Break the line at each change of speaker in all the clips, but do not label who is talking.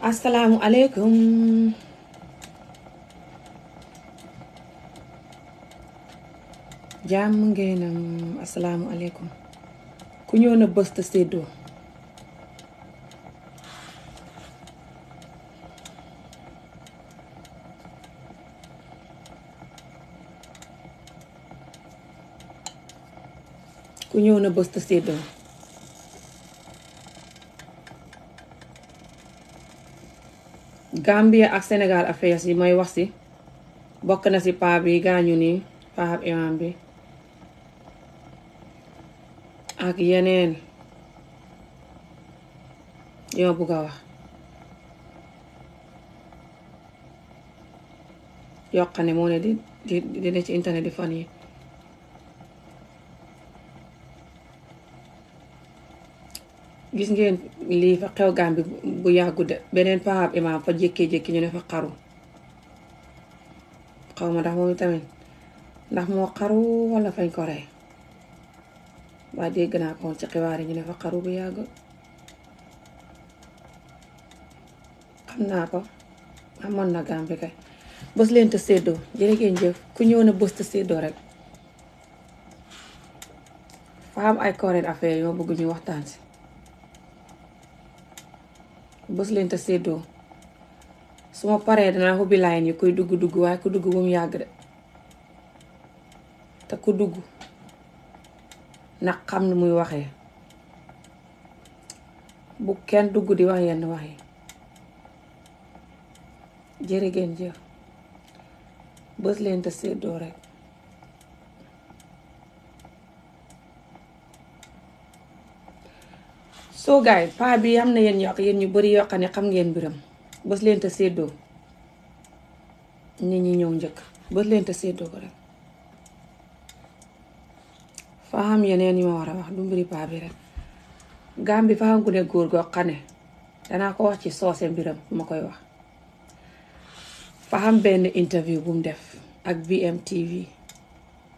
asalaamu aleykum jàmm ngeenam asalaamu aleykum ku ñëw na bës te ku ñëw na bës te Gambia ak Sénégal affaires yi may wax si bokk na si paa bi gaañu nii paa imam bi ak yeneen yoo bugg a wax yokk ne moo ne di di di ne ci internet di fan yi gis ngeen lii fa xew Gambie bu yàggu de beneen paxaab imaam fa jékkee-jékki ñu ne fa xaru xaw ma ndax moom tamit ndax moo xaru wala fañ ko rey dégg naa ko woon ci xibaar yi ñu ne fa xaru bu yàgg xam naa ko amoon na gàmbi kay bës leen te séddoo jërë ngeen jëf ku ñëw na bës te séddoo rek fa ay koreen affaire yoo bëgg ñu waxtaan si bës leen te séddoo su ma paree danaa ubbi line yi koy dugg dugg waaye ku dugg bu mu yàgg de te ku dugg nag xam ni muy waxee bu kenn dugg di wax yenn wax yi jërë ngeen jëf bës leen te séddoo rek soo yi paa bi am na yéen ñoo yéen ñu bari yoo xam ne xam ngeen mbiram bës leen te séddoo ni ñi ñëw njëkk bës leen te séddoo ko rek faa xam yeneen yu ma war a wax du mbiri paa bi rek gaam bi faa ngu ne góor goo xam ko wax ci soose mbiram ma koy wax faa xam benn def ak BMTV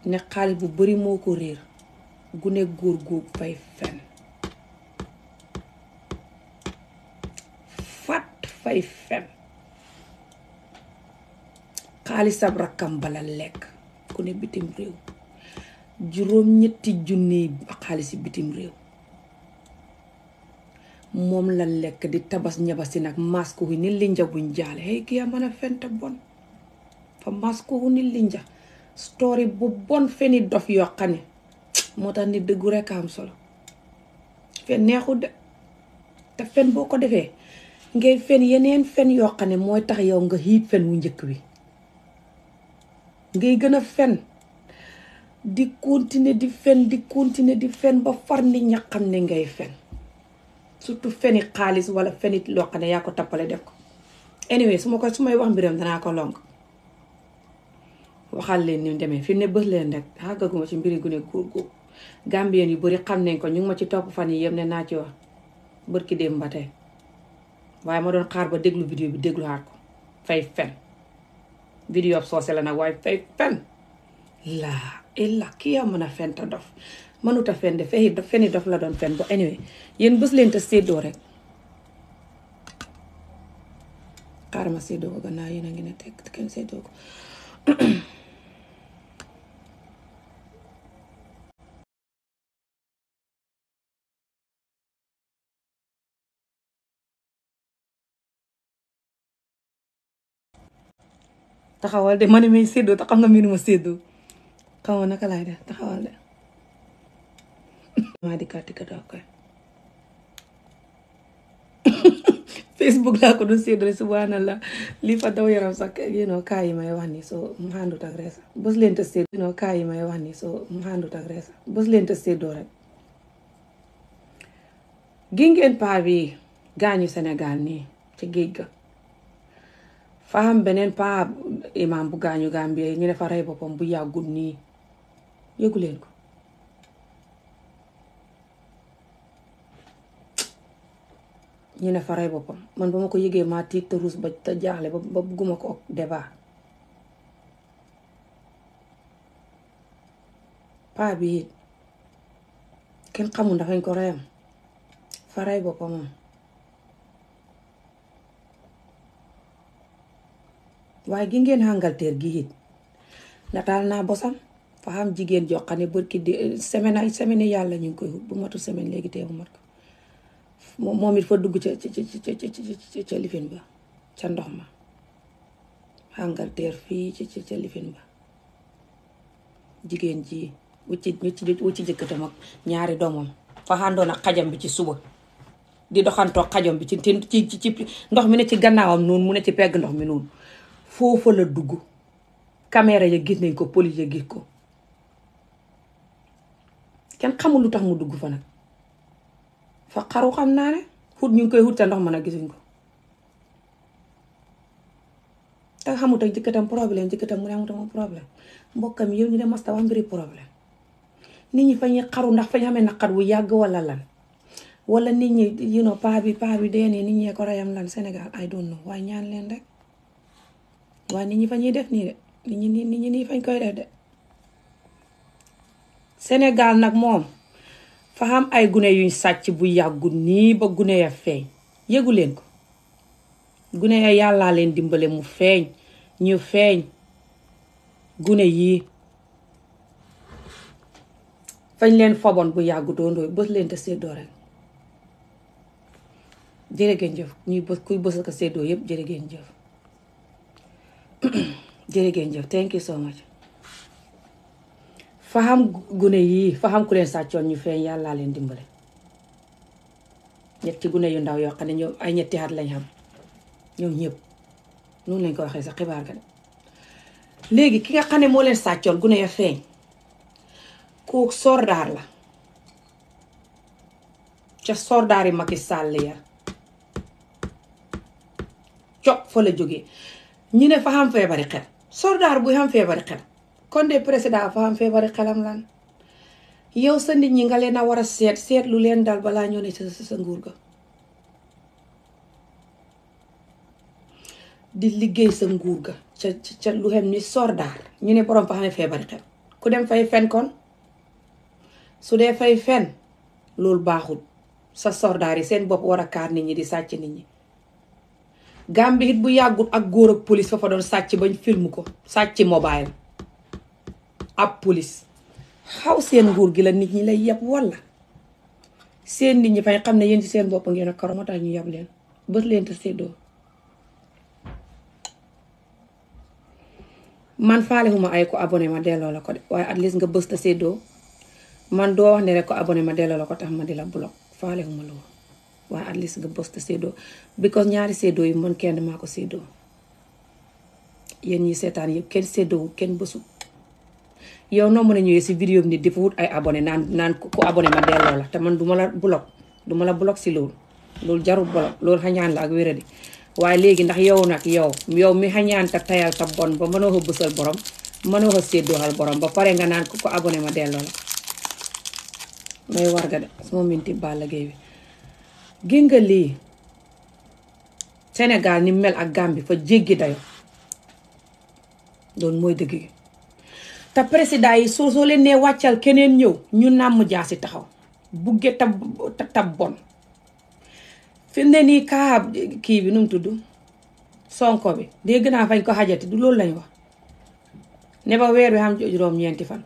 ne xaalis bu bari moo ko réer gu ne fay fen fay fen xaalisab rakkam bala lekk ku ne bitim réew juróom ñetti junniy xaalisi bitim réew moom la lekk di tabas ñabasi nag masko hu ni linja buñ jaale hey ki a mën a fenta bon fa masko hu ni linja story bu bon feni dof yoo xam ne moo tax nit dëggu rekk am solo fen neexu de te fen boo ko defee ngay fen yeneen fen yoo xam ne mooy tax yow nga xiit fen wu njëkk wi ngay gën a fen di continuer di fen di continuer di fen ba far nit ña xam ne ngay fen surtout fenit xaalis wala fenit loo xam ne yaa ko tappale def ko anyway su ma ko su may wax mbiram danaa ko lonk waxal leen ni demee fi ne bës leen rek xàggaguma ci mbiri gune góor góor gambien yu bari xam nañ ko ñu ma ci topp fan yi yëpp ne naa ci wax bërki démb ba tey waaye ma doon xaar ba déglu vidéo bi dégluwaat ko fay fen vidéo ab soose la nag waaye fay fen laa illa kii yaa mën a fen te dof mënut a fen de feni dof la doon fen bu anyway yéen bés leen te séddoo rek xaaral ma séddoo ko gannaaw yéen ngi ne teg kenn séddoo ko taxawal de ma ne séddoo te xam nga miinu ma séddoo xam nga naka lay def taxawal de maa di kàtti ka daa koy Facebook laa ko doon séddoo subhanallah lii fa daw yaram sax you yi may wax nii yi may wax nii soo mu xàndut ak reesa bés séddoo rek gi ngeen paa bi gaañu Sénégal nii ci géej ga fa beneen pa imam bu gaañu Gambie bi ne fa boppam bu yàggul nii yëgu leen ko ñu ne fa boppam man ba ko yëgee maa tiit te ruus ba te jaaxle ba bugguma ko ak débat paa bi kenn xamul ndax ko reyam fa rey waaye gi ngeen Angleterre gi it nataal naa bosam fa am jigéen joo xam ne barki di semaine yàlla ñu ngi koy bu matu semaine léegi teewu mat ko moom it fa dugg ca ca ca lifin ba ndox ma Angleterre lifin ba jigéen ji wut ci wut ci jëkkatam ak ñaari doomam fa àndoon ak xajam bi ci suba di doxantoo xajam bi ci ci ci ndox mi ne ci gannaawam noonu mu ne ci pegg ndox mi noonu foofa la dugg caméra ya gis nañ ko police ya gis ko kenn xamul lu tax mu dugg fa nag fa xaru xam naa ne xut ñu ngi koy xut sa ndox ma nag gisuñ ko te xamut ak jëkkëtam problème jëkkëtam mu ne amutama problème mbokkam yow ñu ne masta wax mbiri problème nit ñi fa ñuy xaru ndax fa ñu xamee naqar wu yàgg wala lan wala nit ñi you know paa bi paa bi dee nii nit ñee ko reyam lan Sénégal I don't know waaye ñaan leen rek waaye ni ñi fa ñuy def nii de nit ñi nit ñi nii fañ koy def de Sénégal nag moom fa xam ay gune yuñ sàcc bu yàggu nii ba gune ya feeñ yëgu ko gune ya yàllaa leen dimbale mu feeñ ñu feeñ gune yii fañ leen fobon bu yàggu doondooy bës leen te séddoo rek jërë ngeen jëf ñuy kuy bës ak séddoo yëpp jëre ngeen jëf jërëgéen jëf thank you so much faxam gune yii faxam ku leen sàccoon ñu feeñ yàllaa leen dimbale ñetti gune yu ndaw yoo xam ne ñoom ay ñetti at lañ xam ñoo ñëpp noonu lañ ko waxee sa xibaar ga de léegi ki nga xam ne moo leen sàccoon gune ya feeñ ku sordaar la ca sordaar yi Macky Sall ya fa la jóge ñi ne fa xam feebari xel soldaar buy xam feebari xel kon de président fa xam feebari xelam lan yow sa nit ñi nga leen a war a seet seetlu leen daal balaa ñoo ne sa sa nguur ga di liggéey sa nguur ga ca ca lu xem ni soldaar ñu ne borom fa xamee feebari xel ku dem fay fen kon su dee fay fen loolu baaxul sa soldaar yi seen bopp war a kaar nit ñi di sàcc nit ñi Gambie bu yàggut ak góor ak police fa doon sàcc bañ film ko sàcc mobile ab police xaw seen nguur gi la nit ñi lay yeb walla seen nit ñi fay xam ne yéen ci seen bopp ngeen a karo moo tax ñu yeb leen bët leen te séddoo man faalewuma ay ko abonné ma delloo la ko de waaye at least nga bës te man doo wax ne rek ko ma delloo la ko tax ma di la block faalewuma loolu waa at least nga poste séddoo because ñaari séddoo yi man kenn maa ko séddoo yéen ñi seetaan yëpp kenn séddoo kenn bësul yow noo mën a ñëwee si vidéo bi nit dafa wut ay abone naan naan ku abonné ma delloo la te man du ma la block du ma la block la ak wéradi waaye léegi ndax yow nag yow yow mi xañaan te ba mënoo ko borom mënoo ko séddooxal borom ba pare nga naan ku ko ma delloo warga de suma minti bi gis nga lii Sénégal ni mel ak Gambie fa jéggi dayo loolu mooy dëgg yi te président yi soo soo leen nee wàccal keneen ñëw ñu nàmm jaasi taxaw bugge tab tab bon fi ne nii kaa kii bi nu tudd sonko bi dégg naa fañ ko xajati du loolu lañ wax ne bi xam juróom-ñeenti fan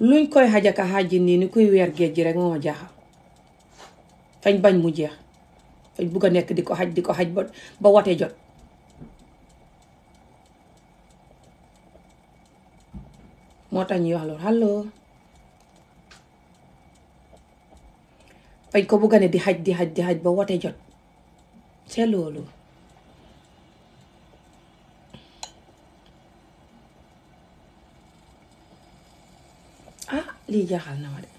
luñ koy xajaka xaji nii ni kuy weer géej gi rek moo ma jaaxal fañ bañ mu jeex fañ bugg a nekk di ko xaj di ko xaj ba ba wote jot moo tax ñuy wax loolu allo fañ ko bugg a ne di xaj di xaj di xaj ba wote jot c'est loolu ah lii jaaxal na ma de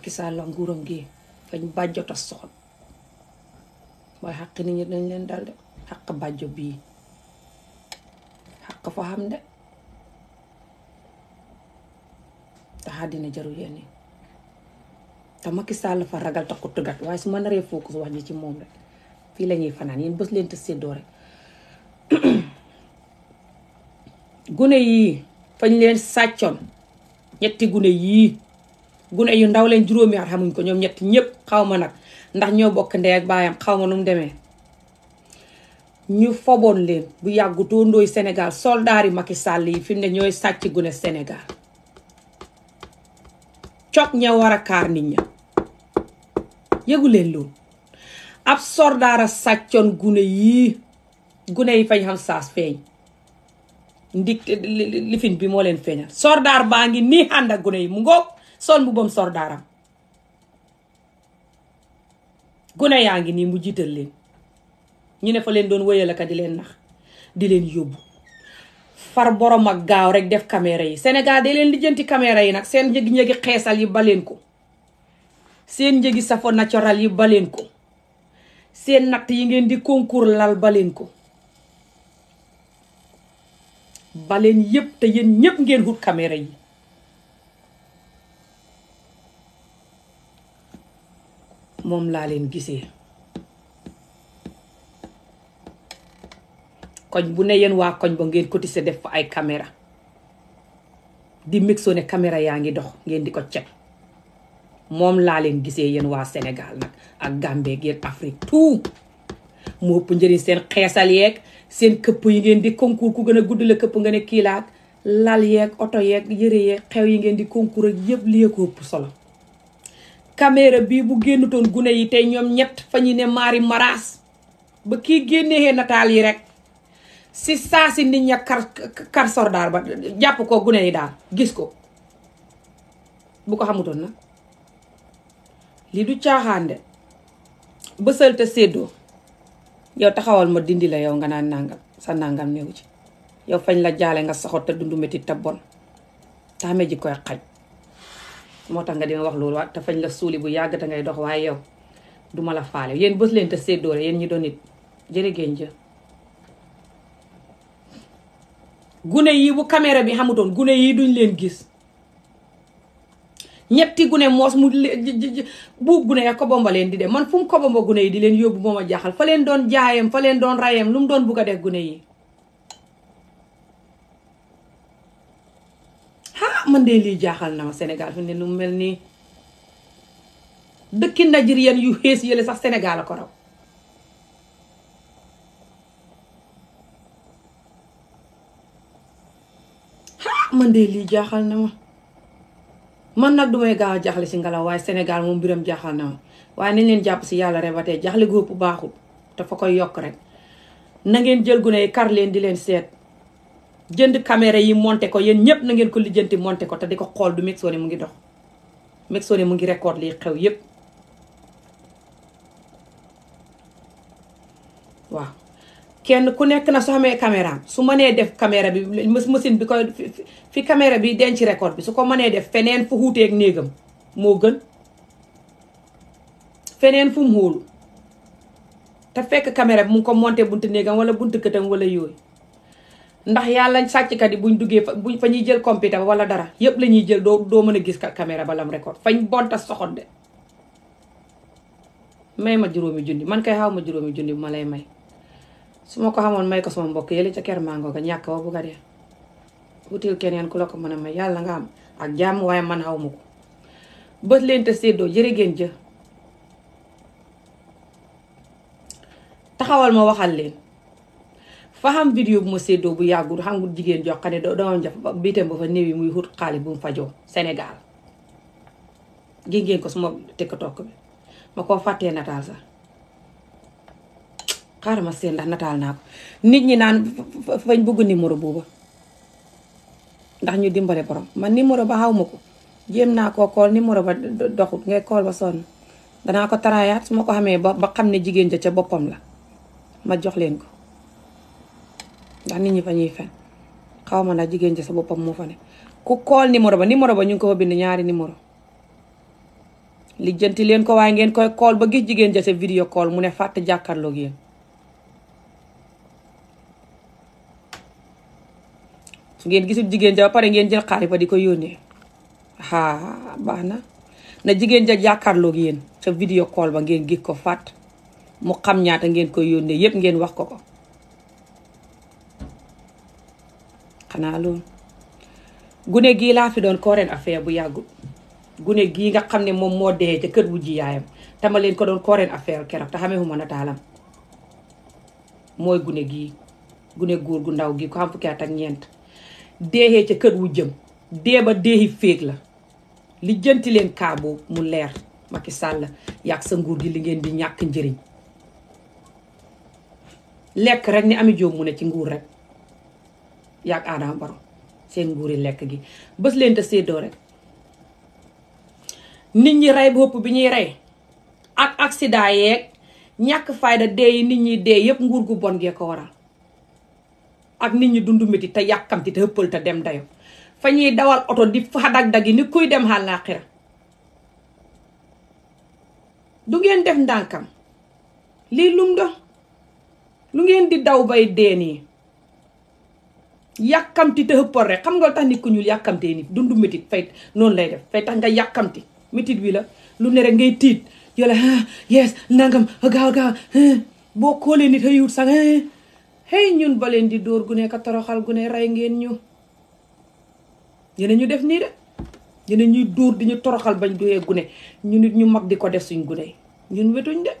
Macky Sall la nguuram gi fañ bàjjota soxol waaye xaq nit ñi dañ leen dal de xaq bàjjo bii xaq fa xam de taxa dina jaru yéen yi te Macky Sall la fa ragal te ko tëggat waaye su ma naree focus wax ji ci moom rek fii la fanaan yi bës leen te séddoo rek gune yii fañ leen sàccoon ñetti gune yii gune yu ndaw leen juróomi at xamuñ ko ñoom ñetti ñëpp xaw ma nag ndax ñoo bokk ndey baayam xaw ma nu mu demee ñu foboon leen bu yàggu tóondooy Sénégal soldaari Macky Sall yi fi ne ñooy sàcc gune Sénégal cog ña war a kaar nit yëgu leen loolu ab soldaara sàccoon gune gune yi fañ xam saas feeñ ndik lifin bi moo leen feeñal soldaar baa ngi nii ànd ak gune yi mu ngoog sol mbubbam sor daaram gune yaa ngi nii mu jiital leen ñu ne fa leen doon wëyal ak di leen nax di leen yóbbu far borom ak gaaw rek def caméra yi Sénégal de leen lijjanti caméra yi nag seen njëgi-njëgi xeesal yi baleen ko seen njëgi safo naturel yi baleen ko seen natt yi ngeen di concours lal baleen ko ba leen yépp te yéen ñépp ngeen hut caméra yi moom laa leen gisee koñ bu ne yéen waa koñ ba ngeen cotiser def fa ay caméra di mixo ne caméra yaa ngi dox ngeen di ko cet moom laa leen gisee yéen waa Sénégal nag ak Gambie ak yéen Afrique tout mu ëpp njëriñ seen xeesal yeeg seen këpp yi ngeen di concours ku gën a gudd la këpp nga ne kiilaak lal yeeg oto yeeg yëre yeeg xew yi ngeen di concours yëpp li ko solo caméra bi bu génnutoon gune yi tey ñoom ñett fa ñu ne maari maraas ba kii génnee nataal yi rek si saa si nit ña kar kar sordaar ba jàpp ko gune yi daal gis ko bu ko xamutoon nag lii du caaxaande bësal te séddoo yow taxawal ma dindi la yow nga naan nàngam sa nàngam néew ci yow fañ la jaale nga soxot te dundu metti te bon taamee ji koy xaj moo tax nga dina wax loolu te fañ la suuli bu yàgg te ngay dox waaye yow duma la faale yéen bës leen te séddoo yéen ñi doon nit jëre ngeen jëf gune yi bu caméra bi xamutoon gune yi duñ leen gis ñetti gune moos mu buub gune ya kobomba leen di dem man fu mu kobomba gune yi di leen yóbbu moom a jaaxal fa leen doon jaayam fa leen doon rayam lu mu doon bugg a gune yi man de lii jaaxal na ma Sénégal fi ne lu mel nii dëkki nigérian yu xees yële sax Sénégal a ko raw ah man de lii jaaxal na ma man nag du gaaw jaaxle si ngelaw waaye Sénégal moom biram jaaxal na ma waaye nañ leen jàpp si yàlla rek ba tey jaaxle góob bu baaxul dafa koy yokk rek na ngeen jël gune yi kar leen di leen seet. jënd caméra yi monté ko yéen ñëpp na ngeen ko lijjanti monté ko te di ko xool du Mik Soné mu ngi dox Mik mu ngi record lii xew yëpp waaw kenn ku nekk na su xamee caméra am su mënee def caméra bi machine bi ko fi caméra bi denc record bi su ko mënee def feneen fu xuuteeg néegam moo gën feneen fu mu xóolu te fekk caméra bi mu ngi ko monté buntu néegam wala buntu këtam wala yooyu ndax yàlla sàcckat yi buñ duggee fa buñ fa ñuy jël computer ba wala dara yëpp la ñuy jël doo mën a gis caméra ba lam record fañ bonta soxot de may ma juróomi junni man kay xaw ma juróomi junni bu ma lay may su ma ko xamoon may ko sama mbokk yële ca ker mango ga ñàkk wa bu ko dee wutil keneen ku la ko mën a may yàlla nga am ak jàmm waaye man xaw ma ko bët leen te séddoo jërë ngeen jë taxawal ma waxal leen fa xam vidéo bu ma séddoo bu yàggul xamul jigéen jox xam ne doomam ja biitam ba fa néew yi muy xut xaalis bu mu fajoo Sénégal gis ko suma tiktok bi ma ko fàttee nataal sax xaaral ma seen ndax nataal naa ko nit ñi naan fañ bëgg numéro boobu ndax ñu dimbale borom man numéro ba xaw ma ko jéem naa koo kool numéro ba doxut ngay kool ba sonn danaa ko taraayaat su ma ko xamee xam ne jigéen ja ca boppam la ma jox leen ko ndax nit ñi fa ñuy fen xaw ma ndax jigéen ja sa boppam moo fa ne ku kool numéro ba numéro ba ñu ngi ko fa bind ñaari numéro lijjanti leen ko waaye ngeen koy kool ba gis jigéen ja sa vidéo kool mu ne fàtte jàkkaarloog yéen su ngeen gisul jigéen ja pare ngeen jël xaalis ba di ko yónnee aa baax na na jigéen ja jàkkaarloog yéen sa vidéo kool ba ngeen gis ko fàtt mu xam ñaata ngeen koy yónnee yépp ngeen wax ko ko xanaa loolu gune gii laa fi doon koreen affaire bu yàggut gune gii nga xam ne moom moo dee ca kër wu jiyaayam yaayam tama leen ko doon koreen affaire keroog te xameexuma nataalam mooy gune gii gune góor gu ndaw gi ko xam fukki at ak ñeent deexee ca kër wu jëm dee ba deexi féeg la li jënti leen kaaboo mu leer Macky Sall yàq sa nguur gi li ngeen di ñàkk njëriñ lekk rek ni ami joom ne ci nguur rek yaag Adama Barrow seen nguuri lekk gi bés leen te séddoo rek nit ñi rey bopp bi ñuy rey ak accident yeeg ñàkk fayda dee yi nit ñi dee yëpp nguur gu bon gee ko waral ak nit ñi dund métti te yàkkamti te hëppal te dem dayo fa ñuy dawal oto di fadag-dag yi ni kuy dem àllaaxira du ngeen def ndànkam lii lum do lu ngeen di daw bay dee nii yàkkamti te xëppal rek xam nga lu tax nit ku ñuul yàkkamtee nit dundu métit fay noonu lay def fay tax nga yàkkamti métit bi la lu ne ngay tiit yola ah, yes nangam gaaw gaaw eh. boo koolee nit xëyut sax eh. hey ñun ba leen di dóor gu ne ka toroxal gu ne rey ngeen ñu ñeneen ñu def nii de ñeneen ñuy dóor di ñu toroxal bañ doyee gune ñu nit ñu mag di ko def suñ gune ñun wetuñ de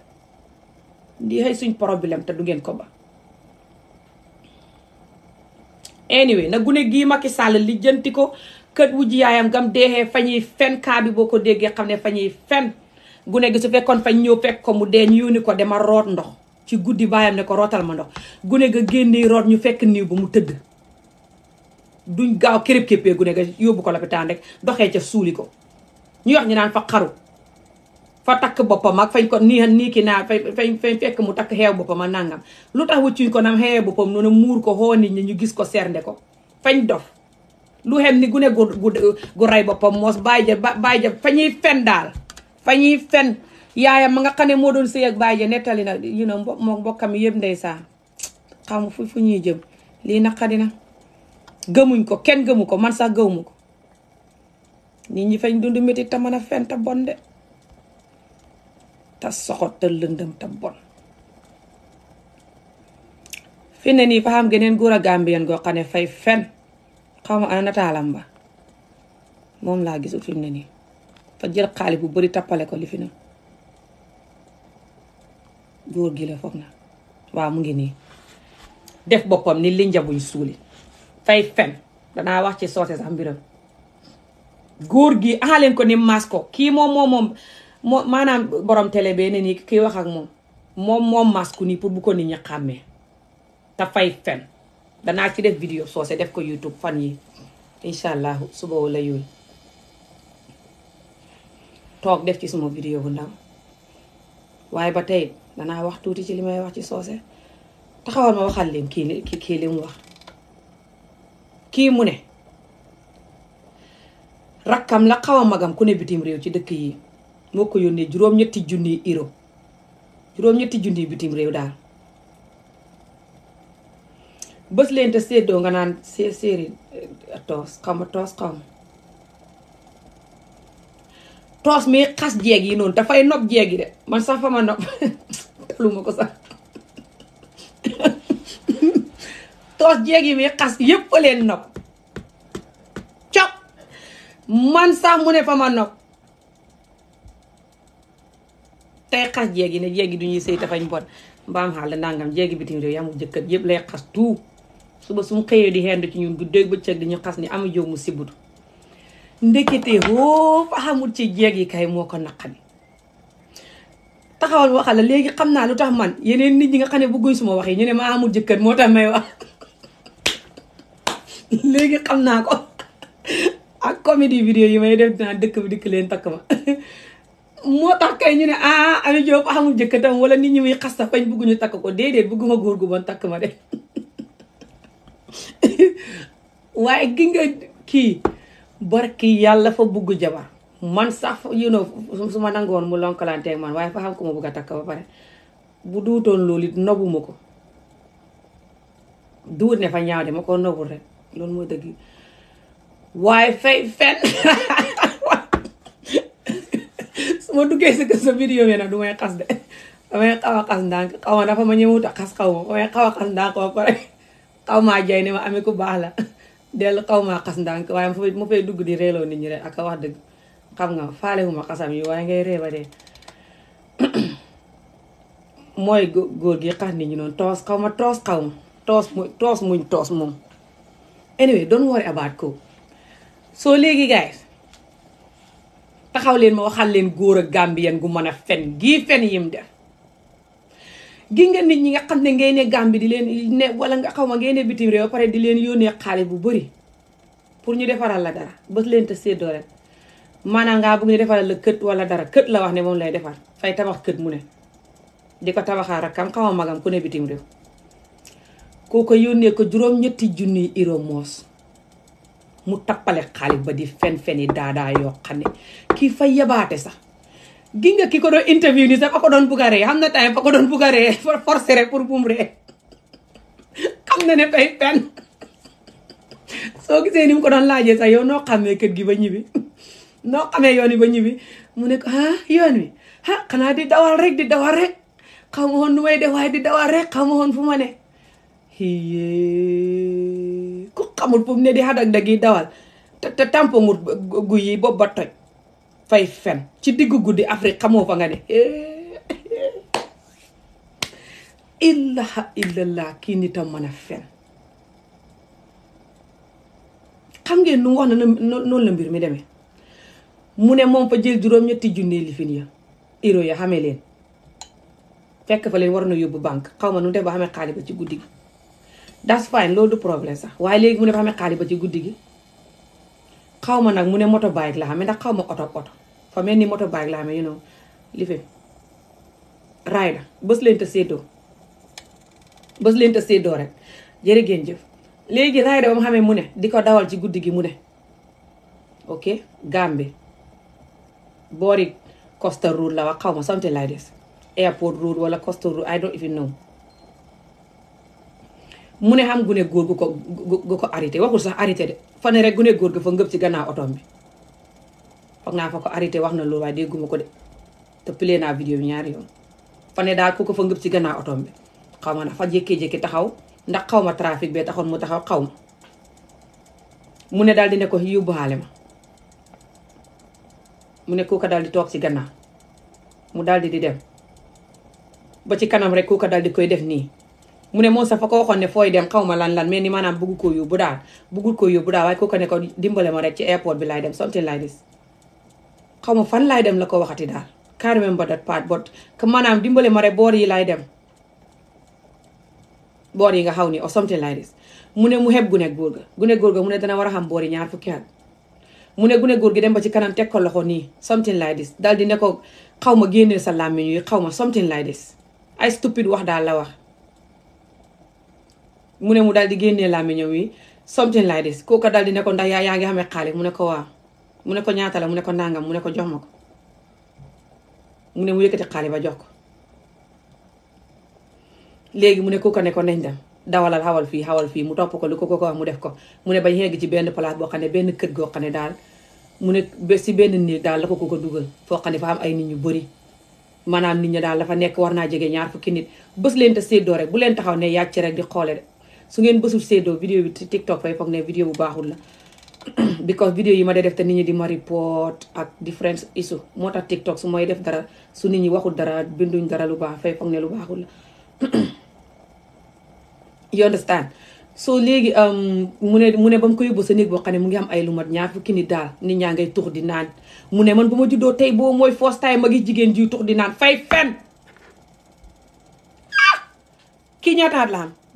di xëy suñ problème te du ngeen ko ba anyway na gune gii Macky Sall lijjanti ko kët wujji yaayam gam deexee fa ñuy fen kaa bi boo ko déggee xam ne fa ñuy fen gune gi su fekkoon fañ ñëw fekk ko mu dee ñu yónni ko dama root ndox ci guddi baayam ne ko rootal ma ndox gune ga génnee root ñu fekk nii ba mu tëdd duñ gaaw kérib képpee gune ga yóbbu ko lopitaan rek doxee ca suuli ko ñu wax ñu naan fa xaru fa takk boppam ak fañ ko nii nii ki naa fañ fañ fekk mu takk xeew boppam ak nangam lu tax wëccuñ ko nam xeew boppam noonu muur ko xoo nit ñi ñu gis ko sernde ko fañ dof lu xem ni gune gu gu rey boppam moos bàyyi ja bàyyi ja fa fen daal fa ñuy fen yaayam ma nga xam ne moo doon si ak bàyyi ja nettali na you know mbo moom mbokkam yëpp ndeysaan xam fu fu ñuy jëm lii naqari na gëmuñ ko kenn gëmu ko man sax gëwmu ko nit ñi fañ dund métti tamana fen ta bon de te soxot te lëndëm te bon fi ne nii fa xam geneen góor a gambien goo xam ne fay fen xaw ma nataalam ba moom laa gisul fi mu ne nii fa jël xaalis bu bari tappale ko li fi ne góor gi la foog na waaw mu ngi nii def boppam ni li njabuñ suuli fay fen danaa wax ci soote sax mbiram góor gi aleen ko ni maas ko kii moom moom moom moo maanaam borom télé bee ne nii kii wax ak moom moom moom masku nii pour bu ko nit ñi xàmmee te fen danaa ci def vidéo soose def ko youtube fan yi incha allahu suba wala yooyu toog def ci suma vidéo bu ndaw waaye ba tey danaa wax tuuti ci li may wax ci soose taxawal ma waxal leen kii li kii li mu wax kii mu ne rakkam la xaw a magam ku ne bitim réew ci dëkk yi moo ko yónnee juróom-ñetti junni euro juróom-ñetti junniy bitim réew daal bés leen te séddoo nga naan sé séeri eh, toos xaw ma toos xaw ma toos mi xas jeeg yi noonu dafay nopp jeeg yi de man sax fa ma nopp taluma ko sax toos jeeg yi muy xas yépp a leen nopp cop man sax mu ne fa ma nopp tey xas jéeg yi ne jéeg yi du ñuy sëy tafañ bon mbaam xaal la nangam jéegi bitim réew yi amul jëkkër yëpp lay xas tout suba su mu xëyee di xendu ci ñun du dégg bëccëg di ñu xas ni amu jóg mu sibutu ndekete woo fa xamul ci jéeg yi kay moo ko naq naqari taxawal waxal la léegi xam naa lu tax man yeneen nit ñi nga xam ne bëgguñ suma wax yi ñu ne maa amul jëkkër moo tax may wax léegi xam naa ko ak comédie vidéo yi may def dinaa dëkk bi leen takk ma moo tax kay ñu ne ah Ami Diop amul jëkkatam wala ni ñi muy xas fañ bëgg ñu takk ko déedéet bëgguma góor gu bon takk ma de waaye gi nga kii barki yàlla fa bugg jabar man sax you know su ma nangoon mu lonkalanteeg man waaye fa xam ko ma bëgg a takk ba pare bu duutoon loolu nobuma ko duut ne fa ñaaw de ma ko nobul rek loolu mooy dëgg waaye fay fen su ma duggee si sa vidéo bi nag du may xas de damay xaw a xas ndànk xaw ma dafa ma ma damay xaw a xas ndànk ba xaw maa jay ne ma amee ku baax la dellu xaw maa xas ndànk waaye mu dugg di reeloo nit ak wax dëgg xam nga faale wu ma xasam yi waaye ngay reeba de mooy góor gi xas nit ñi noonu toos xaw ma toos xaw ma toos mu toos muñ toos moom anyway don't worry about ko soo léegi guys taxaw leen ma waxal leen góor a gambien gu mën a fen gii fen yim def gi nga nit ñi nga xam ne ngay ne Gàmbi di leen ne wala nga xaw ma ngay ne bitim réew pare di leen yónnee xaalis bu bëri pour ñu defaral la dara bës leen te séddoo leen maanaam ngaa bëgg ñu defaral la kët wala dara kët la wax ne moom lay defar fay tabax kët mu ne di ko tabaxaa rakkam xaw ma magam ku ne bitim réew kooko yónnee ko juróom ñetti junniy euro moos mu tappale xaalis ba di fen-feni daadaa yoo xam ne kii fa yebaate sax gi nga ki ko doon interview ni sax fa ko doon bugg ree xam na tamit fa ko doon bugg a ree forcé rek pour bum ree xam na ne fay fen soo gisee ni mu ko doon laajee sa yow noo xamee kër gi ba ñibbi noo xamee yoon wi ba ñibbi mu ne ko ah yoon wi ah xanaa di dawal rek di dawal rek xamu woon nu may def waaye di dawal rek xamu woon fu ma ne. ku xamul fu ne di xadag dagi dawal te te tampongu gu yi boobu ba toj fay fen ci diggu guddi Afrique xamoo fa nga ne eh. illaha illallah kii nitam mën a fen xam ngeen nu mu wax na noonu la mbir mi deme mu ne moom fa jël juróom-ñetti junne lifin ya euro ya xamee leen fekk fa leen war na yóbbu banque xaw ma nu def ba xamee xaalis ba ci guddi gi that's fine loolu du problème sax waaye léegi mu ne ba xamee ba ci guddi gi xaw ma nag mu ne moto bike la xam ne ndax xaw ma oto oto fa mel ni moto bike la xam you know li fi na bës leen te séddoo bës leen te séddoo rek jërë ngeen jëf léegi raay da ba mu xamee mu ne di ko dawal ci guddi gi mu ne ok gambi boori Costa Road la wax xaw ma something like airport road wala Costa Road I don't even know mu ne xam gune góor gu ko gu ko arrêté waxul sax arrêté de fa ne rek gune góor gu fa ngëb ci gannaaw otoom bi foog naa fa ko arrêté wax na loolu waaye ko de te play naa vidéo ñaari yoon fa daal ku ko fa ngëb ci gannaaw otoom bi xaw ma dafa jékkee-jékki taxaw ndax xaw ma trafic bee taxoon mu taxaw xaw ma mu ne daal di ne ko yóbbuwaale ma mu ne kooka dal di toog ci gannaaw mu daal di dem ba ci kanam rek kooka daal di koy def nii mu ne moom sax fa ko waxoon ne fooy dem xaw ma lan lan ni maanaam bëggu ko yóbbu daal bëggul ko yóbbu daal waaye kooku ne ko dimbale ma rek ci airport bi laay dem something like this xaw ma fan laay dem la ko waxati daal can't remember that part maanaam dimbale ma boor yi laay dem boor yi nga xaw ni or something like mu ne mu xeb gune góor ga gune góor ga mu ne dana war a xam boor yi ñaar fukki at mu ne gune góor gi dem ba ci kanam teg ko loxo nii something like this daal di ne ko xaw ma génneel sa làmmiñ wi xaw ma something like this ay stupide wax daal la wax mu ne mu daal di génnee làmmiñam wi something like this kooka daal di ne ko ndax yaa yaa ngi xamee xaalis mu ne ko waa mu ne ko ñaata la mu ne ko nangam mu ne ko jox ma ko mu ne mu yëkkati xaalis jox ko léegi mu ne kooka ne ko nañ dem dawalal xawal fii xawal fii mu topp ko lu ko ko wax mu def ko mu ne ba xeegi ci benn place boo xam ne benn kër goo xam ne daal mu ne si benn néeg daal la ko ko dugal foo xam ne fa am ay nit ñu bëri maanaam nit ñi daal dafa nekk war naa jege ñaar fukki nit bés leen te séddoo rek bu leen taxaw ne yàcc rek di xoole de su ngeen bësul seddoo vidéo bi tiktok fay foog ne vidéo bu baaxul la because vidéo yi ma dee def te nit ñi di ma report ak difference issue moo tax tiktok su mooy def dara su nit ñi waxul dara binduñ dara lu baax fay foog ne lu baaxul la you understand so léegi um, mu ne mu ne ba mu ko yóbbu sa néeg boo xam ne mu ngi am ay lu mat ñaar fukki nit daal nit ñaa ngay tux di naan mu ne man bu ma juddoo tey boo mooy first time ma gis jigéen jiy tux di naan fay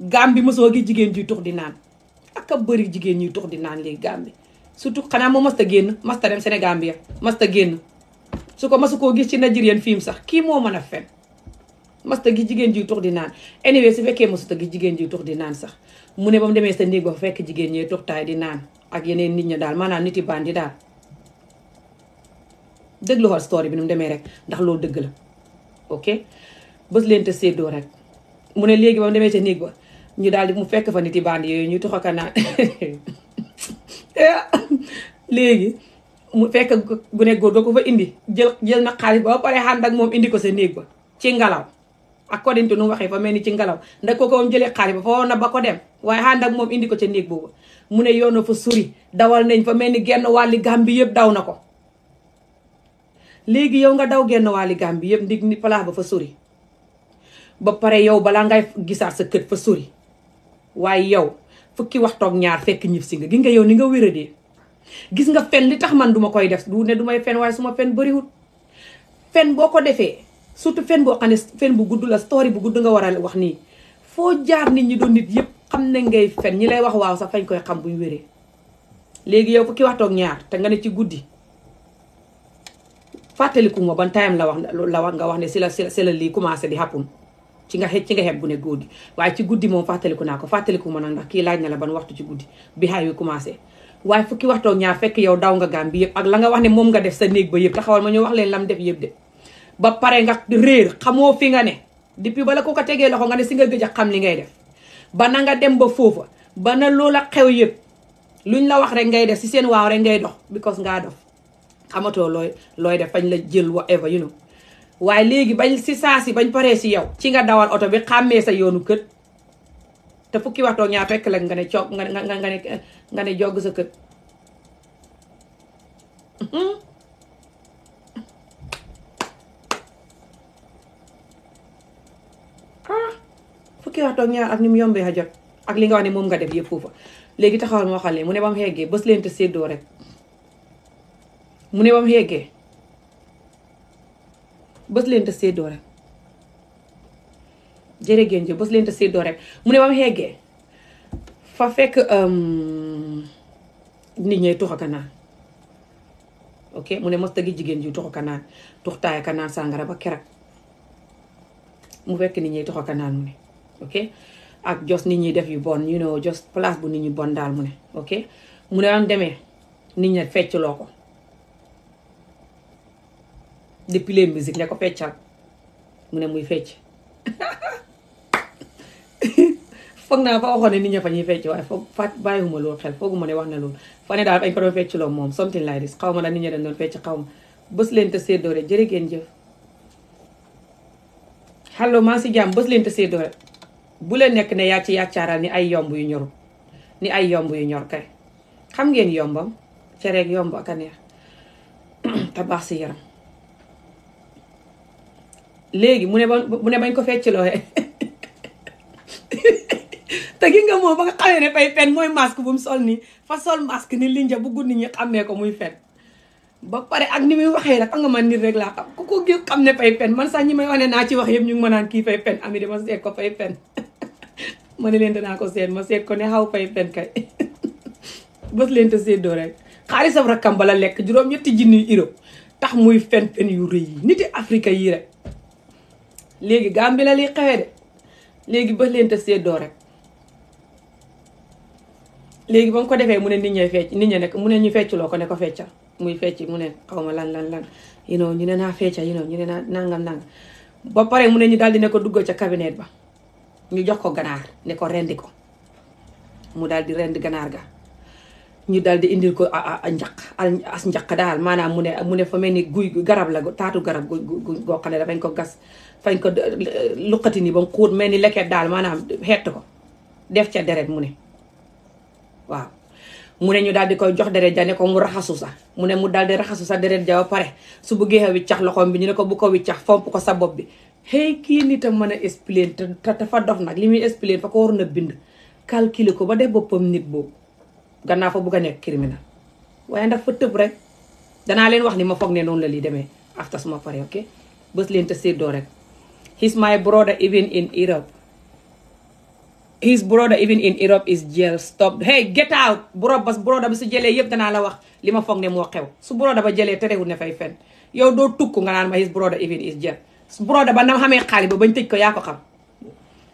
Gàmbi mosoo gi jigéen ji tux di naan ak a bëri jigéen ñuy tux di naan léegi Gàmbi surtout xanaa moo masta génn masta dem Sénégambie masta génn su ko masu koo gis ci Nigérian film sax kii moo mën a fen masta gi jigéen jiy tux di naan anyway su fekkee masuta gi jigéen jiy tux di naan sax mu ne ba mu fekk jigéen ñee tux taay di naan ak yeneen nit ña daal maanaam nit yi bandi daal déglu xool story bi nu demee rek ndax loolu dëgg la ok bés leen te séddoo rek mu ne léegi ba mu demee sa néeg ba ñu daal di mu fekk fa nit yi bandi yooyu ñu tuxaka naan eh, léegi mu fekk gu ne góor ga ko fa indi jël jël na xaalis ba pare ànd ak moom indi ko sa néeg ba ci ngalaw ak kodintu nu waxee fa mel ni ci ngalaw ndax kooku jëlee xaalis ba fa na ba ko dem waaye ànd moom indi ko ca néeg boobu mu ne yoon na fa suri dawal nañ fa mel ni genn wàlli Gàmbi yëpp daw na ko léegi yow nga daw genn wàlli Gàmbi yëpp ndig ni place ba fa suri ba pare yow balaa ngay gisaat sa kër fa suri waaye yow fukki waxtoog ñaar fekk ñib si nga gi nga yow ni nga wéradee gis nga fen li tax man duma koy def du ne du may fen waaye suma fen bëriwul fen boo ko defee surtout fen boo xam ne fen bu gudd la story bu gudd nga war a wax nii foo jaar nit ñi doon nit yëpp xam ne ngay fen ñi lay wax waaw sax fañ koy xam buñ wéree léegi yow fukki waxtoog ñaar te nga ne ci guddi fàttaliku ma ban time la wax la wax nga wax ne si la si la lii commencé di happen ci nga ci nga xeeb bu ne góor waaye ci guddi moom fàttaliku naa ko fàttaliku ma nag ndax kii laaj na la ban waxtu ci guddi bi xaay wi commencé waaye fukki waxtoo ñaar fekk yow daw nga gaan bi yëpp ak la nga wax ne moom nga def sa néeg ba yëpp taxawal ma ñu wax leen lam def yëpp de ba pare nga réer xamoo fi nga ne depuis bala ko ko tegee loxo nga ne si nga gëj a xam li ngay def ba na nga dem ba foofa ba na loola xew yëpp luñ la wax rek ngay def si seen waaw rek ngay dox because ngaa dof xamatoo looy looy def fañ la jël whatever you waaye léegi bañ si saa si bañ paree si yow ci nga dawal oto bi xàmmee sa yoonu kët te fukki waxtoo ñaar fekk nga ne coog nga nga nga ne nga ne sa kët ah, fukki ñaar ak ni mu yombee a jot ak li nga wax ne moom nga def yëpp foofa léegi taxawal moo xam ne mu ne ba mu yeggee bés leen te séddoo rek mu ne ba mu bës leen te séddoo rek jërë ngeen jëf bës leen te séddoo rek mu ne ba mu fa fekk euh, nit ñay tux ak naan ok mu ne mos tagi jigéen ji tux ak naan tux sàngara ba kerak mu fekk nit ñay tux ak naan mu ne ok ak jos nit ñi def yu bon you know jos place bu nit ñi bon daal mu ne ok mu ne am demee nit ña fecc loo ko depuis les musiques ne ko feccal mu ne muy fecc foog naa fa waxoon ne nit ñi fa ñuy fecc waaye foog fa bàyyiwuma loolu xel fooguma ne wax na loolu fa ne daal dañ ko doon fecc loo moom something like this xaw ma la nit ñi dañ doon fecc xaw ma bës leen te séddoore jërë ngeen jëf xallo maa si jàmm bës leen te séddoore bu leen nekk ne yaa ci yàccaaral ni ay yomb yu ñoru ni ay yomb yu ñor kay xam ngeen yombam cereeg yomb ak neex te si yaram léegi mu ne ba mu ne bañ ko fecclooyee te gi nga moom ba nga xamee ne fay fen mooy masque bu mu sol nii fa sol masque ni linja bu gudd nit ñi xàmmee ko muy fen ba pare ak ni muy waxee rek xam nga man nit rek laa ku ko gis ne fay fen man sax ñi may wane naa ci wax yëpp ñu ngi ma naan kii fay fen ami de ma seet ko fay ne leen danaa ko seet ma seet ko ne xaw fay fen kay bës leen te seddoo rek xaalisam rakkam bala lekk juróom jin junni euro tax muy fen fen yu rëy yi niti Afrique yi rek léegi Gàmbi la li xewee de léegi ba leen te séddoo rek léegi ba nga ko defee mu ne nit ñi fecc nit ñi nekk mu ne ñu fecculoo ko ne ko fecca muy fecc mu ne xaw ma lan lan lan you ñu ne naa fecca you ñu ne naa nangam nangam ba pare mu ne ñu daal di ne ko duggal ca cabinet ba ñu jox ko ganaar ne ko rendi ko mu daal di rendi ganaar ga ñu dal di indil ko njaq as njaq daal maanaam mu ne mu ne fa mel ni guy garab la taatu garab gu gu goo xam ne dafañ ko gas fañ ko luqati nii ba mu xóot mel ni leket daal maanaam xett ko def ca deret mu ne waaw mu ne ñu daal di koy jox deret ja ne ko mu raxasu sax mu ne mu daal di raxasu sa deret ja ba pare bëggee a wiccax loxoom bi ñu ne ko bu ko wiccax fomp ko sa bopp bi kii nit mën a expliquer te dafa dof nag li muy expliquer fa ko waroon a bind calculer ko ba def boppam nit boobu gannaa fa bugg a nekk criminal waaye ndax fa tëb rek danaa leen wax ni ma foog ne noonu la lii demee afta suma pare ok bës leen te séddoo rek He's my brother even in Europe. His brother even in Europe is jail stop hey get out bro bas brother bi su jëlee yëpp danaa la wax li ma foog ne moo xew su brother ba jëlee terewul ne fay fen yow doo tukk nga naan ma his brother even is jail su brother ba nam xamee xaalis ba bañ tëj ko yaa ko xam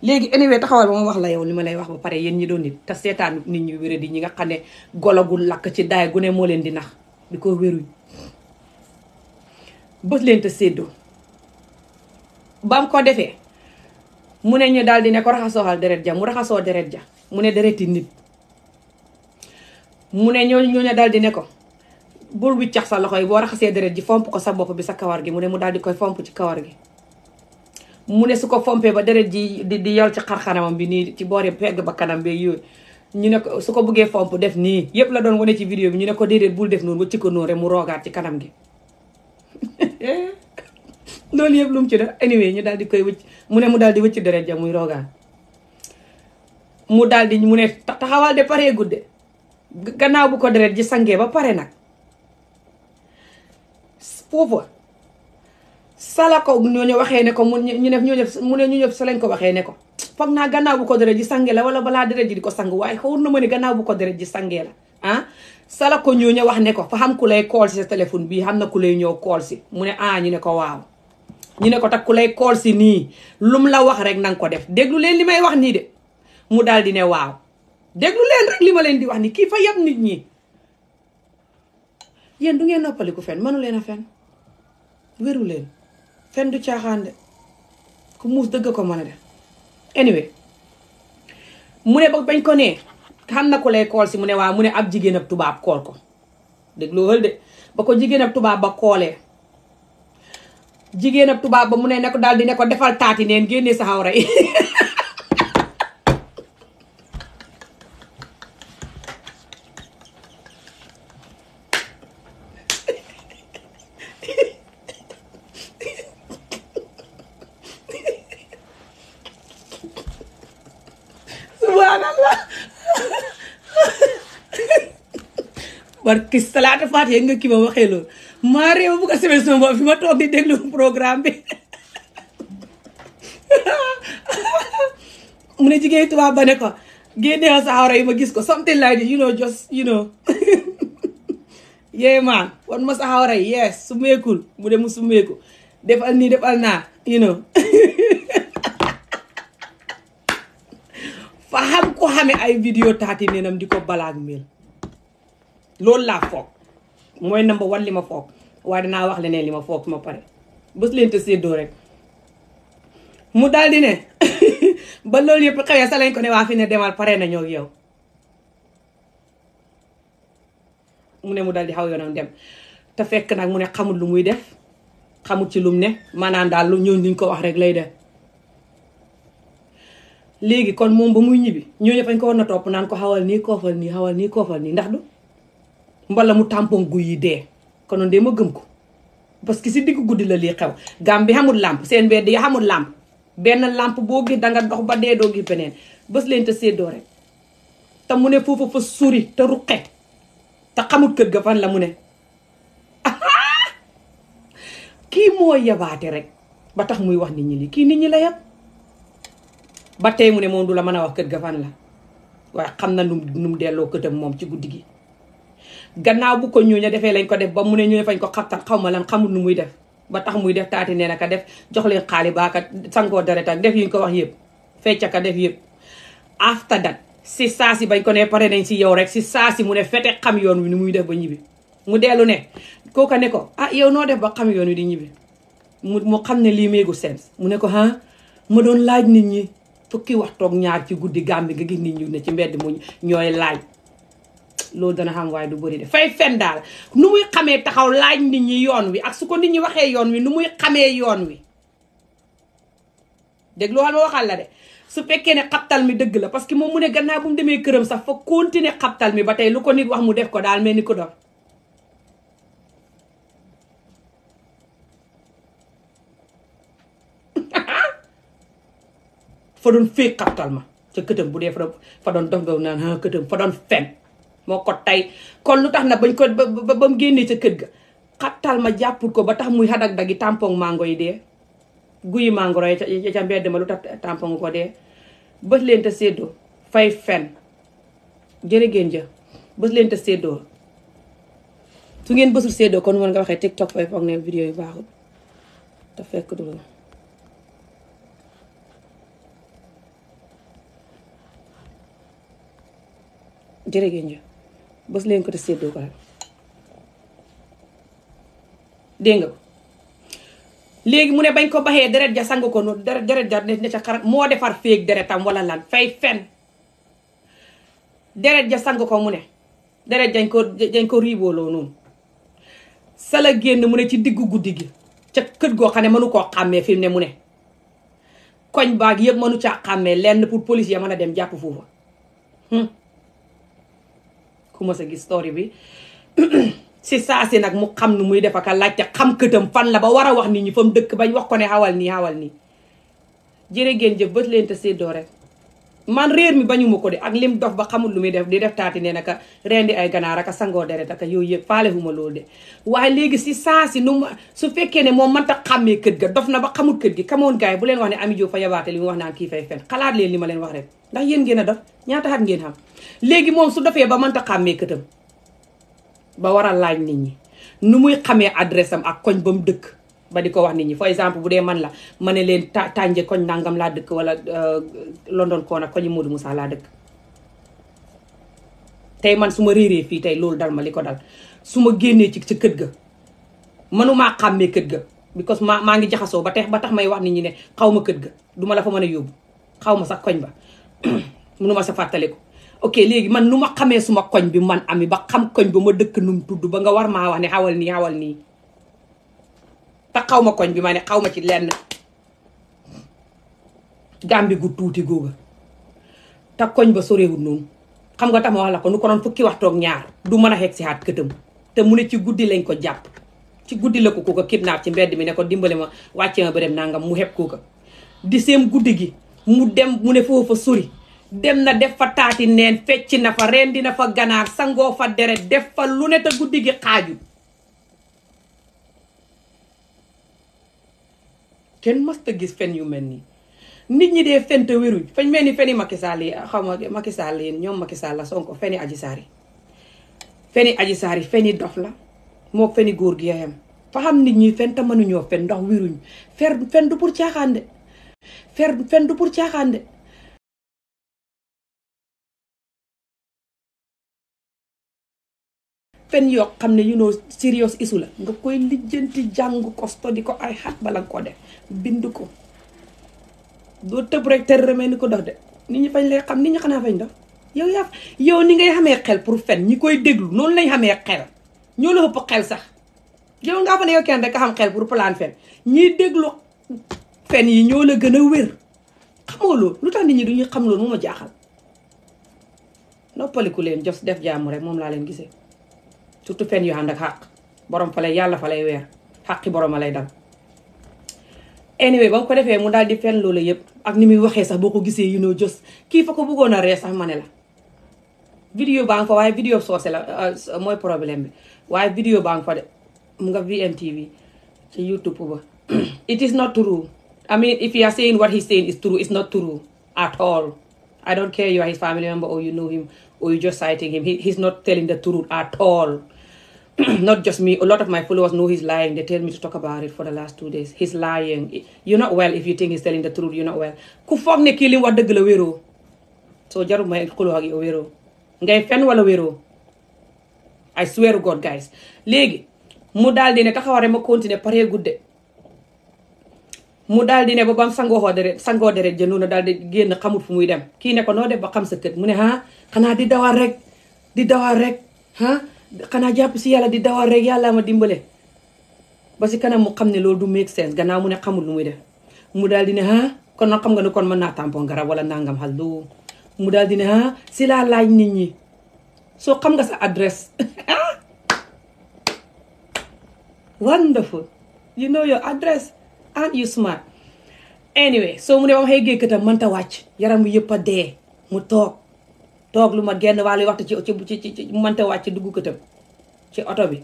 léegi anyway taxawal ba ma wax la yow li ma lay wax ba pare yéen ñi doon nit te seetaan nit ñu wéré di ñi nga xam ne gologul lakk ci daay gu ne moo leen di nax di ko wéruñ bës leen te bam ko defee mu ne ñu daal di ne ko raxasooxal deret ja mu raxasoo deret ja mu ne dereti nit mu ne ñoo ñu ne daal di ne ko bul wiccax sa loxo yi boo raxasee deret ji fomp ko sa bopp bi sa kawar gi mu ne mu daal di koy fomp ci kawar gi mu ne su ko fompee ba deret ji di di yol ci xarxanamam bi nii ci boori pegg ba kanam bi ñu ne ko su ko buggee fomp def nii yëpp la doon wane ci vidéo bi ñu ne ko déedéet bul def noonu wëcci ko noonu rek mu roogaat ci kanam gi loolu yëpp lu ci def anyway ñu daal di koy wëcc mu ne mu daal di wëcc deret ja muy rogaan mu daal di mu ne taxawal de paree gudde gannaaw bu ko deret ji sangee ba pare nag foofa sala ko ñoo ñu waxee ne ko ñu ne ñu ñëpp mu ñu ñëpp sa lañ ko waxee ne foog naa gannaaw bu ko deret ji sangee la wala balaa deret ji di ko sang waaye xaw na ma ni gannaaw bu ko deret ji sangee la ah sala ko ñoo wax ne ko fa xam ku lay kool si sa téléphone bii xam na ku lay ñëw kool si mu ne ah ñu ne ko waaw ñu ne ko takku lay kool si nii lu mu la wax rek nanga ko def déglu leen li may wax nii de mu daal di ne waaw déglu leen rek li ma leen di wax nii kii fa yab nit ñi yéen du ngeen noppaliku fen mënu leen a fen wéru leen fen du caaxaan de ku muus dëgg ko mën a def anyway mu ne ba bañ ko nee xam na ku lay kool si mu ne waaw mu ne ab jigéen ab tubaab kool ko déglu hël de ba ko jigéenab tubaab ba koolee jigéen tubaab ba mu ne ne ko daal di ne ko defal taati neen génne sa xawra yi subhanallah barki salaatu faat nga ki waxee loolu maa réew bu ko sëbël sama bopp fi ma toog di déglu programme bi mu ne jigéen tubaab ba ne ko génneel sa awra yi ma gis ko something like this you know just ma sa awra yi yes su meekul mu dem su meeku defal nii defal naa you fa xam ko xame ay vidéo taati neenam di ko balaag mil loolu laa foog mooy number one li ma foog waaye dinaa wax leneen li ma foog ma pare bés leen te séddoo rek mu daldi ne ba loolu yëpp xewee sa lañ ko ne waa fi ne demal paree na ñoo yow mu ne mu daal di xaw yoonam dem te fekk nag mu ne xamul lu muy def xamul ci lum ne maanaam daal lu ñooñ luñ ko wax rek lay def léegi kon moom ba muy ñibbi ñoo fañ ko war na topp naan ko xawal nii koofal nii xawal nii koofal nii ndax du la mu tampon guy yi dee konoon de ma gëm ko parce que si diggu guddi la lii xew gam bi xamul làmp seen mbedd yi xamul làmp benn làmp boo gis danga dox ba dee doo gis beneen bés leen te séddoo rek te mu ne foofu fa sori te ruqe te kër ga fan la mu ne kii moo yabaate rek ba tax muy wax nit ñi kii nit ñi la yab ba tey mu ne moom du la mën a wax kër ga fan la waaye xam na nu nu mu delloo këtam moom ci guddi gi gannaaw bu ko ñooñu defee lañ ko def ba mu ne ñooñu fañ ko xattan xaw ma lan xamul nu muy def ba tax muy def taati nee na ka def jox leen xaali baaka sangoo deret ak def yuñ ko wax yëpp fecca ka def yëpp after that si saa si bañ ko ne pare nañ si yow rek si saa si mu ne fete xam yoon wi nu muy def ba ñibbi mu dellu ne kooka ne ko ah yow noo def ba xam yoon wi di ñibbi mu mu xam ne lii méegu sens mu ne ko ah ma doon laaj nit ñi fukki waxtoog ñaar ci guddi gàmmi nga gis nit ñu ne ci mbedd mu ñooy laaj loolu dana xam waaye du bari de fay fen daal nu muy xamee taxaw laaj nit ñi yoon wi ak su ko nit ñi waxee yoon wi nu muy xamee yoon wi dégg lu ma la de su fekkee ne xabtal mi dëgg la parce que moom mu ne gannaaw bu mu demee këram sax fa continuer xabtal mi ba tey lu ko nit wax mu def ko daal mel ni ko doon fa doon féeg bu dee fa doon fa doon dof dof fa doon fen moo ko tey kon lu tax na bañ ko ba ba mu génnee ca kër ga xattal ma jàppul ko ba tax muy xadag dagi tampon mango yi dee guyi mangoro yi ca mbedd ma lu tax tampon ko de bës leen te séddoo fay fen jërë ngeen jëf bës leen te séddoo su ngeen bësul séddoo kon mën nga waxee tiktok fay foog ne vidéo yu baaxul te fekk du la jërë ngeen jëf bës leen ko te séddoo ko nag dégg nga ko léegi mu ne bañ ko baxee deret ja sang ko noonu deret deret ja ne ca xaram moo defar féeg deretam wala lan fay fen deret ja sang ko mu ne deret dañ ko dañ ko riibooloo noonu sala génn mu ne ci diggu guddi gi ca kër goo xam ne mënu koo xàmmee fi mu ne mu ne koñ baag yëpp mënu ca xàmmee lenn pour policier mën a dem jàpp foofa hmm. ku ma gis story bi si saa si nag mu xam nu muy def ak a laajte xam këtam fan la ba war a wax nit ñi fa dëkk bañ wax ko ne xawal nii xawal nii jërë ngeen jëf bët leen te séddoo rek man réer mi bañuma ko de ak lim dof ba xamul lu muy def di def taati nee naka rendi ay ganaar ak sangoo deret ak yooyu yëpp faalewuma loolu de waaye léegi si saa si nu ma su fekkee ne moom mënta xàmmee kët ga dof na ba xamul kët gi kamoon gars yi bu leen wax ne Ami Jóob fa yabaate li mu wax naan kii fay fen xalaat leen li ma leen wax rek ndax yéen ngeen a dof ñaata at ngeen xam léegi moom su dofee ba mënta xàmmee këtam ba war a laaj nit ñi nu muy xamee adresse am ak koñ ba mu dëkk ba di ko wax nit ñi for exemple bu dee man la ma ne leen ta tànje koñ nangam laa dëkk wala euh, London na koñi Modou Moussa laa dëkk tey man su ma réeree fii tey loolu dal ma li ko dal su ma génnee ci ca kët ga mënumaa xàmmee kët ga because ma maa ngi jaxasoo ba tax ba tax may wax nit ñi ne xaw ma kët ga duma la fa mën a yóbbu xaw ma sax koñ ba munu ma sa fàttaliku ok léegi man nu ma xamee suma koñ bi man ami ba xam koñ ba ma dëkk num tudd ba nga war maa wax ne xawal nii nii te xaw ma koñ bi ma ne xaw ma ci lenn gàmbi gu tuuti googa te koñ ba soreewul noonu xam nga tax ma wax la ko nu ko doon fukki waxtoog ñaar du mën a xeeg si xaat këtam te mu ne ci guddi lañ ko jàpp ci guddi la ko kooka kidnap ci mbedd mi ne ko dimbale ma wàcce ma ba dem nangam mu xeb kooka di seem guddi gi mu dem mu ne foofa sori dem na def fa taati neen fecc na fa rendi na fa ganaar sangoo fa deret def fa lu ne te guddi gi xaaju kenn mësta gis fen yu mel nii nit ñi dee fen te wéruñ fañ mel ni feni Macky Sall yi xaw ma Macky yi ñoom Macky la Sonko feni Adji feni dof la moo feni góor gi yaayam fa xam nit ñi fen te mënuñoo du pour caaxaan de fen du pour caaxaan de fen yoo xam ne you know serious issue la nga koy lijjanti jàng kosto di ko ay xat bala ko def bind ko doo tëb rek te ni ko dox de ni ñi fañ lay xam nit ñi xanaa fañ dox yow yaa yow ni ngay xamee xel pour fen ñi koy déglu noonu lañ xamee xel ñoo la ëpp xel sax yow ngaa fa ne yow kenn rek a xam xel pour plan fen ñiy déglu fen yi ñoo la gën a wér xamoo loolu lu tax ni ñi duñu xam loolu moom ma jaaxal noppaliku leen jos def jaamu rek moom laa leen gisee surtout fen yu ànd ak xàq borom fa lay yàlla fa lay weer xàqi borom a lay dal anyway ba ko defee mu daal di fen loolu yëpp ak ni muy waxee sax boo ko gisee you know just kii fa ko bëggoon a ree sax ma ne la vidéo baa nga fa waaye vidéo soose la uh, mooy problème bi waaye vidéo baa nga fa de mu nga VMTV ci YouTube ba it is not true I mean if you are saying what he's saying is true it's not true at all I don't care you are his family member or you know him or you just citing him he he's not telling not just me, a lot of my followers know he's lying. They tell talk about it for the last two days. He's lying. You're not well if you think he's telling the truth. You're not well. ku foog ne kii li mu dëgg la wéroo soo jarul may xuloo ak yow wéroo ngay fenn wala wéroo I swear to God guys léegi mu daal di ne taxaware ma continuer paree gudde mu daal di ne ba bam sangoo xoo deret sangoo deret ja noonu daal génn xamut fu muy dem kii ne ko noo def ba xam sa kët mu ne ah xanaa di dawal rek di dawal rek ah, xanaa jàpp si yàlla di dawal rek yàlla ma dimbale ba si kanam mu xam ne loolu du make sense gannaaw mu ne xamul lu muy def mu daal di ne ah kon nag xam nga ne kon ma naa tampon garab wala nangam xal du mu daal di ne ah si laa laaj nit ñi soo xam nga sa adresse ah! wonderful you know your address aren't you smart anyway soo mu ne ba ma xëy géej katam mënta wàcc yaram yëpp a dee mu toog toog lu ma genn wàllu waxtu ci ci ci mënta wàcc ci dugg këtam ci oto bi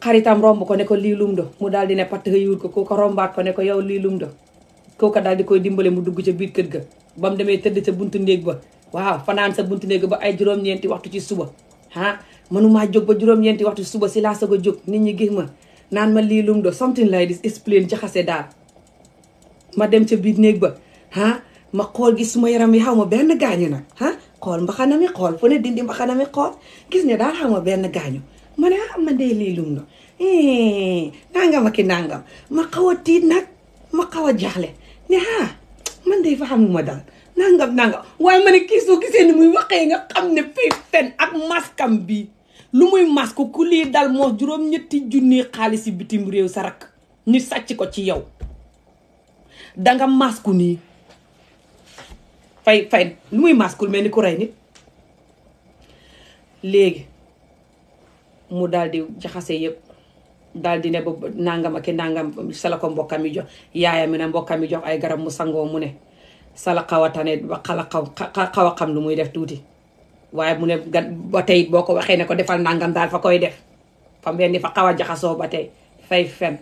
xaritam romb ko ne ko lii lum do mu daal di ne patt yuur ko kooka rombaat ko ne ko yow lii lum do kooka daal di koy dimbale mu dugg ca biir kër ga ba mu demee tëdd sa buntu néeg ba waaw fanaan sa buntu néeg ba ay juróom-ñeenti waxtu ci suba ah mënumaa jóg ba juróom-ñeenti waxtu suba si laa sag a jóg nit ñi gis ma naan ma lii lum do something like this explain ci daal ma dem ca biir néeg ba ah ma xool gis suma yaram yi xaw ma benn gaañu nag xool mbaxana mi xool fu ne dindi mbaxana mi xool gis ne daal xam nga benn gaañu ma ne ah man de lii lum la eh, nangam ak i nangam ma xaw a tiit nag ma xaw a jaaxle ne ah man de fa xamuma dal nangam nangam waaye ma ne kii soo gisee ni muy waxee nga xam ne fii fen ak maskam bi lu muy masque ku lii dal moo juróom-ñetti junni xaalis yi bitim réew sa rakk ñu sàcc ko ci yow danga masku nii fay fay lu muy maskul mel ni ku rey nit léegi mu daal di jaxase yëpp daal di ne ba nangam ak nangam sala ko mbokkam yi jox yaayam mi ne mbokkam yi jox ay garab mu sangoo mu ne sala xaw a tane xam lu muy def tuuti waaye mu ne ba tey boo ko waxee ne ko defal nangam daal fa koy def fa mel fa xaw a jaxasoo ba tey fay fen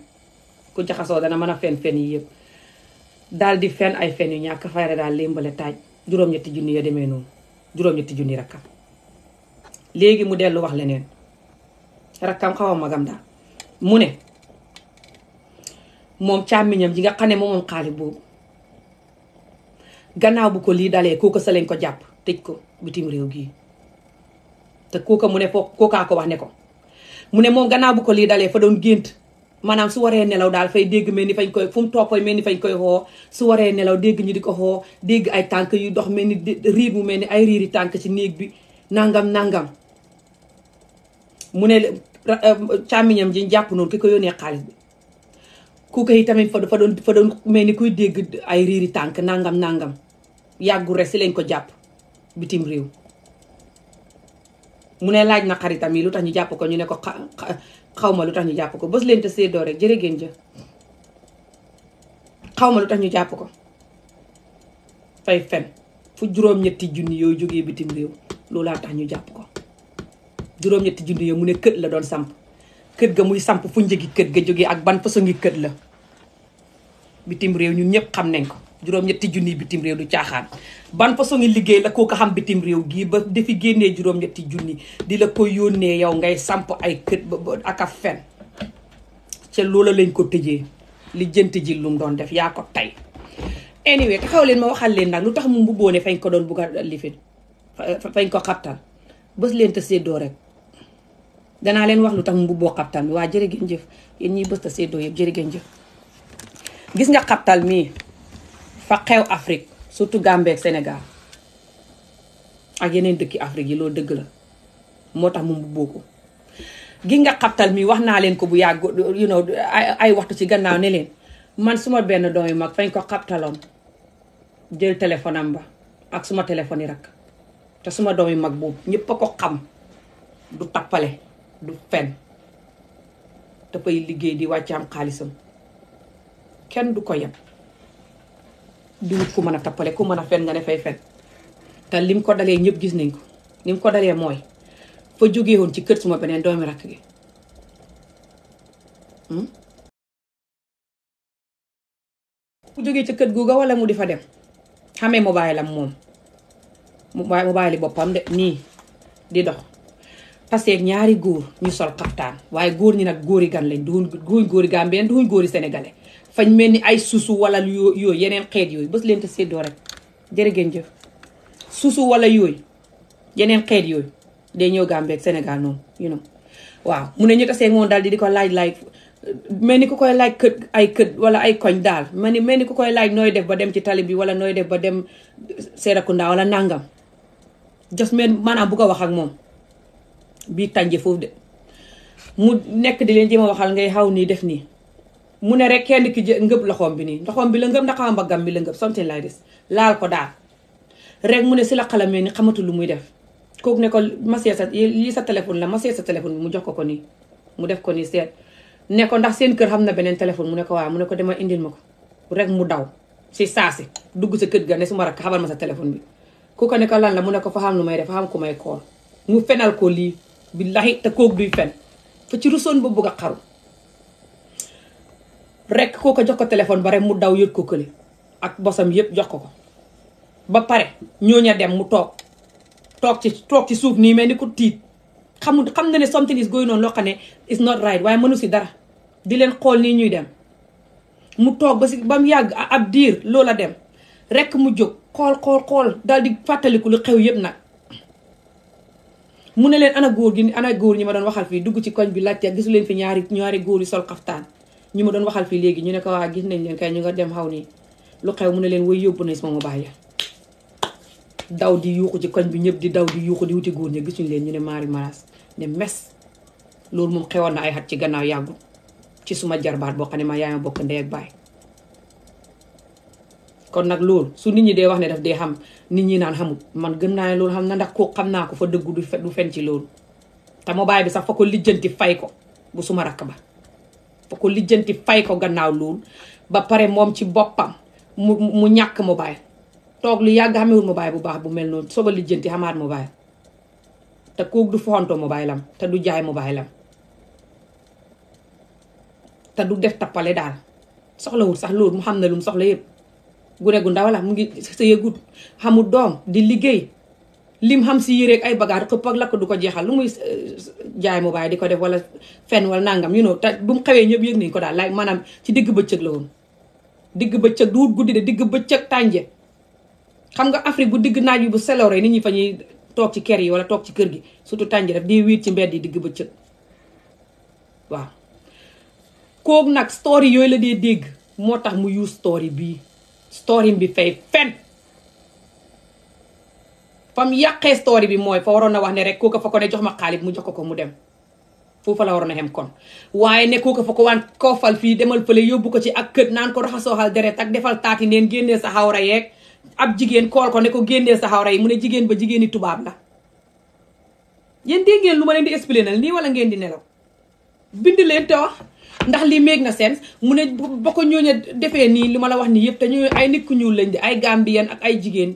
ku jaxasoo dana mën a fen fen yi yëpp daal di fen ay fen yu ñàkk fayre daal lémbale taaj juróom-ñetti junni ya demee noonu juróom-ñetti junni rakkam léegi mu dellu wax leneen rakkam xaw magam daal mu ne moom càmmiñam ji nga xam ne moom moom xaalis boobu gannaaw bu ko lii dalee kooka sa lañ ko jàpp tëj ko bitim réew gi te kooka mu ne foo kookaa ko wax ne ko mu ne moom gannaaw bu ko lii dalee fa doon gént maanaam su waree nelaw daal fay dégg mel ni fañ koy fu mu toog fay ni fañ koy xoo su waree nelaw dégg ñu di ko xoo dégg ay tànk yu dox mel ni riir mu mel ni ay riiri tànk ci néeg bi nangam nangam mu ne euh, càmmiñam ji jàpp noonu ki ko yónnee xaalis bi ku koy tamit fa fa mel ni kuy dégg ay riiri tànk nangam nangam yàggu rek si lañ ko jàpp bitim réew mu ne laaj na xaritam yi lu tax ñu jàpp ko ñu ne ko xaw ma lu tax ñu jàpp ko bës leen te séddoo rek jërë ngeen jë xaw ma lu tax ñu jàpp ko fay fen fu juróom-ñetti junni yooyu jógee bitim réew loolaa tax ñu jàpp ko juróom-ñetti junni yooyu mu ne kët la doon samp kët ga muy samp fu njëgi kët ga jógee ak ban façon ngi kët la bitim réew ñun ñëpp xam nañ ko juróom-ñetti junni bitim réew du caaxaan ban façon ngi liggéey la koo ko xam bitim réew gii ba defi génnee juróom-ñetti junni di la ko yónnee yow ngay samp ay kët ak a fen ca loola lañ ko tëjee li jënt ji lu mu doon def yaa ko tey anyway taxaw leen ma waxal leen nag lu tax mu mbubboo ne fañ ko doon bugg a lifin fañ ko xabtal bës leen te séddoo rek danaa leen wax lu tax mu mbubboo xabtal mi waa jërëgéen jëf yéen ñi bës te séddoo yëpp jërëgéen jëf fa xew Afrique surtout Gambie ak Sénégal ak yeneen dëkki Afrique yi loo dëgg la moo tax mu mbubboo ko gi nga xabtal mi wax naa leen ko bu yàgg you know ay waxtu ci gannaaw ne leen man suma benn doom yu mag fañ ko xabtaloon jël téléphone ba ak suma téléphone yi te suma doom yu mag boobu ñépp a ko xam du tappale du fen dafay liggéey di wàcc am xaalisam kenn du ko yeb di wut ku mën a tappale ku mën a fen nga ne fay fen te lim ko dalee ñëpp gis nañ ko lim ko dalee mooy fa jógee woon ci kër suma beneen doomi rakk gi ku hmm? jógee ci kër googa wala mu di fa dem xamee mobile am moom mobile boppam de nii di dox parce ñaari góor ñu sol xaftaan waaye góor ñi nag góori gan lañ duñ góori Gambien duñ góori sénégalais fañ mel ni ay suusu wala yooyu yeneen xeet yooyu bés leen te séddoo rek jërë ngeen jëf susu wala yooyu yeneen xeet yooyu day ñëw Gambie ak Sénégal noonu you know waaw mu ne ñu tasee moom daal di di ko laaj laaj mel ni ku koy laaj kët ay kët wala ay koñ daal ma ni mel ni ku koy laaj nooy def ba dem ci tali bi wala nooy def ba dem Serekunda walla nàngam jos mel maanaam bu ko wax ak moom bii tànje foofu de mu nekk di leen jëm a waxal ngay xaw nii def nii mu ne rek kenn ki jë ngëb loxoom bi nii loxoom bi la ngëb ndax mbaggam bi la ngëb something like this laal ko daal rek mu ne si la xalamee ni xamatul lu muy def kook ne ko ma sa lii sa téléphone la ma sa téléphone mu jox ko ko nii mu def ko nii seet ne seen kër xam na beneen téléphone mu ne ko waaw mu ne ko dama indil ma ko rek mu daw si dugg sa kër ga ne su ma rakk xamal ma sa téléphone bi ku ko lan la mu ne ko fa xam lu may def fa xam ku may kool mu fenal ko lii billahi te kooku duy fen fa ci rusoon ba bëgg a xaru rekk kooka jox ko téléphone ba rek mu daw yët ko kële ak bosam yëpp jox ko ba pare ñooña dem mu toog toog ci toog ci suuf nii mel ni ku tiit xamul xam na ne something is going on loo xam ne is not right waaye mënu si dara di leen xool nii ñuy dem mu toog ba si ba mu yàgg ab diir loola dem rekk mu jóg xool xool xool daal di fàttaliku lu xew yëpp nag mu ne leen ana góor gi ana góor ñi ma doon waxal fii dugg ci koñ bi laajte gisu leen fi ñaar ñaari góor yi sol xaftaan ñu ma doon waxal fii léegi ñu ne ko waa gis nañ leen kay ñu nga dem xaw nii lu xew mu ne leen way yóbbu nañ sama mobile daw di yuuxu ci koñ bi ñëpp di daw di yuuxu di wuti góor ña gisuñu leen ñu ne maari maras ne mes loolu moom xewoon na ay xat ci gannaaw yàggul ci suma jarbaat boo xam ne ma yaay ma bokk ndey ak baay kon nag loolu su nit ñi dee wax ne daf dee xam nit ñi naan xamul man gën naa ne loolu xam na ndax koo xam naa ko fa dëggu du fen ci loolu te mobile bi sax ko lijjanti fay ko bu suma rakk ba ko lijjanti fay ko gannaaw lool ba pare moom ci boppam mu mu ñàkk mobile toog lu yàgg xamewul mobile bu baax bu mel noonu soog a lijjanti xamaat mobile te kook du foxanto mobile am te du jaay mobile am te du def tappale daal soxlawul sax loolu mu xam ne lu mu soxla yëpp gune gu ndaw la mu ngi sëyegut xamul doom di liggéey lim xam si yéreeg ay bagaar xëpp ak lakk du ko jeexal lu muy euh, jaay mu bàyyi di ko def wala fenn wala nangam you know ta bu mu xewee ñëpp yëg nañ ko daal laay maanaam ci digg bëccëg la woon digg bëccëg du wut guddi de digg bëccëg tànje xam nga Afrique bu digg naaj bi bu seloree nit ñi fa ñuy ci kër yi wala toog ci kër gi surtout tànje def di ci mbedd yi digg bëccëg waaw nag story yooyu la dee dégg moo tax mu use story bii story bi fay fen fam yàqee story bi mooy fa waroon na wax ne rek kooka fa ko ne jox ma xaalis mu jox ko mu dem foofa la waroon a xem kon waaye ne kooka fa ko waan koo fal fii demal fële yóbbu ko ci ak kët naan ko raxasooxal deret ak defal taati neen génnee sa xawra yeeg ab jigéen kool ko ne ko génnee sa xawra yi mu ne jigéen ba jigéeni tubaab la yéen dégg ngeen lu ma leen di expliqué nal nii wala ngeen di nelaw bind leen te wax ndax lii méeg na sens mu ne ba ko ñooñu defee nii li ma la wax nii yëpp te ay nit ñuul lañ di ay gambien ak ay jigéen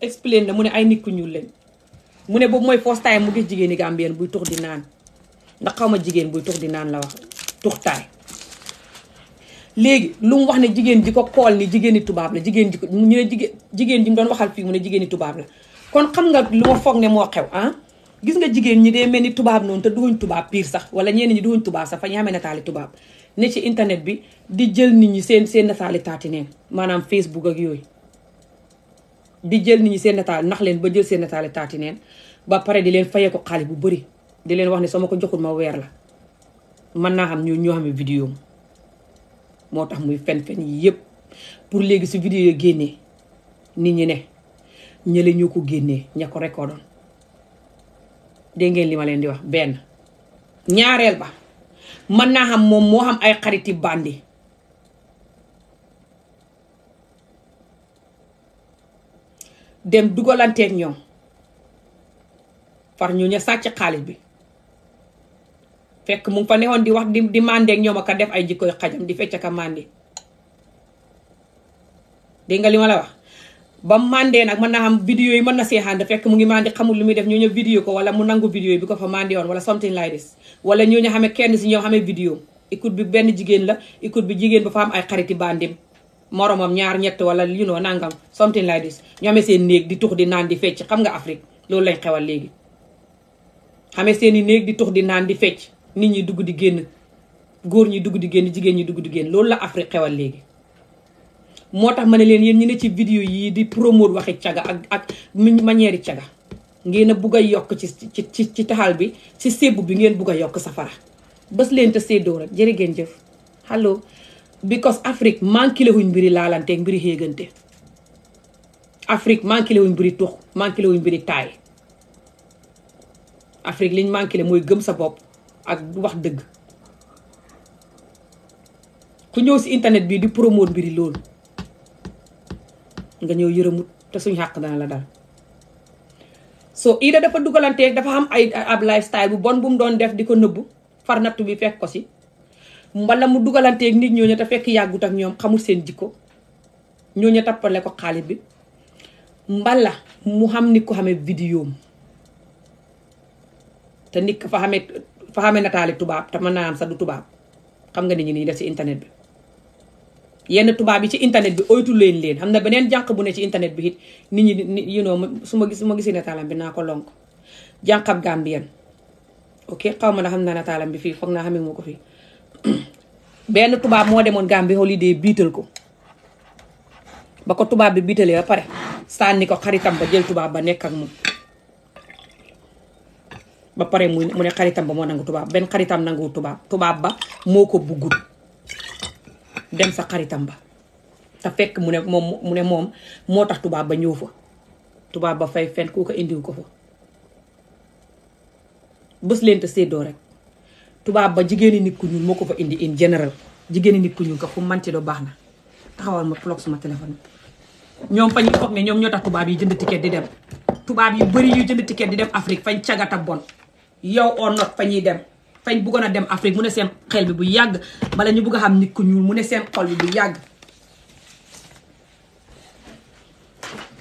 expliqué na mu ne ay nit ku ñuul lañ mu ne boobu mooy first time mu gis jigéeni Gambien buy tux di naan ndax xaw ma jigéen buy tux di naan la wax tuxtaay léegi lu mu wax ne jigéen ji ko kool ni jigéeni tubaab la jigéen ji ko ñu jigéen jigéen ji doon waxal fii mu ne jigéeni tubaab la kon xam nga lu ma foog ne moo xew ah? gis nga jigéen ñi dee mel ni tubaab noonu te duhuñ tubaab piir sax wala ñenn ñi duhuñ tubaab sax fa ñu amee nataali tubaab ne ci internet bi di jël nit ñi seen seen nataali taati neen maanaam Facebook ak yooyu di jël nit ñi seen nataal nax leen ba jël seen nataal taati neen ba pare di leen fayee ko xaalis bu bëri di leen wax ne soo ma ko joxul ma weer la mën naa xam ñu ñoo xam ne vidéo moo tax muy fen-fen yi yëpp pour léegi su vidéo génnee nit ñi ne ñële ñoo ko génnee ña ko recordoon dégg ngeen li ma leen di wax benn ñaareel ba mën naa xam moom moo xam ay xariti bàndi dem dugalanteek ñoom far ñu ña sàcc xaalis bi fekk mu ngi fa newoon di wax di di màndeeg ñoom ak a def ay jikkoy xajam di fecc ka màndi dégg nga li ma la wax ba màndee nag mën naa xam vidéo yi mën na seexaan fekk mu ngi màndi xamul lu muy def ñoo ñëw vidéo ko wala mu nangu vidéo yi bi ko fa màndee woon wala something like this wala ñoo ñu xamee kenn si ñoom xamee vidéo écoute bi benn jigéen la écoute bi jigéen ba fa am ay xariti bandim moromam ñaar ñett wala you know nangam something like this ñu amee seen néeg di tux di naan di fecc xam nga Afrique loolu lañ xewal léegi xamee seen i néeg di tux di naan di fecc nit ñi dugg di génn góor ñi dugg di génn jigéen ñi dugg di génn loolu la Afrique xewal léegi moo tax ma ne leen yéen ñu ne ci vidéo yii di promote waxi caga ak ak manière caga ngeen a bugg a yokk ci ci ci taxal bi ci sébb bi ngeen bugg a yokk safara bés leen te séddoo rek jërë ngeen jëf allo because Afrique manqué wuñ mbiri laalanteeg mbiri xéegante Afrique manqué wuñ mbiri tux manqué wuñ mbiri taay Afrique liñ manqué mooy gëm sa bopp ak wax dëgg ku ñëw si internet bi di promote mbiri loolu nga ñëw yërëmut te suñ xàq dana la dal soo Ida dafa dugalanteeg dafa am ay ab lifestyle bu bon bu mu doon def di ko nëbbu far nattu bi fekk ko si mballa mu dugalanteeg nit ñooñu te fekk yàggut ak ñoom xamul seen jikko ñooñu tappale ko xaalis bi mbala mu xam nit ko xamee vidéo te nit fa xamee fa xamee nataali tubaab te mën naa am sax du tubaab xam nga nit ñi def ci internet bi yenn tubaab yi ci internet bi oytu leen leen xam na beneen jànq bu ne ci internet bi it nit ñi nit you know su ma gis su ma gisee nataalam bi naa ko lonk jànqab Gambien ok xaw ma na xam naa nataalam bi fii foog naa xamee moo ko fii benn tubaab moo demoon Gambie holiday biital ko ba ko tubaab bi biitalee ba pare sànni ko xaritam ba jël tubaab ba nekk ak moom ba pare mu ne xaritam ba moo nangu tubaab benn xaritam nanguwul tubaab tubaab ba moo ko buggul dem sa xaritam ba te fekk mu ne moom mu ne moom moo tax tubaab ba ñëw fa tubaab ba fay fen koo ko indiw ko fa bés leen te séddoo rek tubaab ba jigéeni nit ku ñuul moo ko fa indi in général jigéeni nit ku ñuul ko fu manti doo baax na taxawal ma plog suma téléphone ñoom fañu foog ne ñoom ñoo tax tubaab yi jënd ticket di dem tubaab yu bëri yu jënd ticket di dem Afrique fañ cagata bon yow oo not fa ñuy dem fañ bëggoon a dem Afrique mu ne seen xel bi bu yàgg bala ñu bëgg a xam nit ku ñuul mu ne seen xol bi bu yàgg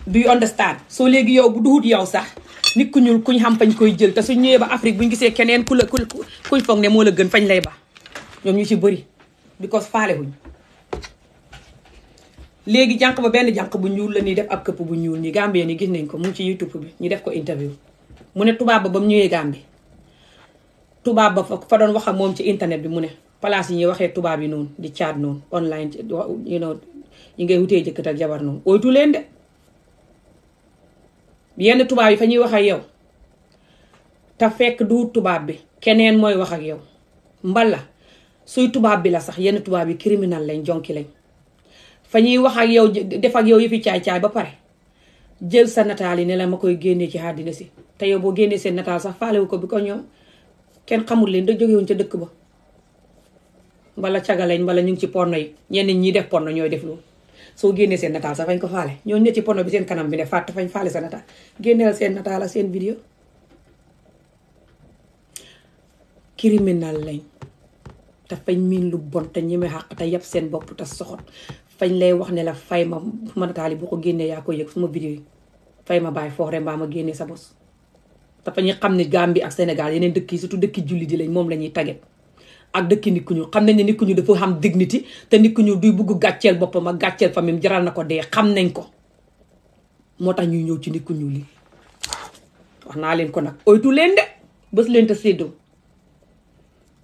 du understand soo léegi yow bu duhut yow sax nit ku ñuul kuñ xam fañ koy jël te suñ ñëwee ba Afrique buñ gisee keneen ku la ku kuñ foog ne moo la gën fañ lay ba ñoom ñu ci bëri because faale wuñ léegi jànq ba benn jànq bu ñuul la nii def ab këpp bu ñuul ñi gàmbee yi gis nañ ko mu ngi ci YouTube bi ñu def ko interview mu ne tubaab ba ba mu ñëwee Gambie tubaab ba fa doon wax ak moom ci internet bi mu ne place yi ñuy waxee tubaab yi noonu di caat noonu online you know ñi ngay wutee jëkkër ak jabar noonu oytu leen de yenn tubaab yi fa ñuy wax ak yow te fekk du tubaab bi keneen mooy wax ak yow mbala suy tubaab bi la sax yenn tubaab yi criminal lañ jonki lañ fa ñuy wax ak yow def ak yow yëfi caay-caay ba pare jël sa nataal yi ne la ma koy génnee ci àddina si te yow boo génnee seen nataal sax faalewu ko bi ko ñoom kenn xamul leen da jógewuñ ca dëkk ba mbala caga lañ mbala ñu ngi ci porno yi ñenn ñi def porno ñooy def loolu soo génnee seen nataal sax fañ ko faale ñooñ ne ci pono bi seen kanam bi ne fàtt fañ faale sa nataal génneel seen nataal ak seen vidéo criminal lañ te fañ miin lu bon te ñeme xàq te yab seen bopp te soxot fañ lay wax ne la fay ma ma nataal yi boo ko génnee yaa ko yëg suma vidéo yi fay ma bàyyi foox rek mbaa ma génnee sa bos te fa ñu xam ne Gambie ak Sénégal yeneen dëkk yi surtout dëkki julli di lañ moom la ñuy taget ak dëkki nit ku ñu xam nañ ne nit ku ñu dafa xam dignité te nit ku ñu duy bugg gàcceel boppam ak gàcceel famille jaral na ko dee xam nañ ko moo tax ñuy ñëw ci nit ku ñu lii wax naa leen ko nag oytu leen de bés leen te séddoo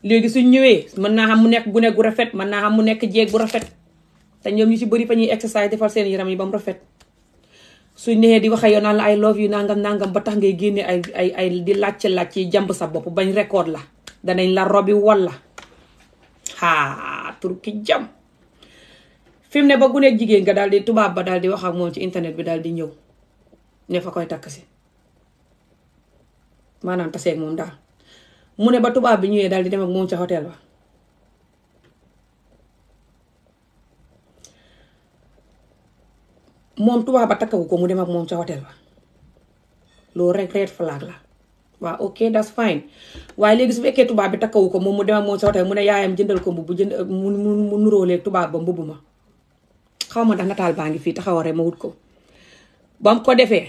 léegi suñ ñëwee mën naa xam mu nekk gune gu rafet mën naa xam mu nekk jeeg bu rafet te ñoom ñu ci bëri fa ñuy exercice defal seen yaram yi ba mu rafet suñ neexee di wax yow naan la ay love yu nàngam nangam ba tax ngay génnee ay ay ay di làcce làcce yi jàmb sa bopp bañ record la danañ la robi walla haa turki jam fi mu ne ba guneeg jigéen nga daal di tubaab ba daal di wax ak moom ci internet bi daal di ñëw ne fa koy takk si maanaam taseeg moom daal mu ne ba tubaab bi ñëwee daal di dem ak moom ca hôtel ba moom tubaab ba takkagu ko mu dem ak moom ca hôtel ba loolu rek red flag la waaw ok that's fine waaye léegi su fekkee tubaab bi takkawu ko moom mu demee moom soo tey mu ne yaayam jëndal ko mbubb jënd mu nuróolee tubaab ba mbubb ma xaw ma ndax nataal baa ngi fii taxawaree ma wut ko ba ko defee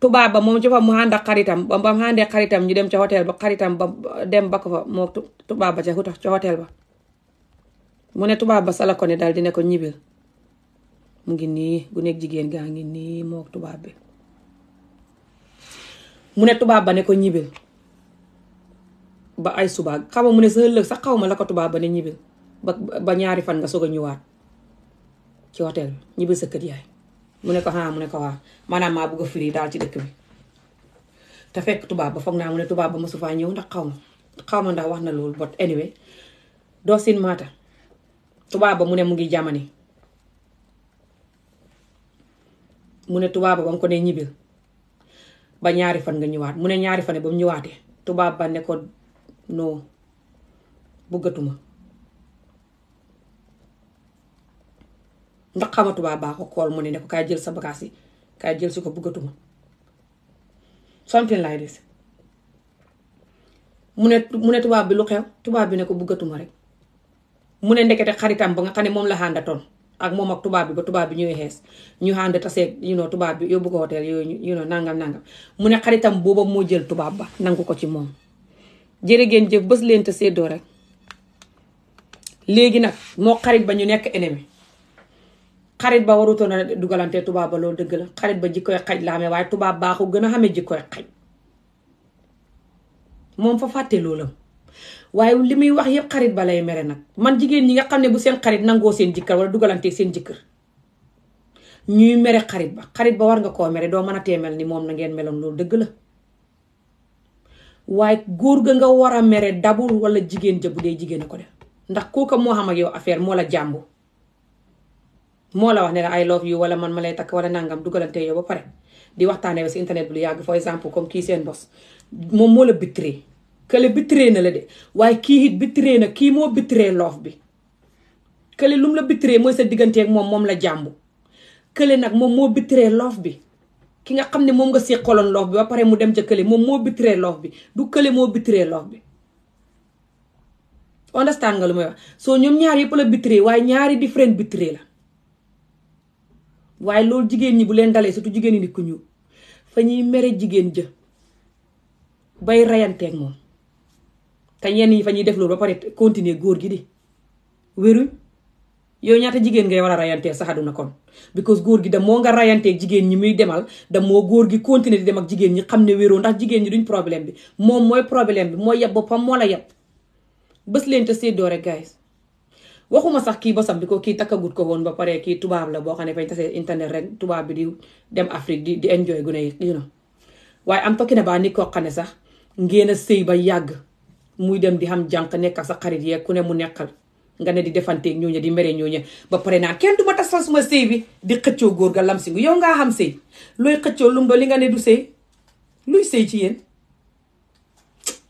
tubaab ba moom ci fa mu ànd xaritam ba mu xaritam ñu dem ca hôtel ba xaritam ba dem ba ko fa moo tubaab ba ca hutax ca hôtel ba mu ne tubaab ba sala ne daal di ne ko ñibbil mu ngi nii gu nekk jigéen gaa ngi nii moo tubaab bi mu ne tubaab ba ne ko ñibbil ba ay suba xam mu ne sa ëllëg sax xaw ma la ko tubaab ba ne ñibbil ba ñaari fan nga soog a ñëwaat ci hôtel ñibbil sa kër yaay mu ne ko ah mu ne ko waa maanaam maa bugg a firi daal ci dëkk bi te fekk tubaab ba foog naa mu ne tubaab ba mosu faa ñëw ndax xaw ma xaw ma ndax wax na loolu but anyway doo sin maata tubaab ba mu ne mu ngi jamani mu ne tubaab ba ba mu ko ne ñibbil ba ñaari fan nga ñëwaat mu ne ñaari fan ba mu ñëwaatee tubaab ba ne ko non bëggatuma ndax xama tubaab baa ko kool mu ne ne ko kaay jël sa bagaas yi kaay jël si ko bëggatuma something like this mu ne mu ne tubaab bi lu xew tubaab bi ne ko bëggatuma rek mu ne ndekete xaritam ba nga xam ne moom la àndatoon ak moom ak tubaab bi ba tubaab bi ñëwee xees ñu ànd tasee you noo tubaab bi yóbbu ko hôtel yooyu you know nangam nangam mu ne xaritam booba moo jël tubaab ba nangu ko ci moom jërë ngeen jëf bés leen te séddoo rek léegi nag moo xarit ba ñu nekk ennemi xarit ba warutoon dugalantee tubaab ba loolu dëgg la xarit ba jikkoy xaj la xamee waaye tubaab baaxu gën a xamee jikkoy xaj moom fa fàtte loolam waaye li muy wax yëpp xarit ba lay mere nag man jigéen ñi nga xam ne bu seen xarit nangoo seen jëkkër wala dugalantee seen jëkkër ñuy mere xarit ba xarit ba war nga koo mere doo mën a teemel ni moom na ngeen meloon loolu dëgg la waaye góor ga nga war a mere dabul wala jigéen ja bu dee jigéen a ko def ndax kooka moo xam ak yow affaire moo la jàmbu moo la wax ne la I love you wala man ma lay takk wala nangam dugalante yow ba pare di waxtaanee si lu yàgg for exemple comme kii seen bos moom moo la kële bitiree na la de waaye kii it bitiree na kii moo bitiree loof bi kële lum la bitiree mooy sa digganteek moom moom la jàmbu kële nag moom moo bitiree loof bi ki nga xam ne moom nga seqaloon bi ba mu dem ca kële moom moo bitiree loof bi du kële moo bitiree loof bi understand nga lu may wax soo ñoom ñaari yëpp la bitiree waaye ñaari different bitiree la waaye loolu jigéen ñi bu leen dalee surtout jigéen ñi ni ku ñuul fa ñuy mere jigéen jë bay reyanteeg moom te ñenn ñi fa ñuy def loolu ba pare continuer góor gi di wéruñ yooyu ñaata jigéen ngay war a rayanteel sa àdduna kon because góor gi da moo nga rayanteeg jigéen ñi muy demal da moo góor gi continuer di dem ak jigéen ñi xam ne wéroo ndax jigéen ñi duñ problème bi moom mooy problème boppam moo la yeb bés leen te séddoo rek guys waxuma sax kii bosam bi ko kii takkagut ko woon ba pare kii tubaab la boo xam ne fañ tasee internet rek tubaab bi di dem Afrique di di enjoy gune yi you waaye am tokki ne baa nit koo xam ne sax ngeen a sëy ba yàgg muy dem di xam jànq nekk sa xarit yeeg ku ne mu nekkal nga ne di defanteeg ñooñu di mere ñooñu ba pare naan kenn du tax tasal suma sëy bi di xëccoo góor ga lam si yow ngaa xam sëy looy xëccoo lum do li nga ne du sëy luy sëy ci yéen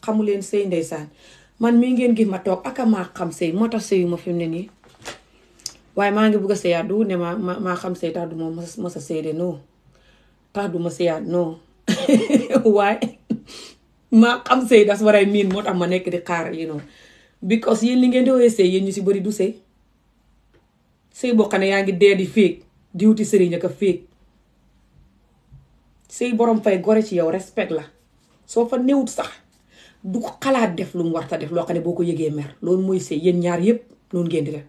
xamu leen sëy ndeysaan man mii ngeen gis ma toog ak maa xam sëy moo tax sëyu ma fi ne nii waaye maa ngi bugg a sëyaat du ne ma ma maa xam sëy tax du ma mos a tax du sëyaat non waaye. maa xam sëy that's what I moo tax ma nekk di xaar you know because yéen li ngeen di woowee sëy yéen ñu si bari du sëy sëy boo xam ne yaa ngi dee di féeg di wuti sëriñ ak a féeg sëy borom fay gore ci yow respect la soo fa newut sax du xalaat def lu mu war ta def loo xam ne boo ko yëgee mer loolu mooy sëy yéen ñaar yépp noonu ngeen di def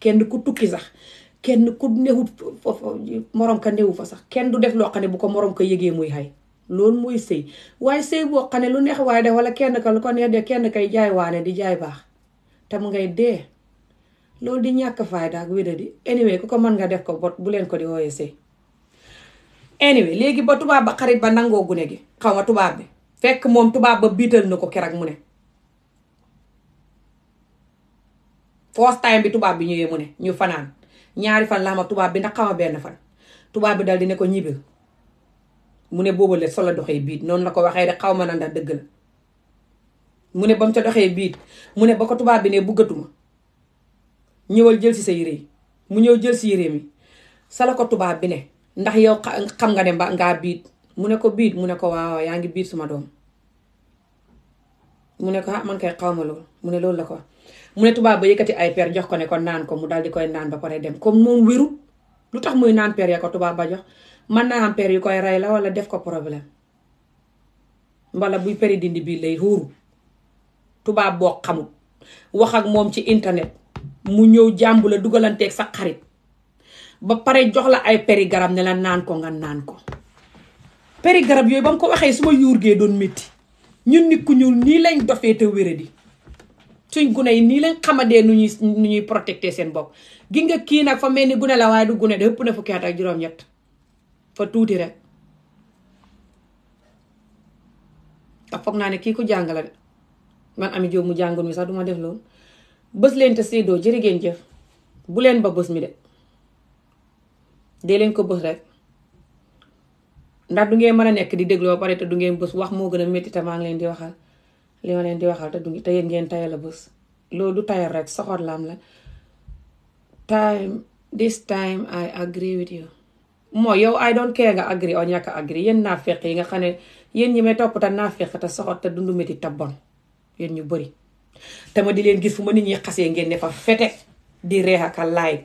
kenn ku tukki sax kenn ku newut moroom ka newu fa sax kenn du def loo xam ne bu ko moroom ko yëgee muy xay loolu mooy sëy waaye sëy boo xam ne lu neex waaye de wala kenn ka lu ko neex de kenn kay jaay waane di jaay baax te mu ngay dee loolu di ñàkk fayda ak wéda di anyway ku ko mën nga def ko bu leen ko di wooyee sëy anyway léegi ba tubaab ba xarit ba nangoo gune gi xaw ma tubaab bi fekk moom tubaab ba biital na ko kerak mu ne first time bi tubaab bi ñëwee mu ne ñu fanaan ñaari fan la xama tubaab bi ndax xama benn fan tubaab bi dal di ne ko ñibbil mu ne boobale solo doxee biit noonu la ko waxee rek xaw ma na ndax dëgg mu ne ba mu ca doxee biit mu ne ba ko tubaab bi ne bëggatuma ñëwal jël si sa yére mu ñëw jël si yére mi sala ko tubaab bi ne ndax yow xam nga ne mba ngaa biit mu ne ko biit mu ne ko waaw yaa ngi biit suma doom mu ne ko ah man kay xaw ma loolu mu ne loolu la ko mu ne tubaab ba yëkkati ay per jox ko ne ko naan ko mu daal di koy naan ba pare dem comme moom wéru lu tax muy naan per ya ko tubaab ba jox mën naa am per yu koy rey la wala def ko problème wala buy peri dindi bii lay xuuru tubaab boo xamul wax ak moom ci internet mu ñëw jàmbu la dugalanteeg sa xarit ba pare jox la ay peri garab ne la naan ko nga naan ko peri garab yooyu ba mu ko waxee suma yuur gee doon métti ñun nit ku ñuul nii lañ dofee te wéradi suñ gune yi nii lañ xamadee nu ñuy nu ñuy protecté seen bopp gi nga kii nag fa mel ni gune la waaye du gune de ëpp na fukki at ak juróom fa tuuti rek te foog naa ne kii ko jàngale de man Ami Jóob mu jàngoon mi sax duma def loolu bës leen te séddoo jërë ngeen jëf bu leen ba bës mi de dee leen ko bës rek ndax du ngeen mën a nekk di dégloo pare te bës wax moo gën a métti te maa leen di waxal li ma leen di waxal te du te yéen ngeen tayal a bës loolu du tayal rek soxor laam la time this time I agree with you mooy yow I don't care nga agri o ñàkk agri yéen naa feq yi nga xam ne yéen ñi may topp te naa feq te soxot te dundu métti te bon yéen ñu bëri te ma di leen gis fu ma nit ñi xasee ngeen ne fa fete di reex ak a laay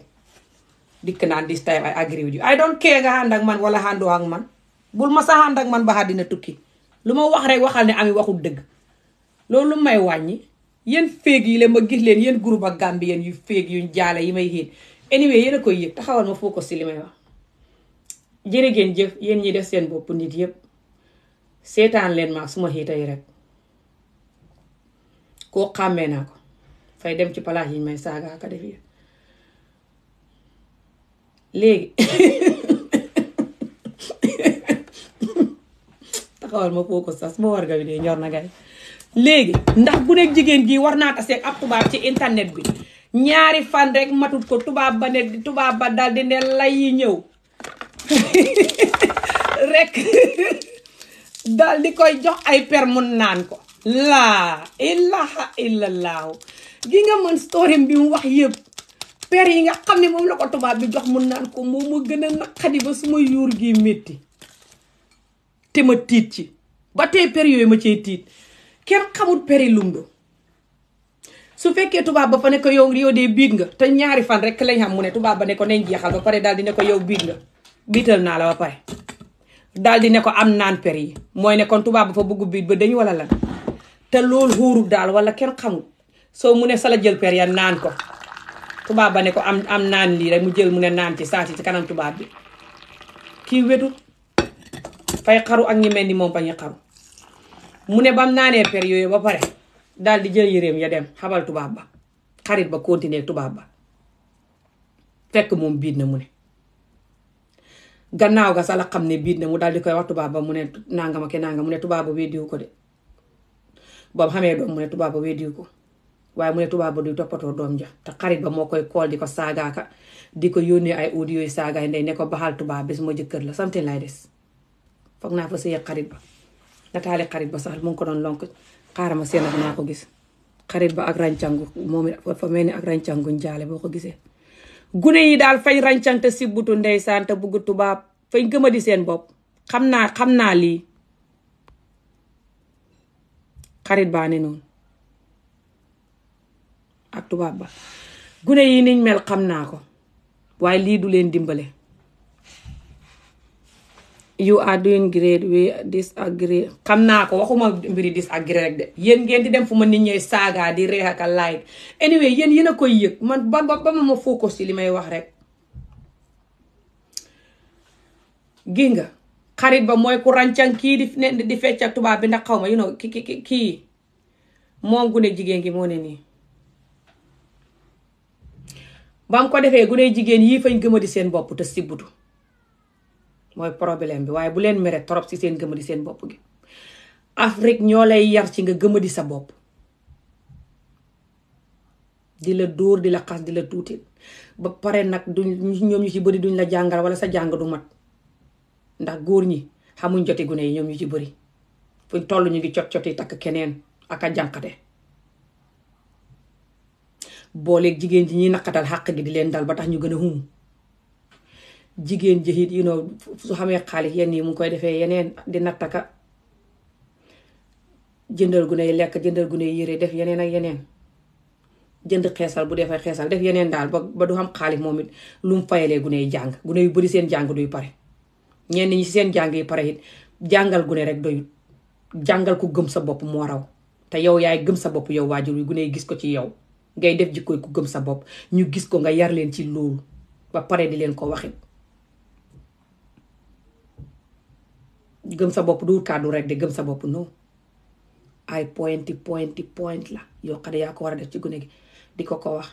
dikk naan this time I agree with you I don't care nga ànd ak man wala àndoo ak man bul ma sa ànd ak man ba dina tukki lu ma wax rek waxal ne ami waxul dëgg loolu may wàññi yéen féeg yi la ma gis leen yéen groupe ak Gambien yu féeg yuñ jaale yi may yéen anyway yéen a koy yëg taxawal ma foo si li jërë ngeen jëf yéen ñi def seen boppu nit yépp seetaan leen maag suma xiita yi rek koo xàmmee naa ko fay dem ci palaas yi may saaga ka def yi léegi ma foo ko sas ma warga ñor na gay léegi ndax bu nekk jigéen gi war naa taseeg ab tubaab ci internet bi ñaari fan rek matut ko tubaab ba ne tubaab ba dal di ne lay ñëw rek daal di koy jox ay per mun naan ko laa ilaha illallahu gi nga mën story bi mu wax yépp per yi nga xam ne moom la ko tubaab bi jox mun naan ko moom ma gën a naqadi ba su ma yuur gi metti te ma tiit ci ba tey per yooyu ma cee tiit kenn xamul peri lumdo su fekkee tubaab ba fa ne yow yow dee biig nga te ñaari fan rek lañ xam mu ne tubaab ba ne ko nañ jeexal ba pare daal di ne ko yow biig nga biital naa la ba pare daal di ne ko am naan per yi mooy ne kon tubaab ba fa bëggu biit ba dañu wala lan te loolu xuurub daal wala kenn xamul soo mu ne sala jël per ya naan ko tubaab ba ne ko am am naan lii rek mu jël mu ne naan ci saati ci kanam tubaab bi kii wetu fay ak ñi mel ni moom bañu mu ne bam naanee per yooyu ba pare daal di jël yëreem ya dem xabal tubaab ba xarit ba continuer tubaab ba fekk moom biit na mu ne gannaaw ga sa la xam ne biit na mu daal di koy wax tubaab ba mu ne nangama ke nanga mu ne tubaab ba weddiwu ko de boobu xamee doom mu ne tubaab ba weddiwu ko waaye mu ne tubaab ba du toppatoo doom ja te xarit ba moo koy kool di ko saagaaka di ko yónnee ay audio yu saagaay ndey ne ko baxal tubaab bi ma jëkkër la something lay des foog naa fa sëy xarit ba nataali xarit ba sax mu ngi ko doon lonk xaaral ma seen ak naa ko gis xarit ba ak ràncangu moom it fa mel ni ak ràncangu njaale boo ko gisee gune yi daal fañ ràncante si butu ndeysaan te bugg tubaab fañ gëma di seen bopp xam naa xam naa lii xarit baa ne noonu ak tubaab ba gune yi niñ mel xam naa ko waaye lii du leen dimbale you are doing great we disagree xam naa ko waxuma mbiri disagree rek de yéen ngeen di dem fu ma nit ñooy saaga di reex ak a laaj anyway yéen yéen a koy yëg man ba ba ma ma ko si li may wax rek gi nga xarit ba mooy ku ràncan kii di ne di fecca tubaab bi ndax xaw ma you know ki ki kii moom gune jigéen gi moo ne nii ba ko defee gune jigéen yii fañ gëma di seen bopp te sibbutu mooy problème bi waaye bu leen mere trop ci seen gëmadi seen bopp gi Afrique ñoo lay yar ci nga gëmadi sa bopp di la dóor di la xas di la tuuti ba pare nag duñ ñoom ñu ci bëri duñ la jàngal wala sa jàng du mat ndax góor ñi xamuñ joti gune yi ñoom ñu ci bëri fuñ toll ñu ngi cot coti takk keneen ak a jànqate booleeg jigéen ji ñuy naqatal xaq gi di leen dal ba tax ñu gën a humu jigéen jëxit yi know su xamee xaalis yenn yi mu ngi koy defee yeneen dina nattaka jëndal gune yi lekk jëndal gune yi yére def yeneen ak yeneen jënd xeesal bu defee xeesal def yeneen daal ba du xam xaalis moom it lu mu fayalee gune yi jàng gune yu bari seen jàng duy pare ñenn ñi seen jàng yi pare it jàngal gune rek doyut jàngal ku gëm sa bopp moo raw te yow yaay gëm sa bopp yow waajur wi gune yi gis ko ci yow ngay def jikkooy ku gëm sa bopp ñu gis ko nga yar leen ci loolu ba pare di leen ko waxit gëm sa bopp du kàddu rek di gëm sa bopp non ay pointi pointi point la yoo xam yaa ko war a def ci gune gi di ko ko wax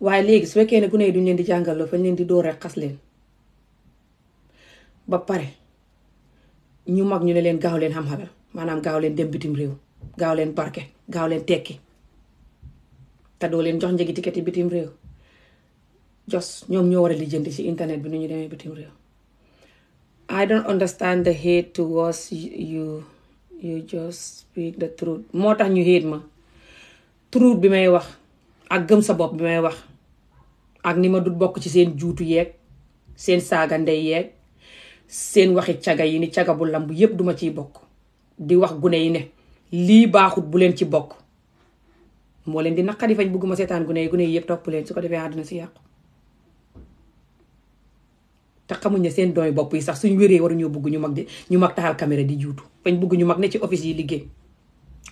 waaye léegi su fekkee ne gune yi duñ leen di jàngaloo fañ leen di door rek xas leen ba pare ñu mag ñu ne leen gaaw leen xam-xamal maanaam gaaw leen dem bitim réew gaaw leen barke gaaw leen tekki te doo leen jox njëgi ticket yi bitim réew jos ñoom ñoo war a lijjanti ci internet bi nu ñu demee bitim réew I don't understand the hate towards you you just speak the truth moo tax ñu hate ma truth bi may wax ak gëm sa bopp bi may wax ak ni ma du bokk ci seen juutu yeeg seen saaga ndey yeeg seen waxi caga yi ni caga bu lamb yépp duma ciy bokk di wax gune yi ne lii baaxut bu leen ci bokk moo leen di naqari fañ bugguma seetaan gune yi gune yi yépp topp leen su ko defee àddina si yàqu te xamuñ ne seen dooy bopp yi sax suñ wéree war waruñoo bëgg ñu mag di ñu mag taxal caméra di juutu fañ bëgg ñu mag ne ci office yi liggéey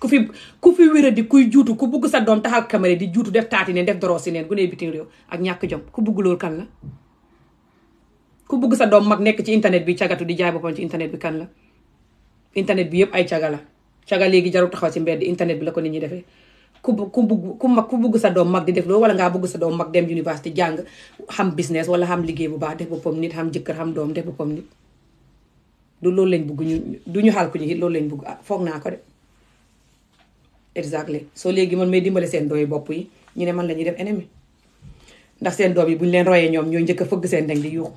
ku fi ku fi wéré di kuy juutu ku bugg sa doom taxal caméra di juutu def taati neen def doroosi neen gunee bitim réew ak ñàkk jom ku bugg loolu kan la ku bugg sa doom mag nekk ci internet bi cagatu di jaay boppam ci internet bi kan la internet bi yëpp ay caga la caga léegi jarul taxaw ci mbedd internet bi la ko nit ñi defee ku ku bugg ku mag ku bugg sa doom mag di def loolu wala ngaa bugg sa doom mag dem université jàng xam business wala xam liggéey bu baax def boppam nit xam jëkkër xam doom def boppam nit du loolu lañ bugg ñu du ñu xaal ku ñu loolu lañ bugg ah, foog naa ko de soo léegi man may dimbale seen doy bopp yi ñu ne man la ñuy def ennemi ndax seen doom yi buñ leen royee ñoom ñooy njëkk a fëgg seen deng di yuuxu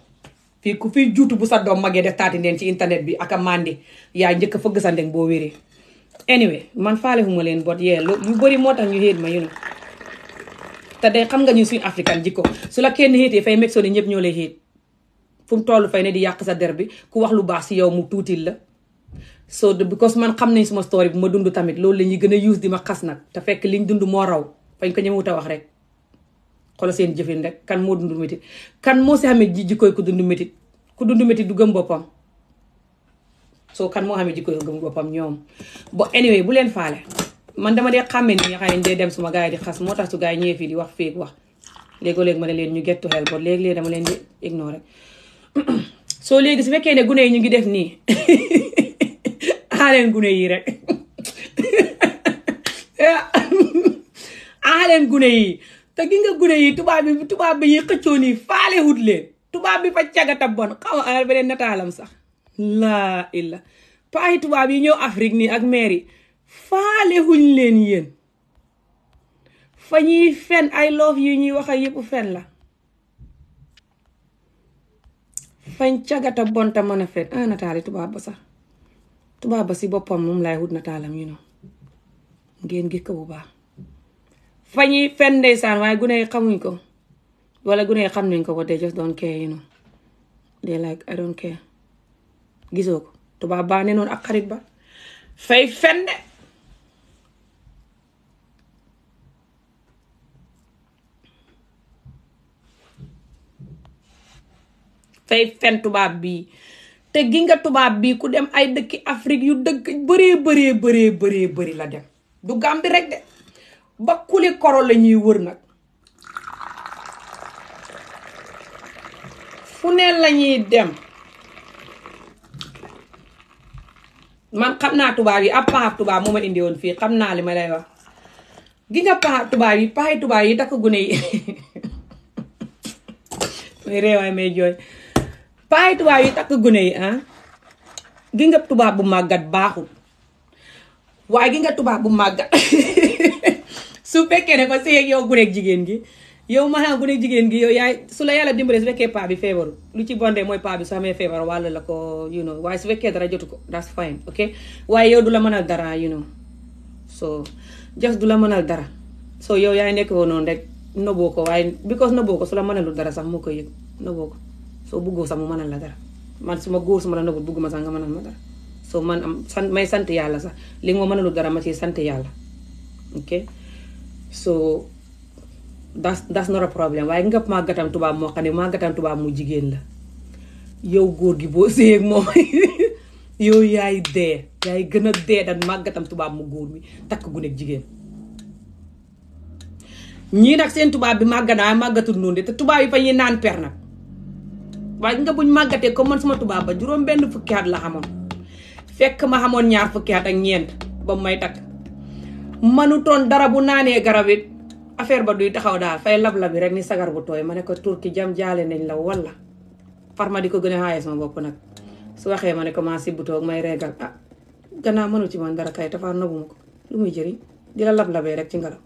fii ku fii juutu bu sa doom magee def taati neen ci internet bi ak a mandi yaa njëkk a fëgg sa ndeng boo wéree anyway man faalewuma leen bot yee yu bëri moo tax ñu xéet ma yu ne te de xam nga ñu suñu african jikko su la kenn xéetee fay meg soli ñëpp ñoo lay xéet fu tollu fay ne di yàq sa der bi ku wax lu baax si yow mu tuutil la so because man xam nañ suma story bu ma dund tamit loolu la ñuy gën a use di ma xas nag te fekk liñ dundu moo raw fañ ko ñëmewut a wax rek xoolal seen jëfin rek kan moo dund métit kan moo si xamee ji jikkooy ku dund métit ku dund métit du gëm boppam soo kan moo xamee jikko yu gëm bu leen faale man dama dee xàmme ni xëy na dee dem suma gars yi di moo tax su gars di wax féeg wax léegoo-léeg ma ne leen ñu get to help but léegi-léegi dama leen su fekkee ne gune yi ñu ngi def nii aaleen gune yi rek aaleen gune yi gune yi tubaab bi tubaab bi yi xëccoo nii faale wut leen tubaab bi fa cagata bon xaw a beneen nataalam sax laa illa paa yi tubaab yi ñëw Afrique nii ak maire yi faalewuñ leen yéen fa ñuy fen ay loof yu ñuy wax ak yëpp fen la fañ cagata bonta mën a fen ah nataali tubaab ba sax tubaab ba si boppam moom lay wut nataalam yu noonu ngeen gis ko bu baax fa ñuy fen ndeysaan waaye gune xamuñ ko wala gune xam nañ ko ba they just don't care you know they like I don't care gisoo ko tubaab baa ne noonu ak xarit ba fay fen de fay fen tubaab bii te gi nga tubaab bii ku dem ay dëkki Afrique yu dëkk bëree bëree bëree bëree bëri la dem du Gàmbi rek de ba kuli koro la ñuy wër nag fu ne lañuy ñuy dem man xam naa tubaab yi ab paxab tubaab moo ma indi fii xam naa li ma lay wax gi nga paxab tubaab yi paxi tubaab yi takk gune yi may reewaay may gune yi ah. gi nga tubaab bu màggat baaxul waaye gi nga tubaab bu màggat su fekkee ne ko sëyeeg yow guneeg jigéen gi yow maanaam bu ne jigéen gi yow yaay su la yàlla dimbale su fekkee paa bi feebaru lu ci bondee mooy paa bi su amee feebar wàll la ko you know waaye su fekkee dara jotu ko that's fine ok waaye yow du la mënal dara you know la mënal dara so yow yaay nekk noonu rek noboo ko waaye because noboo ko su la mënalul dara sax moo koy yëg noboo ko soo buggoo sax mu mënal la dara man su ma góor su ma la nobul ma sax nga mënal ma dara soo man am sant may sant yàlla sax li nga ma mënalul dara ma ciy sant yàlla ok das das not problème waaye nga màggatam tubaab moo ne màggatam mu jigéen la yow góor gi boo séyeeg moom yow yaay dee yaay gën a dee dan màggatam tubaab mu góor mi takk gu nekk jigéen ñii nag seen tubaab bi màgga naa màggatul noonu te tubaab yi fa naan per nag waaye nga buñ màggatee comme man sama tubaab ba juróom benn fukki at la xamoon fekk ma xamoon ñaar fukki at ak ñeent ba may takk manutoon dara bu naanee garab it affaire ba duy taxaw daal fay lab-labi rek ni sagar bu tooy ma ne ko turki jam jaale nañ la wala ma di ko gën a xaaye sama bopp nag su waxee ma ne ko maa sibbu toog may reegal ah gannaaw mënu ci man dara kay tafa nabuma ko lu muy jëriñ di la lab-labee rek ci ngelaw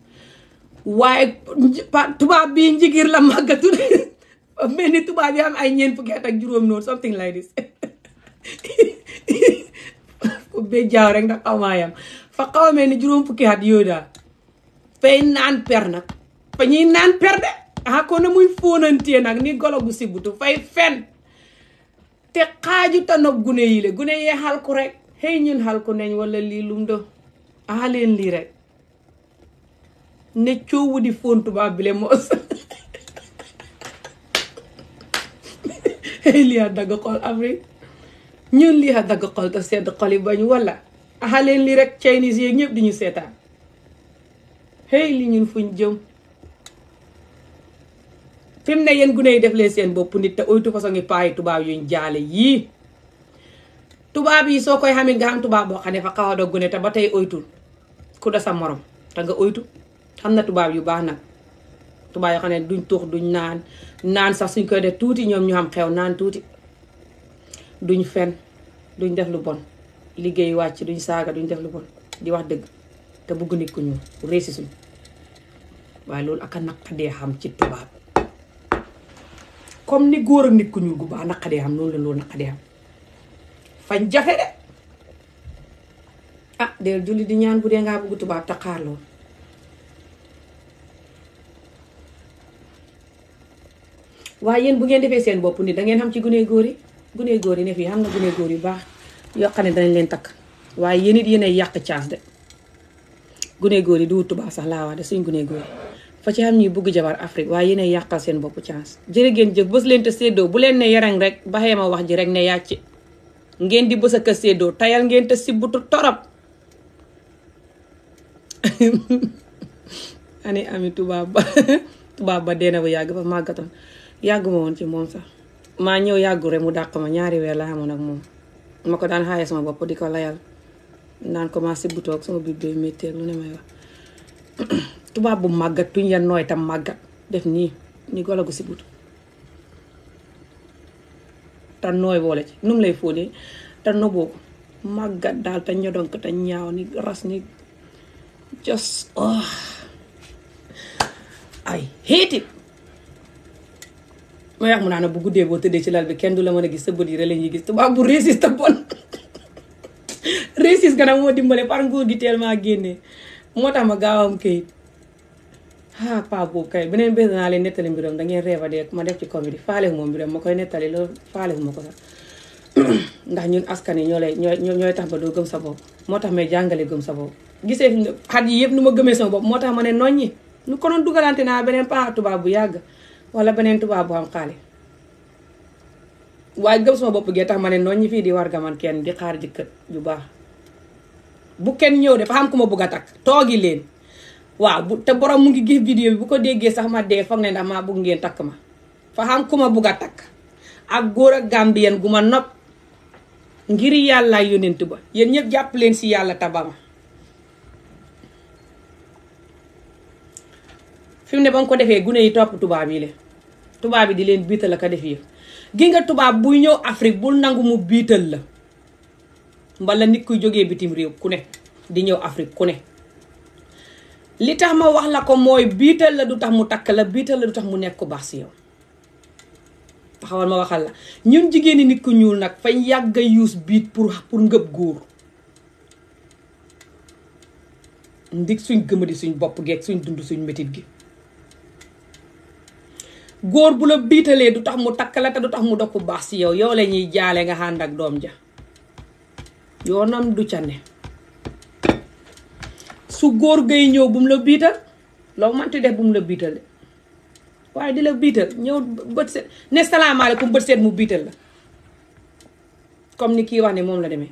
waaye tubaab bi njigir la màggatu mel ni tubaab yi ay ñeent fukki at ak juróom noonu something like this be jaaw rek ndax xaw maa fa xaw ni juróom fukki at yooyu daal fay naan per nag fa ñuy naan per de ah kon muy fóonantee nag ni golo gu sibutu fay fen te xaaju tanob gune yi le gune yee xalku rek xëy ñun xalku nañ wala lii lum do a ah, lii rek ne coowu di foon tubaab bi le moos xëy lii a dagg xol Afrique ñun lii a dagg xol te sedd xol yi bañ walla a ah, lii rek Chinese yeeg ñëpp di ñu seetaan xëy li ñun fuñ jëm fi mu ne yéen gune yu def leen seen bopp nit te oytu façon ngi paayi tubaab yu ñu jaale yii tubaab yi soo koy xamit nga xam tubaab boo xam ne fa xaw a gune te ba tey oytul ku da sa morom te nga oytu xam na tubaab yu baax nag tubaab yoo xam ne duñ tuux duñ naan naan sax suñ koy def tuuti ñoom ñu xam xew naan tuuti duñ fen duñ def lu bon liggéey wàcc duñ saaga duñ def lu bon di wax dëgg te bëgg nit ku ñuul racisme waaye loolu ak a naqadee xam ci tubaab comme ni góor ak nit ku ñuul gu baax naqadee xam noonu la loolu naqadee xam fañ jafe de ah del julli di ñaan bu dee ngaa bëgg tubaab te xaar loolu waaye yéen bu ngeen defee seen bopp ni dangeen xam ci gunee góor yi gune góor yi ne fii xam na gune góor yu baax yoo xam ne danañ leen takk waaye yenn it yéen yàq caas de gune góor yi du wut tubaab sax laa wax de suñ gune góor yi fa ci am ñuy bugg jabar Afrique waaye yéen a yàqal seen bopp chance jërë ngeen jëf bës leen te séddoo bu leen ne yarang rek baxee ma wax ji rek ne yàcc ngeen di bës a ka séddoo tayal ngeen te sibbutu torop ani ami tubaab ba tubaab ba deena bu yàgg ba màggatoon yàggu woon ci moom sax maa ñëw yàggu rek mu dàq ma ñaari weer laa amoon ak moom ma ko daan xaaye sama bopp di ko layal naan commencé bu toog sama biir day métti ne may wax tubaab bu màggat tuñ ya nooy tam màggat def nii ni golo gu si but te nooy woole ci nu lay fóonee te noboo ko màggat daal te ñodonk te ñaaw ni ras ni jos oh ay hate it mooy wax mu naan bu guddee boo tëddee ci lal bi kenn du la mën a gis sa bët yi rek la ñuy gis tubaab bu résiste bon réussite nga moo dimbale par ngoor gi tellement génnee moo tax ma gaaw am kayit ah paa boobu kay beneen bés naa leen nettali mbiram da ngeen reeba de ma def ci comédie faale wu ma mbiram ma koy nettali loolu faale wu ma ko sax ndax ñun askan yi ñoo lay ñoo ñooy tax ba doo gëm sa bopp moo tax may jàngale gëm sa bopp. gisee fi xat yi yëpp nu ma gëmee sax bopp moo tax ma ne noññi ñu konoon dugalante naa beneen paa tubaab bu yàgg wala beneen tubaab bu am xaalis. waaye gëm sama bopp gee tax ma ne noonu ñi fii di war gaman kenn di xaar jëkkër yu baax bu kenn ñëw dafa am ku ma bugg a takk toogi leen waaw bu te borom mu ngi gis vidéo bi bu ko déggee sax ma dee foog ne ndax maa bëgg ngeen takk ma fa xam a takk ak góor ak gambien gu ma nopp ngir yàlla yónent ba yéen ñëpp jàpp leen si yàlla tabama fi mu ko defee gune yi topp tubaab yi le tubaab yi di leen biital ak a def yëpp gi nga tubaab buy ñëw Afrique bul nangu mu biital la mbala nit ku jógee bitim réew ku ne di ñëw Afrique ku ne li tax ma wax la ko mooy biital la du tax mu takk la biital la du tax mu nekk ku baax si yow taxawal ma waxal la ñun jigéen ñi nit ku ñuul nag fay yàgg a yuus biit pour pour ngëb góor ndig suñ gëma di suñ bopp geeg suñ dund suñ métit gi góor bu la biitalee du tax mu takk la te du tax mu dokku baax si yow yow la ñuy jaale nga ànd ak doom ja yoonam du ca ne su góor gay ñëw bu mu la biital def bu mu la biital de waaye di la biital ñëw bët seet ne salaamaaleykum bët seet mu biital la comme ni kii wax ne moom la demee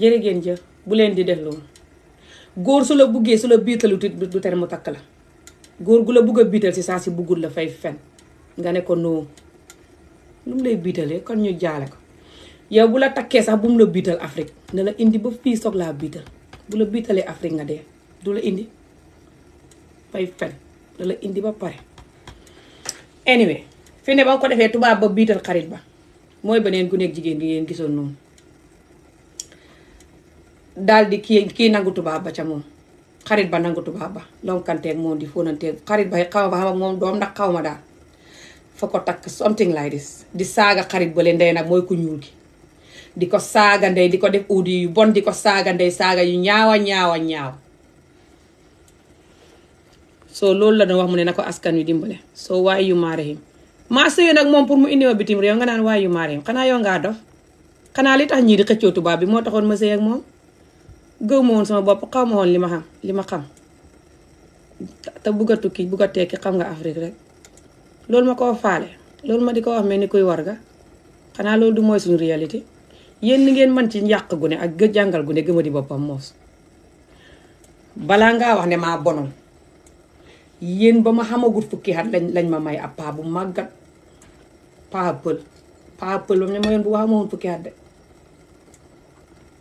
jërë ngeen jëf bu leen di def loolu góor su la buggee su la biitalu du tere mu takk la góor gu la bugg a biital si saa si buggul la fay fen nga ne ko non lu mu lay biitalee kon ñu jaale ko yow bu la takkee sax bu mu la biital Afrique na la indi ba fii soog laa biital bu la biitalee Afrique nga dee du la indi fay fen da la indi ba pare. anyway fi ne ba ko defee tubaab ba biital xarit ba mooy beneen gu nekk jigéen gi ngeen gisoon noonu daal di kii kii nangu tubaab ba ca moom. xarit ba nangu tubaab ba lonkanteeg moom di fóonanteeg xarit ba xaw ma ba xam moom doom ndax xaw ma daal. dafa ko takk something like this di saaga xarit bële ndey nag mooy ku ñuul gi di ko saaga ndey di ko def audio yu bon di ko saaga ndey saaga yu ñaawa ñaawa ñaaw soo loolu la doon wax mu ne na ko askan wi dimbale soo waaye yu maare him maa sëyu nag moom pour mu indi ma bitim réew nga naan waaye yu maare him xanaa yow ngaa dof xanaa li tax ñii di xëccoo tubaab bi moo taxoon ma sëy ak moom gëw woon sama bopp xaw ma woon li ma xam li ma xam te bugga tukki bugga loolu ma koo faale loolu ma di ko wax mel ni koy kuy ga xanaa loolu du mooy suñu réalité yéen li ngeen man ci yàq gune ak gë jàngal gune gëma di boppam moos balaa ngaa wax ne maa bonoon yéen ba ma xamagut fukki at lañ ma may ab paa bu màggat paa pël paa bu wax moom fukki at de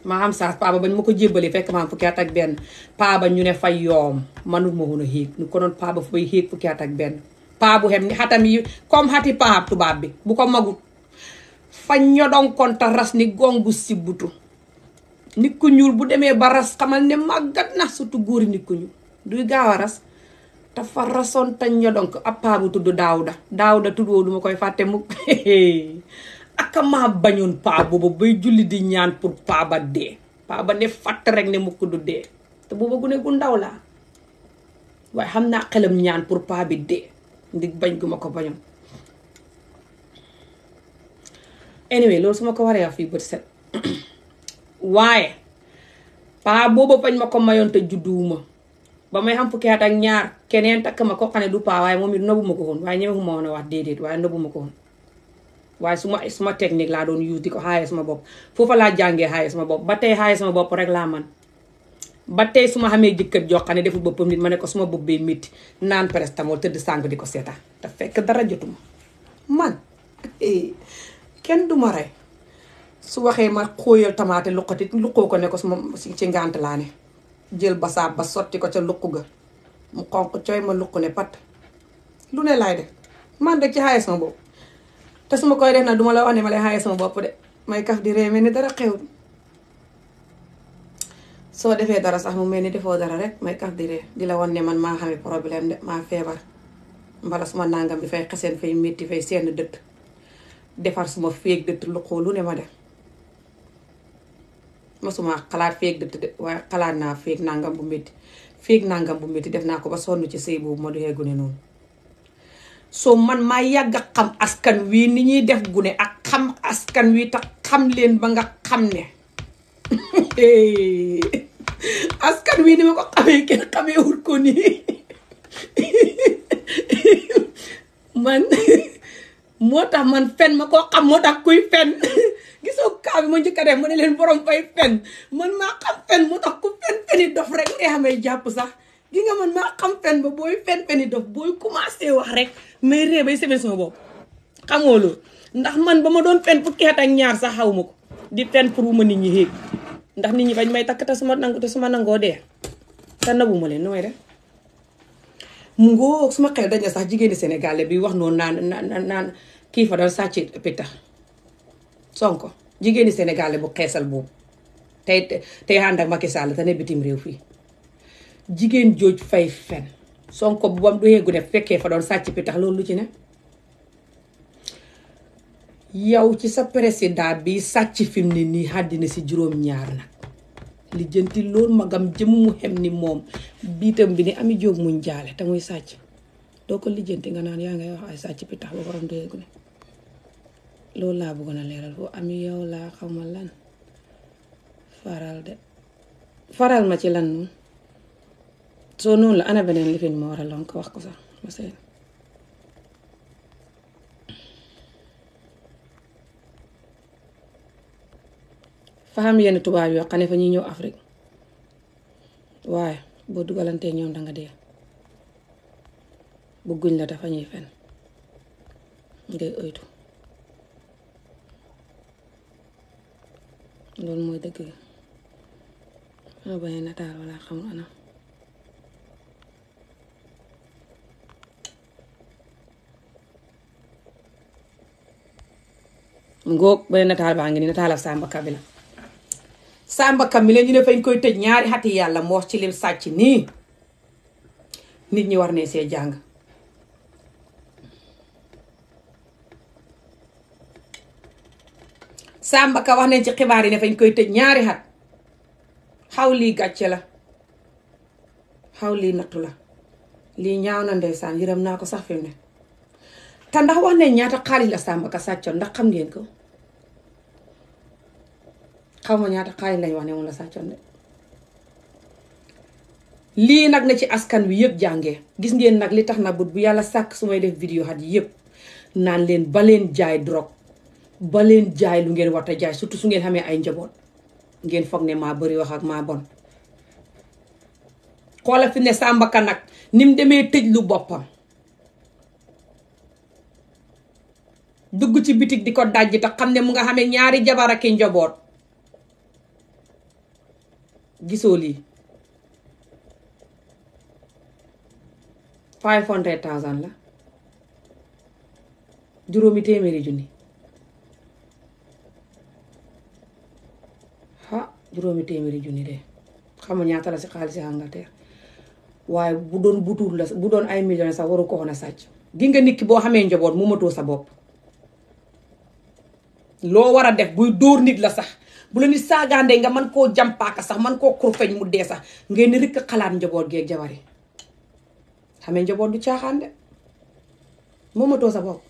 ba ma ko jébbali fekk ma am ak benn paa ba ñu ne fay yoom manut ma woon a héeg ñu ko doon paa ba fukki at ak benn paa bu xem ni xatam yi comme xati paa tubaab bi bu ko magut fa ñodon ras ni gongu sibbutu nit ku ñuul bu demee ba ras xamal ne màggat na surtout góori nit ku ñuul duy gaaw a ras dafa rasoon te ñodon ko ab paa bu tudd daawda daawda tudd woo duma koy fàtte mu aka bañoon paa boobu bay julli di ñaan pour paa ba dee paa ba ne fàtt rek ne mukk du dee te booba gune gu ndaw laa waaye xam naa xelam ñaan pour paa dee ndig bañ gu ma ko bañoon anyway loolu su ma ko waree wax fii bët set waaye paa booba bañ ma ko mayoon te judduwuma ba may xam fukki at ak ñaar keneen takk ma ko xam ne du paa waaye moom it nobbu ma ko woon waaye ñemewuma woon a wax déedéet waaye nobbu ma ko woon waaye su ma suma technique laa doon use di ko xaaye sama bopp foofa laa jàngee xaaye suma bopp ba tey xaaye sama bopp rek laa man ba tey su ma xamee jëkkër joo xam ne deful boppam nit ma ne ko su ma bopp bee métti naan paracetamol tëdd sàng di ko seetaan te fekk dara jotuma man eh, kenn du ma rey su waxee ma xóoyal tamaate luqati luqoo ko ne ko su ma ci ngant laa ne jël basaab ba sotti ko ca luq ga mu xonq ma luq ne pat lu ne laay man rek ci xaaye sama su ma koy def nag duma la wax ne ma lay xaaye sama bopp de may kaf di réemee ne dara xew soo defee dara sax mu mel ni defoo dara rek may kaf di di la wan ne man maa xami problème de maa feebar mbala suma nangam bi fay xeseen fay fay seen dëtt defar suma feeg dëtt lu xoolu ne ma dem xalaat feeg dëtt de naa feeg nangam bu métti feeg nangam bu métti def naa ko ba sonn ci sëy boobu ma noonu soo man maa yàgg xam askan wi ni ñuy def gune ak xam askan wi tax xam leen ba nga xam ne askan wi ni ma ko xamee kenn xamee nii man moo tax man fen ma koo xam moo tax kuy fen gisoo kaa bi ma njëkk a def ne leen borom fay fen man maa xam fen moo tax ku fen feni dof rek ngay xamee jàpp sax gi nga man maa xam fen ba booy fen feni dof booy commencé wax rek may ree bay sebe sama bopp xamoo loolu ndax man ba ma doon fen fukki at ak ñaar sax xaw ma ko di fen pour wu ma nit ñi ndax nit ñi bañ may takk te suma nangu te suma nangoo dee te nabu ma leen nu may def mu ngoo suma xel dañ sax jigéeni Sénégal bi wax noonu naan naan naan kii fa dal sàcc pittax Sonko jigéeni Sénégal bu xeesal boobu tey tey ànd ak Macky Sall te ne bitim réew fii jigéen jooj fay fen Sonko bu bam du yeggu ne fekkee fa doon sàcc pittax loolu lu ci ne yow ci sa président bi sàcc fim mu ne nii àddina si juróom-ñaar nag lijjanti jënti loolu magam jëm mu xem ni moom biitam bi ni ami jóg muñ jaale te muy sàcc doo ko lijjanti nga naan yaa ngay wax ay sàcc bi tax ba borom doyeegu ne loolu laa bëggoon a leeral foo ami yow laa xaw ma lan faral de faral ma ci lan soo noonu la ana beneen lifin ma war a lon ko wax ko sax fa xam yenn tubaab yoo xam ne fa ñuy ñëw Afrique waaye boo dugalantee ñoom danga dee bëgguñ la dafa ñuy fen ngay oytu loolu mooy dëgg gi ma bañ nataal wala xamul ana baa ngi ni nataalal Samba Kabila Samba Kam mi la ñu ne fañ koy tëj ñaari xati yàlla moo ci lim sàcc nii nit ñi war ne see jàng Samba Ka wax nañ ci xibaar yi ne fañ koy tëj ñaari xat xaw lii gàcce la xaw lii nattu la lii ñaaw na ndeysaan yërëm naa ko sax fi ne te ndax wax nañ ñaata xaalis la Samba Ka sàccoon ndax xam ngeen ko xaw ma ñaata xaalis lañ wax ne moom la sàccoon lii nag na ci askan wi yëpp jànge gis ngeen nag li tax na but bu yàlla sàkk su may def vidéo xat yépp naan leen ba leen jaay drogue ba leen jaay lu ngeen war jaay surtout su ngeen xamee ay njaboot ngeen foog ne maa bari wax ak maa bon xoola fi ne Samba Ka nag ni demee tëj lu boppam dugg ci bitik di ko dajji te xam ne mu nga xamee ñaari jabar ak njaboot gisoo lii five hundred thousand la juróomi téeméeri junni ha juróomi téeméeri junni de xamul ñaata la si xaalisi Angleterre waaye bu doon butuut la bu doon ay million sax waru ko woon a sàcc gi nga nit boo xamee njaboot mu matoo sa bopp loo war a def buy dóor nit la sax bu la nit saagaandee nga man koo jàmpaaka sax man koo kurfeñ mu dee sax ngeen ni rëkk xalaat njaboot gee jabar yi xamee njaboot du caaxaan de moomatoo sa bopp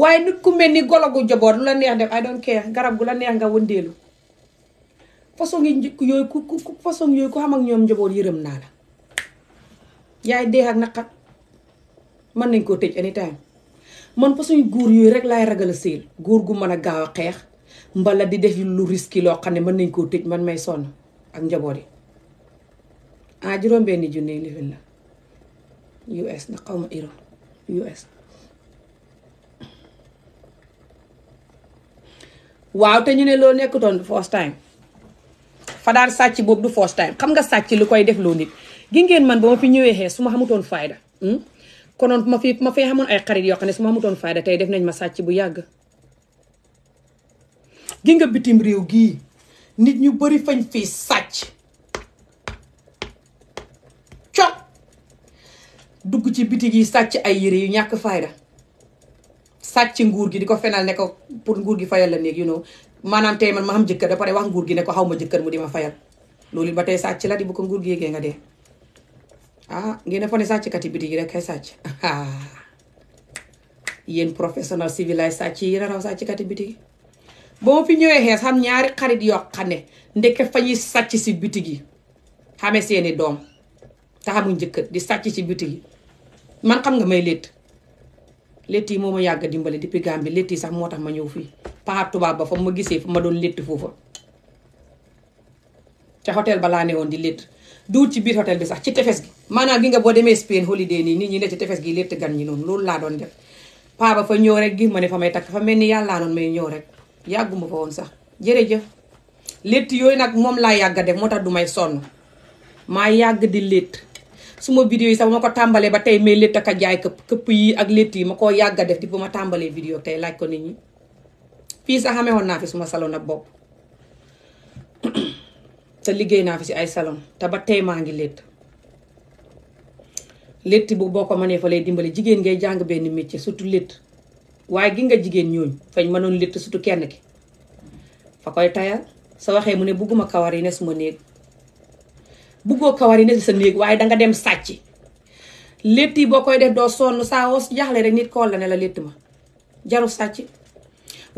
waaye nit ku mel ni golo gu njaboot lu la neex def I don't garab gu la neex nga wëndeelu façon yi njëkk yooyu ku ku façon ak ñoom njaboot yërëm naa la yaay dee ak naqar mën nañ koo tëj anytime man façon góor yooyu rek lay ragal a séel góor gu mën a gaaw a xeex mbala di def lu risque loo xam ne mën nañ koo tëj man may sonn ak njaboot yi ah juróom-benni junne yi lifin la US na xaw ma euro US waaw te ñu ne loo nekkutoon first time fadaan sàcc boobu du first time xam nga sàcc lu koy def loo nit gi ngeen man ba ma fi ñëwee xees su ma xamutoon fayda hmm? konoon ma fi ma fee xamoon ay xarit yoo xam ne su ma xamutoon fayda tey def nañ ma sàcc bu yàgg gi nga bitim réew gii nit ñu bari fañ fii sàcc cot dugg ci bitig yi sàcc ay yére yu ñàkk fayda sàcc nguur gi di ko fenal ne ko pour nguur gi fayal la néeg you know maanaam tey man ma xam jëkkër da pare wax nguur gi ne ko xaw ma jëkkër mu di ma fayal loolu ba tey sàcc la di bu ko nguur gi yégee nga dee ah ngeen ne fa ne sàcckat yi bitig yi rek kay sàcc ah. yéen professionnel civilisé sàcc yi raw sàcckat yi bitig boo ma fi ñëwee xees xam ñaari xarit yoo xam ne ndekke fa ñuy sàcc si bitig yi xame seeni doom te xamuñ jëkkër di sàcc ci bitig yi man xam nga may létt létt yi moo ma yàgg dimbale depuis Gambie létt yi sax moo tax ma ñëw fii paa tubaab ba fa ma gisee ma doon létt foofa ca hôtel ba laa ne woon di létt duut ci biir hôtel bi sax ci tefes gi maanaam gi nga boo demee Spain holiday nii ci tefes gi létt gan ñi loolu laa doon def paa ba fa ñëw rek gi ma ne fa may takk fa mel ni yàlla noonu may ñëw rek yàgguma fa woon sax jërëjëf létt yooyu nag moom laa yàgg def moo tax du may sonn maa yàgg di létt suma vidéo yi sax ma ko tàmbalee ba tey may létt ak jaay këpp këpp yi ak létt yi ma koo yàgg def di ba ma tàmbalee vidéo tey laaj ko nit ñi fii naa fi suma salon ak bopp te liggéey naa fi si ay salon te ba tey maa ngi létt létt bu boo ko mënee fa lay dimbale jigéen ngay jàng benn métier surtout létt waaye gi nga jigéen ñooñu fañ mënoon létt surtout kenn ki fa koy tayal sa waxee mu ne bugguma kawar yi ne suma néeg buggoo kawar yi ne sa néeg waaye danga dem sàcc létt yi boo koy def doo sonn saa woo jaxle rek nit kool la ne la létt ma jaru sàcc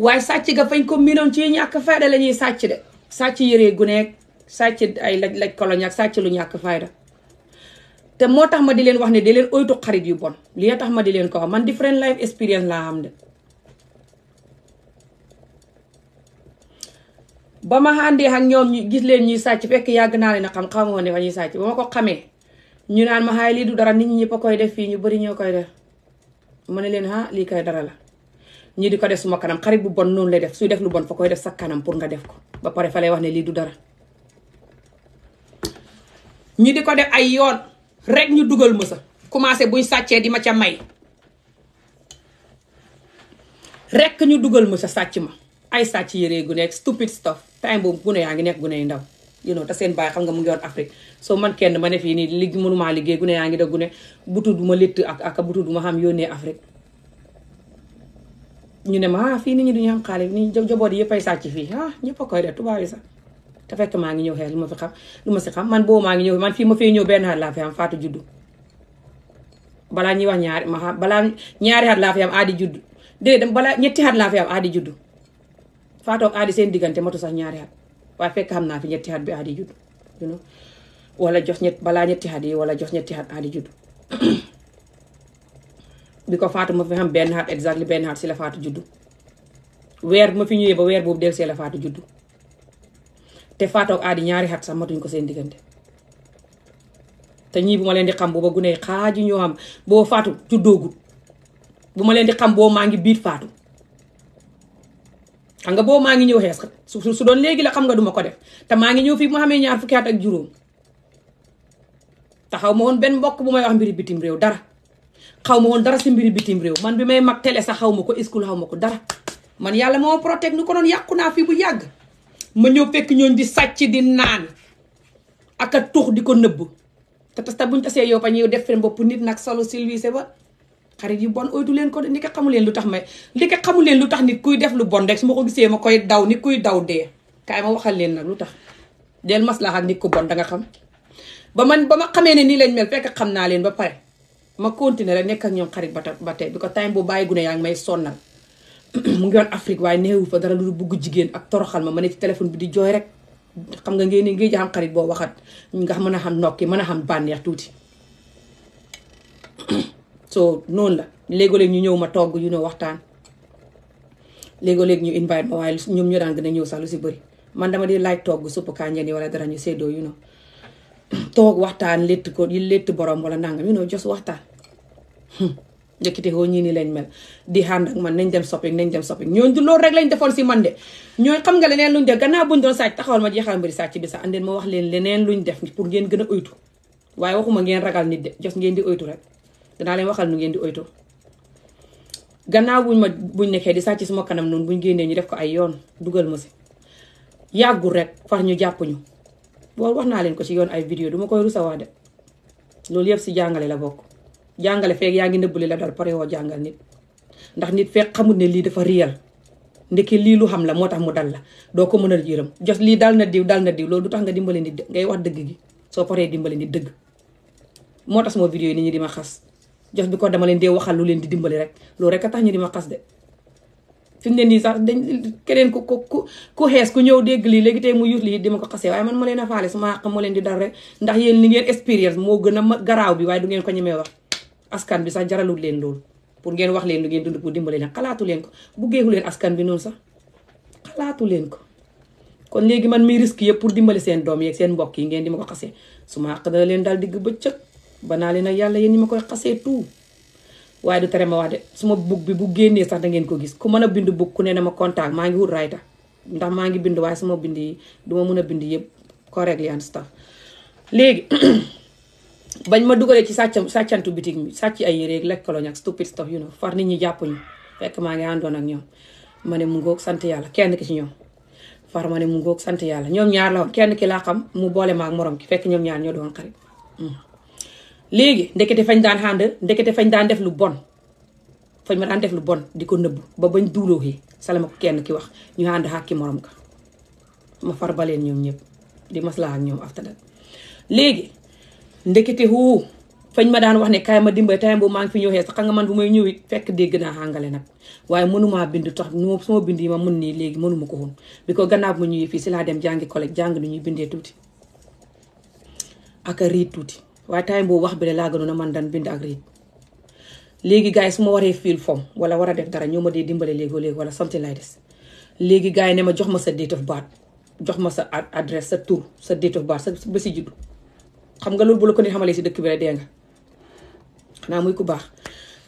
waaye sàcc ga fañ ko miinoon ci ñàkk fayda lañuy ñuy sàcc de sàcc yëree guneeg sàcc ay laj laj koloñ ak sàcc lu ñàkk fayda te moo tax ma di leen wax ne di leen oytu xarit yu bon li tax ma di leen ko wax man different life experience laa xam de ba ma àndee ak ñoom ñu gis leen ñuy sàcc fekk yàgg naa leen a xam ne fa ñuy sàcc ba ma ko xamee ñu naan ma xaay lii du dara nit ñi ñëpp koy def fii ñu bëri ñoo koy def ma ne leen ah lii koy dara la ñii di ko def suma kanam xarit bu bon noonu lay def suy def lu bon fa koy def sa kanam pour nga def ko ba pare fa lay wax ne lii du dara ñu di ko def ay yoon rek ñu dugal ma sa commencé buy sàccee di ma ca may rek ñu dugal ma sa sàcc ma ay sàcc yére gu nekk stupid stuff time boobu gune yaa ngi nekk gune yu ndaw you know te seen baay xam nga mu ngi woon Afrique soo man kenn ma ne fii nii li mënumaa liggéey gune yaa ngi da gune butu du ma létt ak ak butu du ma xam yónnee Afrique ñu ne ma ah fii nit ñi duñu am xaalis ni jaboot yëpp ay sàcc fii ah ñëpp a koy def tubaab sax te fekk maa ngi ñëw xeex lu ma fi xam lu ma si xam man boobu maa ngi ñëw man fii ma fee ñëw benn xat laa fi am faatu juddu balaa ñuy wax ñaari ma xam balaa ñaari xat laa fi am aadi juddu déedéet balaa ñetti xat laa fi am aadi seen diggante matu sax ñaari xat waaye fekk xam naa fi ñetti xat bi aadi juddu you wala jox balaa ñetti wala jox ñetti xat aadi juddu bi ko faatu ma fi benn xat exactly si la faatu juddu ma fi ñëwee ba weer boobu del see la faatu juddu te faatoog aadi ñaari xat sax matuñ ko seen diggante te ñii bu ma leen di xam booba gune xaaju ñoo xam boo faatu juddoogut bu ma leen di xam boo maa ngi biir faatu xam nga boo maa ngi ñëw xees su su léegi la xam nga duma ko def te maa ngi ñëw fii bu ma xamee ñaar fukki at ak juróom te xaw ma woon benn mbokk bu may wax mbiri bitim réew dara xaw ma woon dara si mbiri bitim réew man bi may mag télé sax xaw ma ko school xaw ma ko dara man yàlla moo protect nu ko doon yàqu naa fii bu yàgg ma ñëw fekk ñooñ di sàcc di naan ak tux di ko nëbb te tas buñ tasee yow fa ñuy def fen boppu nit nag solo silvissé ba xarit yu bon oytu leen ko de ni ko xamu leen lu tax may li ko xamu leen lu tax nit kuy def lu bon rek su ma ko gisee ma koy daw ni kuy daw dee kaay ma waxal leen nag lu tax del maslaa ak nit ku bon danga xam ba man ba ma xamee ne nii lañ mel fekk xam naa leen ba pare ma continuer rek nekk ak ñoom xarit ba ba tey bi ko time bu bàyyi gune yaa ngi may sonnal mu ngi woon Afrique waaye néewu fa dara lu bugg jigéen ak toroxal ma ma ne ci téléphone bi di jooy rek xam nga ngeen ngi jaam xarit boo waxat nga mën a xam nokki mën a xam bànneex tuuti so noonu la léegoo-léeg ñu ñëw ma togg yu ñoo waxtaan léegoo-léeg ñu invite ma waaye ñoom ñoo daan gën a ñëw sax si bëri man dama laaj togg suppu kànja ni wala dara ñu yu no waxtaan létt ko létt borom wala nangam yu no jos waxtaan njëkkite woo ñii nii lañ mel di ànd ak man nañ dem shopping nañ dem shopping ñooñu du loolu rek lañ defoon si man de ñooy xam nga leneen luñ def gannaaw buñ doon sàcc taxawal ma jeexal mbiri sàcc bi sax andeen ma wax leen leneen luñ def pour ngeen gën a oytu waaye waxuma ngeen ragal nit de jos ngeen di oytu rek danaa leen waxal nu ngeen di oytu gannaaw buñ ma buñ nekkee di sàcc suma kanam noonu buñ génnee ñu def ko ay yoon dugal ma si yàggul rek far ñu jàpp ñu loolu wax naa leen ko ci yoon ay vidéo duma koy rusa wax de loolu yëpp si jàngale la bokk jàngale feeg yaa ngi nëbbali la dal pare woo jàngal nit ndax nit fekk xamut ne lii dafa réel ndeke lii lu xam la moo tax mu dal la doo ko mën a yërëm jos lii dal na diw dal na diw loolu du tax nga dimbali nit ngay wax dëgg gi soo paree dimbali nit dëgg moo tax sama vidéo yi nit ñi di ma xas jos bi ko dama leen dee waxal lu leen di dimbali rek loolu rek a tax ñu di ma xas de fi ne nii sax dañ keneen ku ku ku xees ku ñëw dégg lii léegi te mu yut lii dima ko xasee waaye man ma leen a faale sama àq moo leen di dal rek ndax yéen li ngeen expérience moo gën a garaaw bi waaye du ngeen ko ñemee wax askan bi sax jaralul leen loolu pour ngeen wax leen lu ngeen dund pour dimbale leen xalaatu leen ko buggeeku leen askan bi noonu sax xalaatu leen ko kon léegi man mi risque yëpp pour dimbali seen doom yeeg seen mbokk yi ngeen di ma ko xasee ma xaq leen daal digg bëccëg banaa leen ak yàlla yéen ñi ma koy xasee tout waaye du tere ma wax de su ma bug bi bu génnee sax da ngeen ko gis ku mën a bind bug ku ne na ma contact maa ngi wut rayta ndax maa ngi bind waaye suma bind yi duma mën a bind yëpp correct li bañ ma dugalee ci sàcc sàccantu bitig mi sàcc ay yére ak lekkaloñ ak stupid stuff you know far nit ñi jàppuñu fekk maa ngi àndoon ak ñoom ma ne mu ngoog sant yàlla kenn ki ci ñoom far ma ne mu sant yàlla ñoom ñaar la woon kenn ki laa xam mu boole ma ak morom ki fekk ñoom ñaar ñoo doon xarit hmm. léegi ndekete fañ daan ànd ndekete fañ daan def lu bon fañ ma daan def lu bon di ko nëbbu ba bañ duuloo yi salama ko kenn ki wax ñu ànd ak ki morom ka far baleen ñoom ñëpp di maslaa ak ñoom after that léegi ndekete huu fañ ma daan wax ne kaay ma dimbali time bu maa ngi fi ñëw xees xam nga man bu may ñëw it fekk dégg naa àngale nag waaye mënumaa bind tax suma bind yi ma mun nii léegi mënuma ko woon bi ko gannaaw ma ñëwee fii si laa dem jàngi collège jàng ñuy bindee tuuti ak tuuti waaye time wax bi la laa gënoon a man daan bind ak léegi gars su ma waree fiil form wala war a def dara ñoo ma dee dimbale léegoo léegi wala something like léegi gars yi ne ma jox ma sa date of birth jox ma sa adresse sa tur sa date of birth sa ba si juddu xam nga loolu bu la ko ni xamalee si dëkk bi rek dee nga xanaa muy ku baax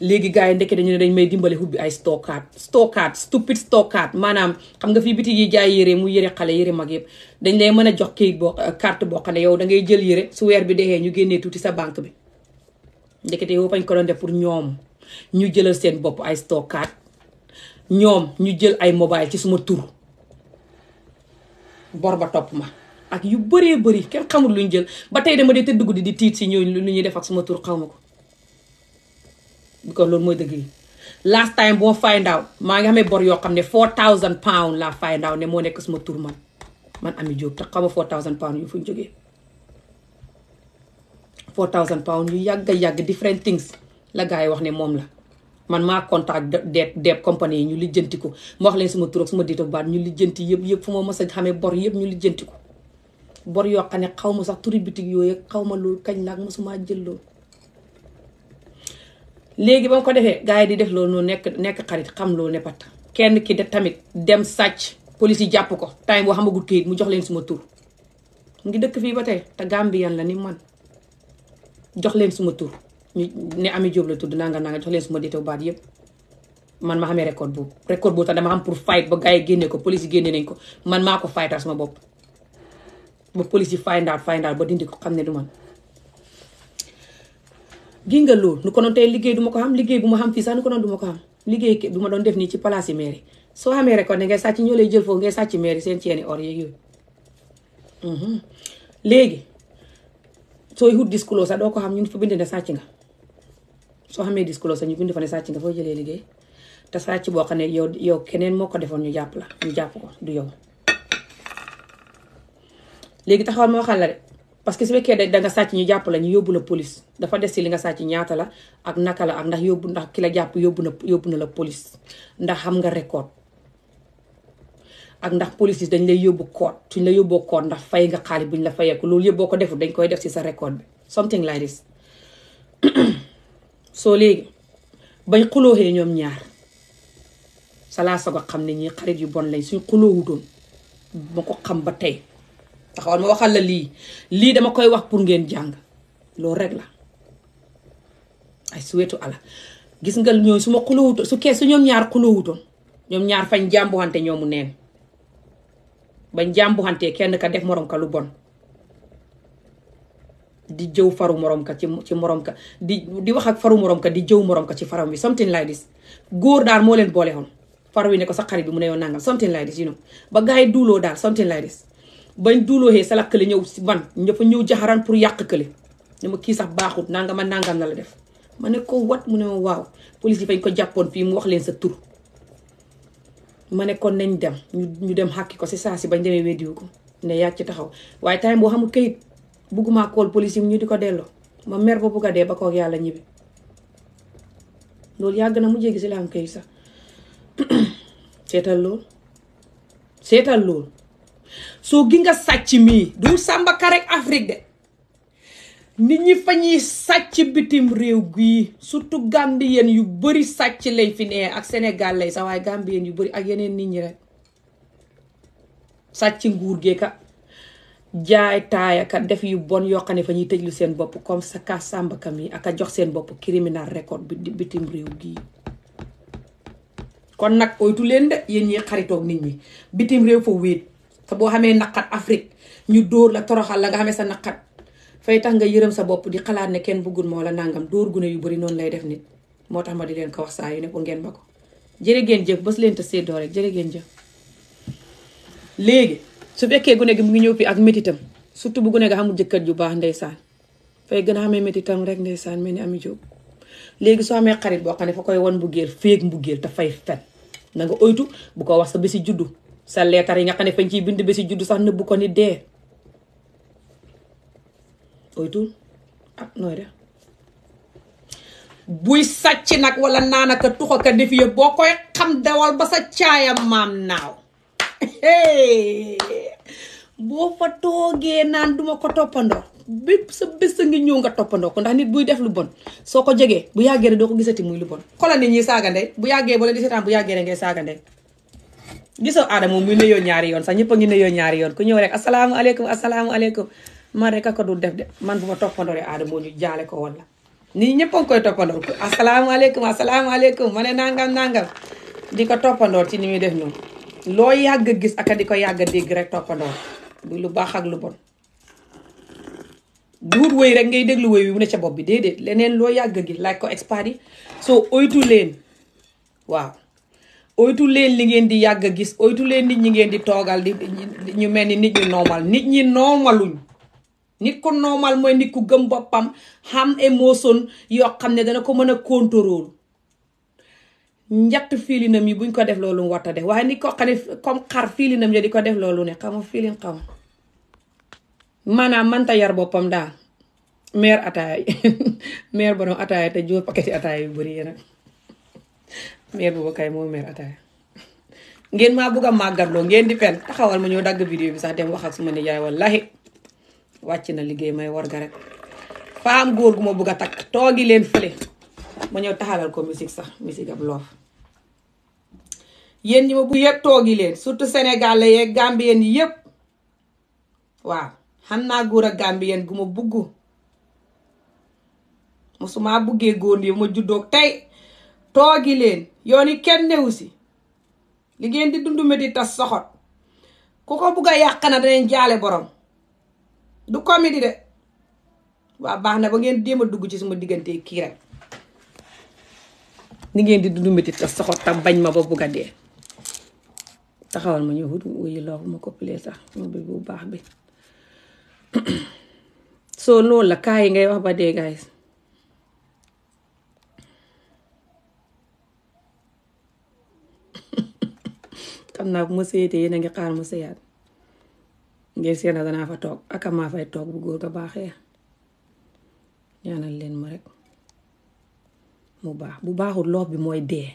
léegi gars yi ndekk dañu ne dañ may dimbale hubbi ay stockat stockat stupid stockat maanaam xam nga fii bitig yi jaay yére mu yére xale yére mag yëpp dañ lay mën a jox kii boo euh, carte boo xam ne yow da ngay jël yére su weer bi dexee ñu génnee tuuti sa banque bi ndekete yow fañ ko doon def pour ñoom ñu jëlal seen bopp ay stockat ñoom ñu jël ay mobile ci suma tur bor ba topp ma ak yu bëree bëri kenn lu luñ jël ba tey dama dee tëdd guddi di tiit si ñooñu lu ñuy def ak sama tur xaw ma ko because loolu mooy dëgg yi last time boo find out maa ngi amee bor yoo xam ne 4000 pounds laa find out ne moo nekk sama tur man man Amie Jobe te xaw ma 4000 pounds yu fuñ jógee 4000 pounds yu yàgg yàgg different things la gars yi wax ne moom la man maa contact deeb deeb compagnie yi ñu lijjanti ko ma wax leen sama tur suma sama diit baat ñu lijjanti yëpp yëpp fu ma mës a bor yëpp ñu lijjanti bor yoo xam ne xaw ma sax turi bitig yooyu xaw ma loolu kañ laak mosuma jël léegi ba ko defee gars yi di def loolu noonu nekk nekk xarit xam loolu ne pat kenn ki de tamit dem sàcc police jàpp ko time boo xamagul mu jox leen suma tur mu ngi dëkk fii ba tey te Gambien la ni man jox leen suma tur ñu ne Ami Diop la tudd nanga nanga jox leen suma détaw baat yëpp man ma xamee record boobu record boobu tax dama pour fight ba gars génne ko police yi génne nañ ko man maa ko fightal sama bopp ma police yi find out find out ba dindi ko xam ne du man gi nga loolu nu ko doon tey liggéey duma ko xam liggéey bu ma xam fii sax nu ko doon du ma ko xam liggéey bu ma doon def nii ci place yi mairie soo xamee rek kon ne ngay ñoo lay jël foofu ngay sàcc mairie seen ceeni or yeeg yooyu mhm. léegi sooy wut disclose sax doo ko xam ñu ngi fa bind ne sàcc nga soo xamee disclose sax ñu bind fa ne sàcc nga foo jëlee liggéey te sàcc boo xam ne yow yow keneen moo ko defoon ñu jàpp la ñu jàpp ko du yow léegi taxawal ma waxal la de parce que su fekkee da danga sàcc ñu jàpp la ñu yóbbu la police dafa des si li nga sàcc ñaata la ak naka la ak ndax yóbbu ndax ki la jàpp yóbbu na yóbbu na la police ndax xam nga record ak ndax police dañ lay yóbbu code suñ la yóbboo code ndax fay nga xaalis buñ la fayee loolu yëpp boo ko deful dañ koy def si sa record bi something like this soo léegi bañ xulooxee ñoom ñaar salaa soog a xam ne ñii xarit yu bon lañ suñ xuloowu doon xam ba tey taxawal ma waxal la lii lii dama koy wax pour ngeen jàng loolu rek la ay wetu ala gis nga ñooy su ma xulowutoon su kee su ñoom ñaar xulowutoon ñoom ñaar fañ jàmbuxante ñoomu neen bañ jàmbuxantee kenn ka def morom ka lu bon di jëw faru morom ka ci ci morom ka di di wax ak faru moroom ka di jëw moroom ka ci faram bi something like this góor daal moo leen boole far faru wi ne ko sa xarit bi mu ne yoon nangal something like this you know ba gars yi duuloo daal something like this bañ duulooxee sa la kële ñëw si man ñëppa ñëw jaxaraan pour yàq kële ne ma kii sax baaxut nangama nangam na la def ma ne ko wat mu ne ma waaw police yi fañ ko jàppoon fii mu wax leen sa tur ma nekkoon nañ dem ñu dem xàkki ko si saa si bañ demee weddiwu ko ne yaa ci taxaw waaye time boo xamul kayit bugguma kool police yi di ko delloo ma mer ba bugg dee ba kook yàlla ñibbi loolu yàgg na mu jéggi si la am kayit sax seetal lool seetal lool soo gi nga sàcc mii du Samba Ka rek Afrique de nit ñi fa ñuy sàcc bitim réew gii surtout Gambien yu bëri sàcc lay fi nee ak Sénégal lay sax waaye Gambien yu bëri ak yeneen nit ñi rek sàcc nguur gee ka jaay taaya ka def yu bon yoo xam ne fa ñuy tëjlu seen bopp comme sa ka Samba Ka mii ak a jox seen bopp criminal record bi bitim réew gii kon nag oytu leen de yéen ñi xaritoog nit ñi bitim réew fa wéet boo xamee naqat Afrique ñu dóor la toroxal la nga xamee sa naqat fay tax nga yërëm sa bopp di xalaat ne kenn bëggul moo la nangam dóor gune yu bari noonu lay def nit moo tax ma di leen ko wax saa yu ne ngeen ma ko jërë jëf bës leen te séddoo rek jërë ngeen jëf léegi su fekkee gune gi mu ngi ñëw fii ak métitam surtout bu gune ga xamul jëkkër ju baax ndeysaan fay gën a xamee métitam rek ndeysaan mel ni ami léegi soo amee xarit boo xam ne koy wan mbugéel féeg mbugéel te fay fen na nga oytu bu ko wax sa bési juddu sa leetar yi nga xam ne fañ ciy bind bi si juddu sax nëbbu ko nit dee oytul ah nooy de buy sàcc nag wala naanaka tuxaka def yëpp boo koy xam dawal ba sa caayam maam naaw boo fa toogee naan duma ko toppandoo bépp sa bés a ngi ñëw nga toppandoo ko ndax nit buy def lu bon soo ko jegee bu yàggee doo ko gisati muy lu bon xoolal nit ñi saaga bu yàggee boo leen di seetaan bu yàggee ngay saaga ndey gisoo aadama muy nuyoo ñaari yoon sax ñëpp a ngi nuyoo ñaari yoon ku ñëw rek asalaamaaleykum asalaamaaleykum man rek ko dul def de man bu ma toppandooree aadama ñu jaale ko woon la ñëpp a ngi koy toppandoor asalaamaaleykum asalaamaaleykum ma ne nangam nangam di ko toppandoor ci ni muy def ñoom loo yàgg gis ak di ko yàgg a dégg rek toppandoor bu lu baax ak lu bon duut wéy rek ngay déglu wéy bi mu ne ca bopp bi déedéet leneen loo yàgg a gis laaj ko expert yi soo oytu leen waaw oytu leen li ngeen di yàgg a gis oytu leen nit ñi ngeen di toogal di ñu mel ni nit ñu normal nit ñi normaluñ nit ku normal mooy nit ku gëm boppam xam émotion yoo xam ne dana ko mën a contrôle njatt filinam yi buñ ko def loolu war a def waaye nit ko xam ne comme xar filinam ya di ko def loolu ne xama filin xama maanaam mënta yar boppam daal meer ataaya meer borom ataaya te jóor paketi ataaya yu bëri yéen meer booba kay moo meer ataaya ngeen maa bëgg a màggatloo ngeen di fen taxawal ma ñoo dagg vidéo bi sax dem wax ak suma nijaay wallahi wàcc na liggéey may warga rek faam góor gu ma bugg a takk toogi leen fële taxalal ko musique sax musique ab loof leen surtout Sénégal la yeeg Gambien yi yëpp waaw xam naa góor ak Gambien gu ma bugg musuma buggee góor yi ma juddoog tey toogi leen yoon yi kenn newu si li di dund métti tas soxot ku ko bugg a yàq na danañ jaale borom du comédie de waa baax na ba ngeen déem a dugg ci suma diggante kii rek ni ngeen di dund métti tas soxot tam bañ ma ba bugg a dee taxawal ma ñëw wut wuyu loo ma ko plee sax mobil bu baax bi soo loolu la kaa yi ngay wax ba dee guys xam naa bu ma seeyatee yéen a ngi xaar mu seeyaat ngir seen a danaa fa toog ak maa fay toog bu góor ga baaxee ñaanal leen ma rek mu baax bu baaxul loof bi mooy dee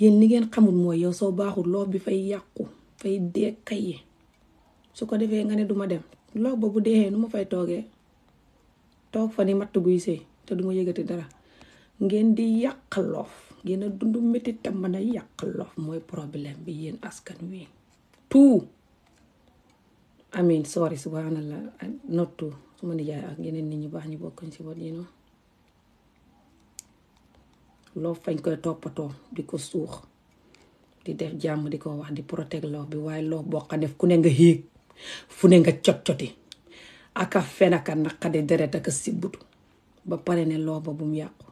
yéen li ngeen xamul mooy yow soo baaxul loof bi fay yàqu fay dee kayi su ko defee nga ne duma dem loof ba bu deexee nu ma fay toogee toog fa ni matt guy sëy te duma yëgati dara ngeen di yàq loof yéen a dund métti te mën a yàq lof mooy problème bi yéen askan wi tout amin sorry subhanallah la tout su ma nijaay ak yeneen nit ñu baax ñu bokkañ si wat yi fañ koy toppatoo di ko suux di def jàmm di koo wax di protect loof bi waaye loof boo xam ne ku ne nga héeg fu ne nga cot-coti aka fen aka naqadi deret aka sibbutu ba pare ne loof ba bu yàqu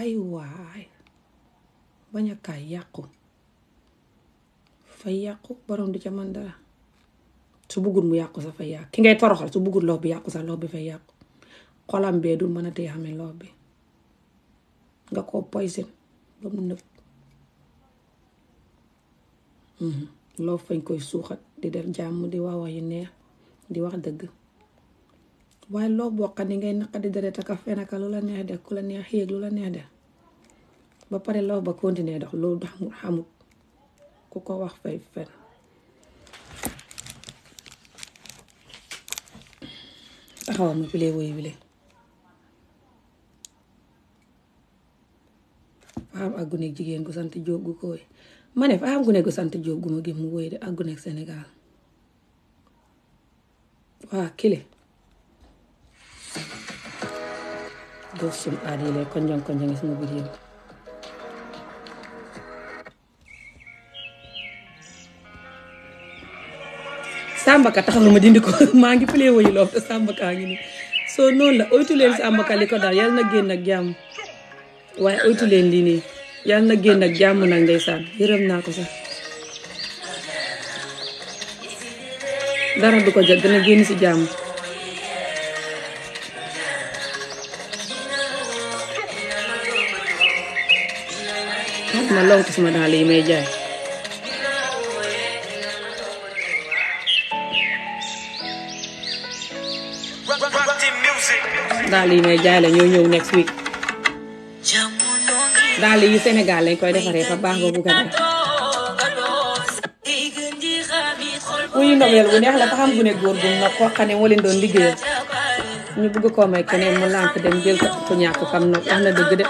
ay waay bañ a kaay yàqu fay yàqu boroom di ca man dara su buggul mu yàqu sa fay yàqu ki ngay toroxal su buggul loob bi yàqu sa loob fa fay yàqu xolam dul mën a tey xamee loob bi nga koo poison ba mu mhm. fañ koy suuxat di def jàmm di wax wax yu neex di wax dëgg waaye loob boo xam ne ngay naqadi di ak a fen lu la neex de ku la neex yéeg lu la neex de ba pare law ba continuer dox loolu dox mu xamut ku ko wax fay fen taxawal ma pilee woyu bile faam ak gune jigéen gu sant jóob gu koy ma ne faam gune gu sant jóob gu ma gis mu woy de ak gune Sénégal waa kile doo sum aadile konjong konjong sama biir sàmbaka taxawal ma dindi ko maa ngi plé wayu loof te sàmbaka ngi ni soo noonu la oytu leen sàmbaka li ko daal yal na génn ak jàmm waaye oytu leen lii nii yal na génn ak jàmm nag ndeysaan naa ko sax dara du ko jot dana génn ci jàmm ma lonk sama daal yi may jaay daal yi may jaay la ñoo ñëw next week daal yi Sénégal lañ koy defaree fa baax ba bugg a def. wuyu ndogeel bu neex la fa xam gune góor gu nga koo xam ne doon liggéeyal ñu bugg koo may keneen mu lànk dem jël ko ñàkk kam nag na dëgg de.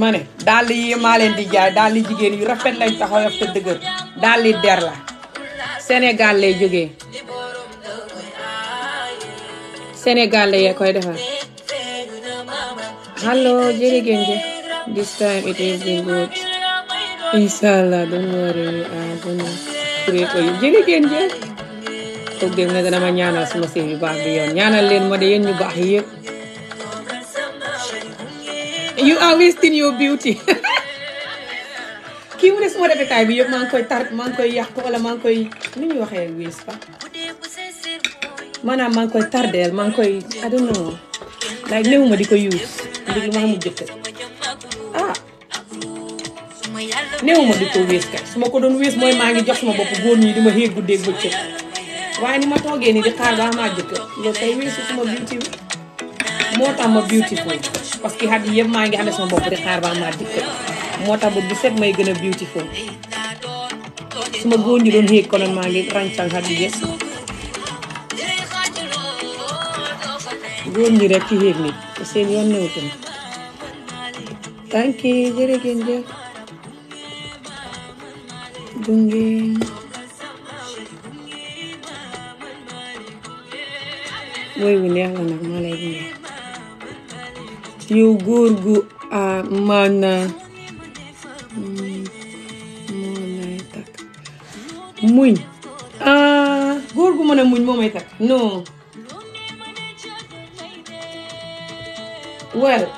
ma ne yi maa leen di jaay dàll jigéen yu rafet lañ taxaw te dëgër dàll der la Sénégal lay jógee. Sénégal la yee koy defar allo jërë ngeen jëf this time it is been good inshallah don't worry ah gonna pray for you jërë ngeen jëf foog dana ma ñaanal suma sëy bu baax bi yoon ñaanal leen ma de yéen ñu baax yëpp you are wasting your beauty kii mu ne suma rafetaay bi yëpp maa koy tar maa koy yàq wala maa ngi koy nu ñu waxee wis fa maanaam maa ngi koy tardeel maa ngi koy I don't know like néewuma di ko use ndig lu ma amul jëkkër ah néewuma di ko wees kay su ma ko doon wees mooy maa ngi jox sama bopp góor ñi di ma xéeg guddeeg bëccëg waaye ni ma toogee nii di xaar ba loolu moo tax ma beautiful parce que xat yi yëpp maa ngi amee sama bopp di xaar moo tax bu set may gën a beautiful su ma góor ñi doon xéeg konoon maa ngi góor ñi rek ci xiir nit te seen yoon newutum tànk yi jërë ngeen jëf gunge mooy la nag maa lay gunge yow góor gu a maana hmm, moo lay takk muñ ah góor gu mën a muñ moo may takk Well,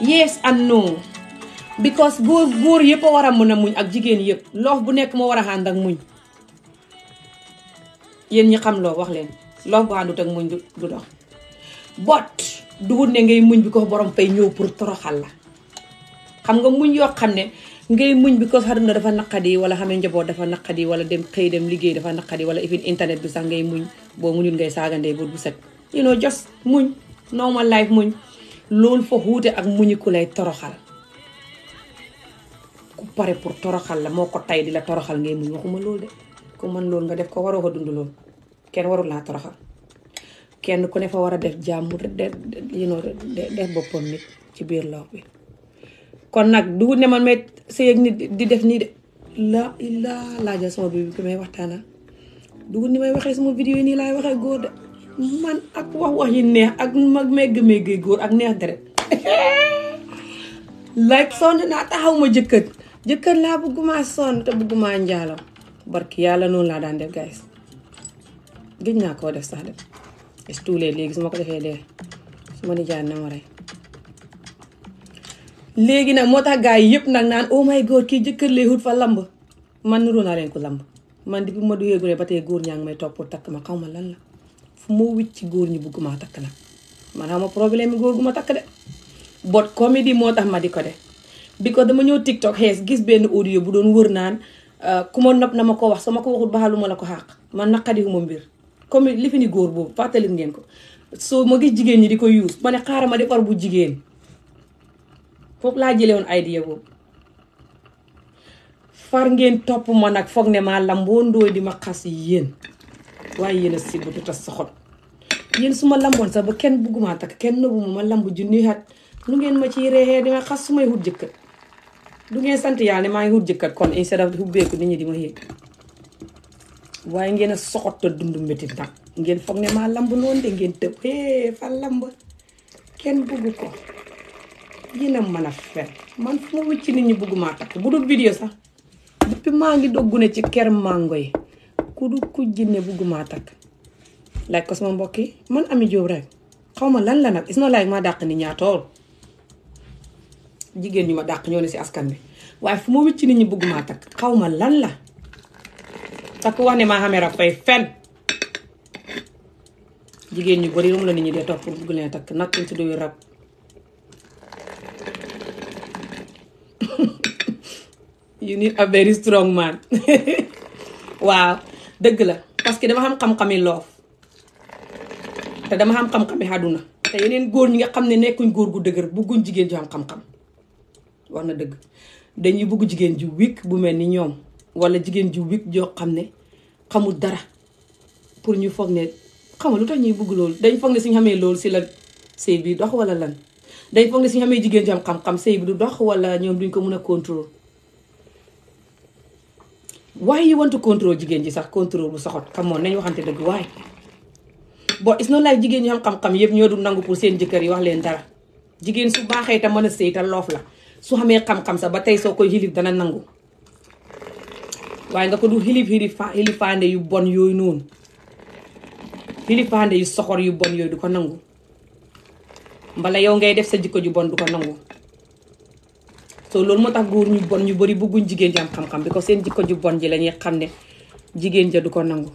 yes and no because góor góor yëpp a war a mën a muñ ak jigéen yëpp loof bu nekk moo war a ànd ak muñ yéen ñi xam loo wax leen loof bu àndut ak muñ du dox bot dugut ne ngay muñ bi ko borom fay ñëw pour toroxal la xam nga muñ yoo xam ne ngay muñ bi ko xaruna dafa naqadi wala xamee njaboot dafa naqadi wala dem xëy dem liggéey dafa naqadi wala even internet bi sax ngay muñ boo muñul ngay saagandee bu bu set you know just muñ normal life muñ loolu fa xuute ak muñu ku lay toroxal ku pare pour toroxal la moo ko tay di la toroxal ngay muñ waxuma loolu de ku mën loolu nga def ko waroo ko dund loolu kenn warul laa toroxal kenn ku ne fa war a def jàmm de you know def boppam nit ci biir loox bi kon nag du ne man may sëy ak nit di def nii de la illaa laajal sama bi bi ko may waxtaana dugub ni may waxee sama vidéo yi nii laay waxee góor de man ak wax wax yi neex ak mag megg-megg yi góor ak neex deret like sonn naa taxaw ma jëkkër jëkkër laa bëgguma sonn te bëgguma njaalaw barki yàlla noonu laa daan def guys gëj naa koo def sax def est léegi su ma ko defee dee su ma nijaay na ma rey léegi nag moo tax gars yi yëpp nag naan oh my góor kii jëkkër lay hut fa lamb man nuroo naa leen ko lamb man depuis ma du yéegule ba tey góor ñaa ngi may topp takk ma xaw ma lan fu ma wicc góor ñu bëgg maa takk nag man xama problème yi góor gu ma takk de bot comédie moo tax ma di ko de bi ko dama ñëw TikTok xees gis benn audio bu doon wër naan euh, ku ma nopp na ma ko wax ma ko waxul baaxalu ma la ko xàq ma naqadi naqadiwuma mbir comme li góor boobu fàttali ngeen ko soo ma gis jigéen ñi di ko yuus ma ne xaaral ma di or bu jigéen foofu laa jële woon idea boobu far ngeen topp ma nag foog ne maa lamboo ndooy di ma xas yéen waaye yéen a yéen su ma lamboon sax ba kenn bugguma takk kenn nëbbu ma ma lamb junni at lu ngeen ma ciy reexee dima xas su may wut jëkkër du ngeen sant yàlla ne maa ngi wut jëkkër kon instead of hubbeeku nit ñi di ma yéeg ngeen a soxota dund métit ngeen foog maa lamb noonu de ngeen tëb hee fa lamb kenn bugg ko yéen a mën a fen man fu ma wëcc nit ñi bugguma takk bu dul vidéo sax depuis maa ngi doggu ne ci ker mango yi ku du ku jinne bugguma takk laaj ko sama mbokk yi man Ami Jóob rek xaw ma lan la nag is na laaj ma dàq nit ñaa jigéen ñi ma dàq ñoo ne si askan bi waaye fu ma wicc nit ñi bëgg maa takk xaw ma lan la takk wax ne maa xamee rab fay fen jigéen ñu bari moom la nit ñi dee topp pour bëgg leen takk nag ci doyu rab you need a very strong man waaw dëgg la parce que dama xam xam-xami loof te dama xam xam-xami àdduna te yeneen góor ñi nga xam ne nekkuñ góor gu dëgër bugguñ jigéen ju am xam-xam wax na dëgg dañuy bugg jigéen ju wik bu mel ni ñoom wala jigéen ju wik jox xam ne xamul dara pour ñu foog ne xamul lu tax ñuy bugg dañ foog ne suñ xamee loolu si la sëy bi dox wala lan dañ foog ne suñ xamee jigéen ji am xam-xam sëy bi du dox wala ñoom duñ ko mën a contrôle waaye yi wantu contrôle jigéen ji sax contrôle bu soxot xamoon moon nañ waxante dëgg waaye bon is noonu laay jigéen ñi xam-xam yëpp ñoo dul nangu pour seen jëkkër yi wax leen dara jigéen su baaxee te mën a sëy loof la su xamee xam-xam sa ba tey soo koy xilif dana nangu waaye nga ko du xilif xilifaande yu bon yooyu noonu xilifaande yu soxor yu bon yooyu du ko nangu mbala yow ngay def sa jikko ju bon du ko nangu soo loolu moo tax góor ñu bon ñu bari bëgguñ jigéen ji am xam-xam bi ko seen jikko ju bon ji lañuy xam ne jigéen ja du ko nangu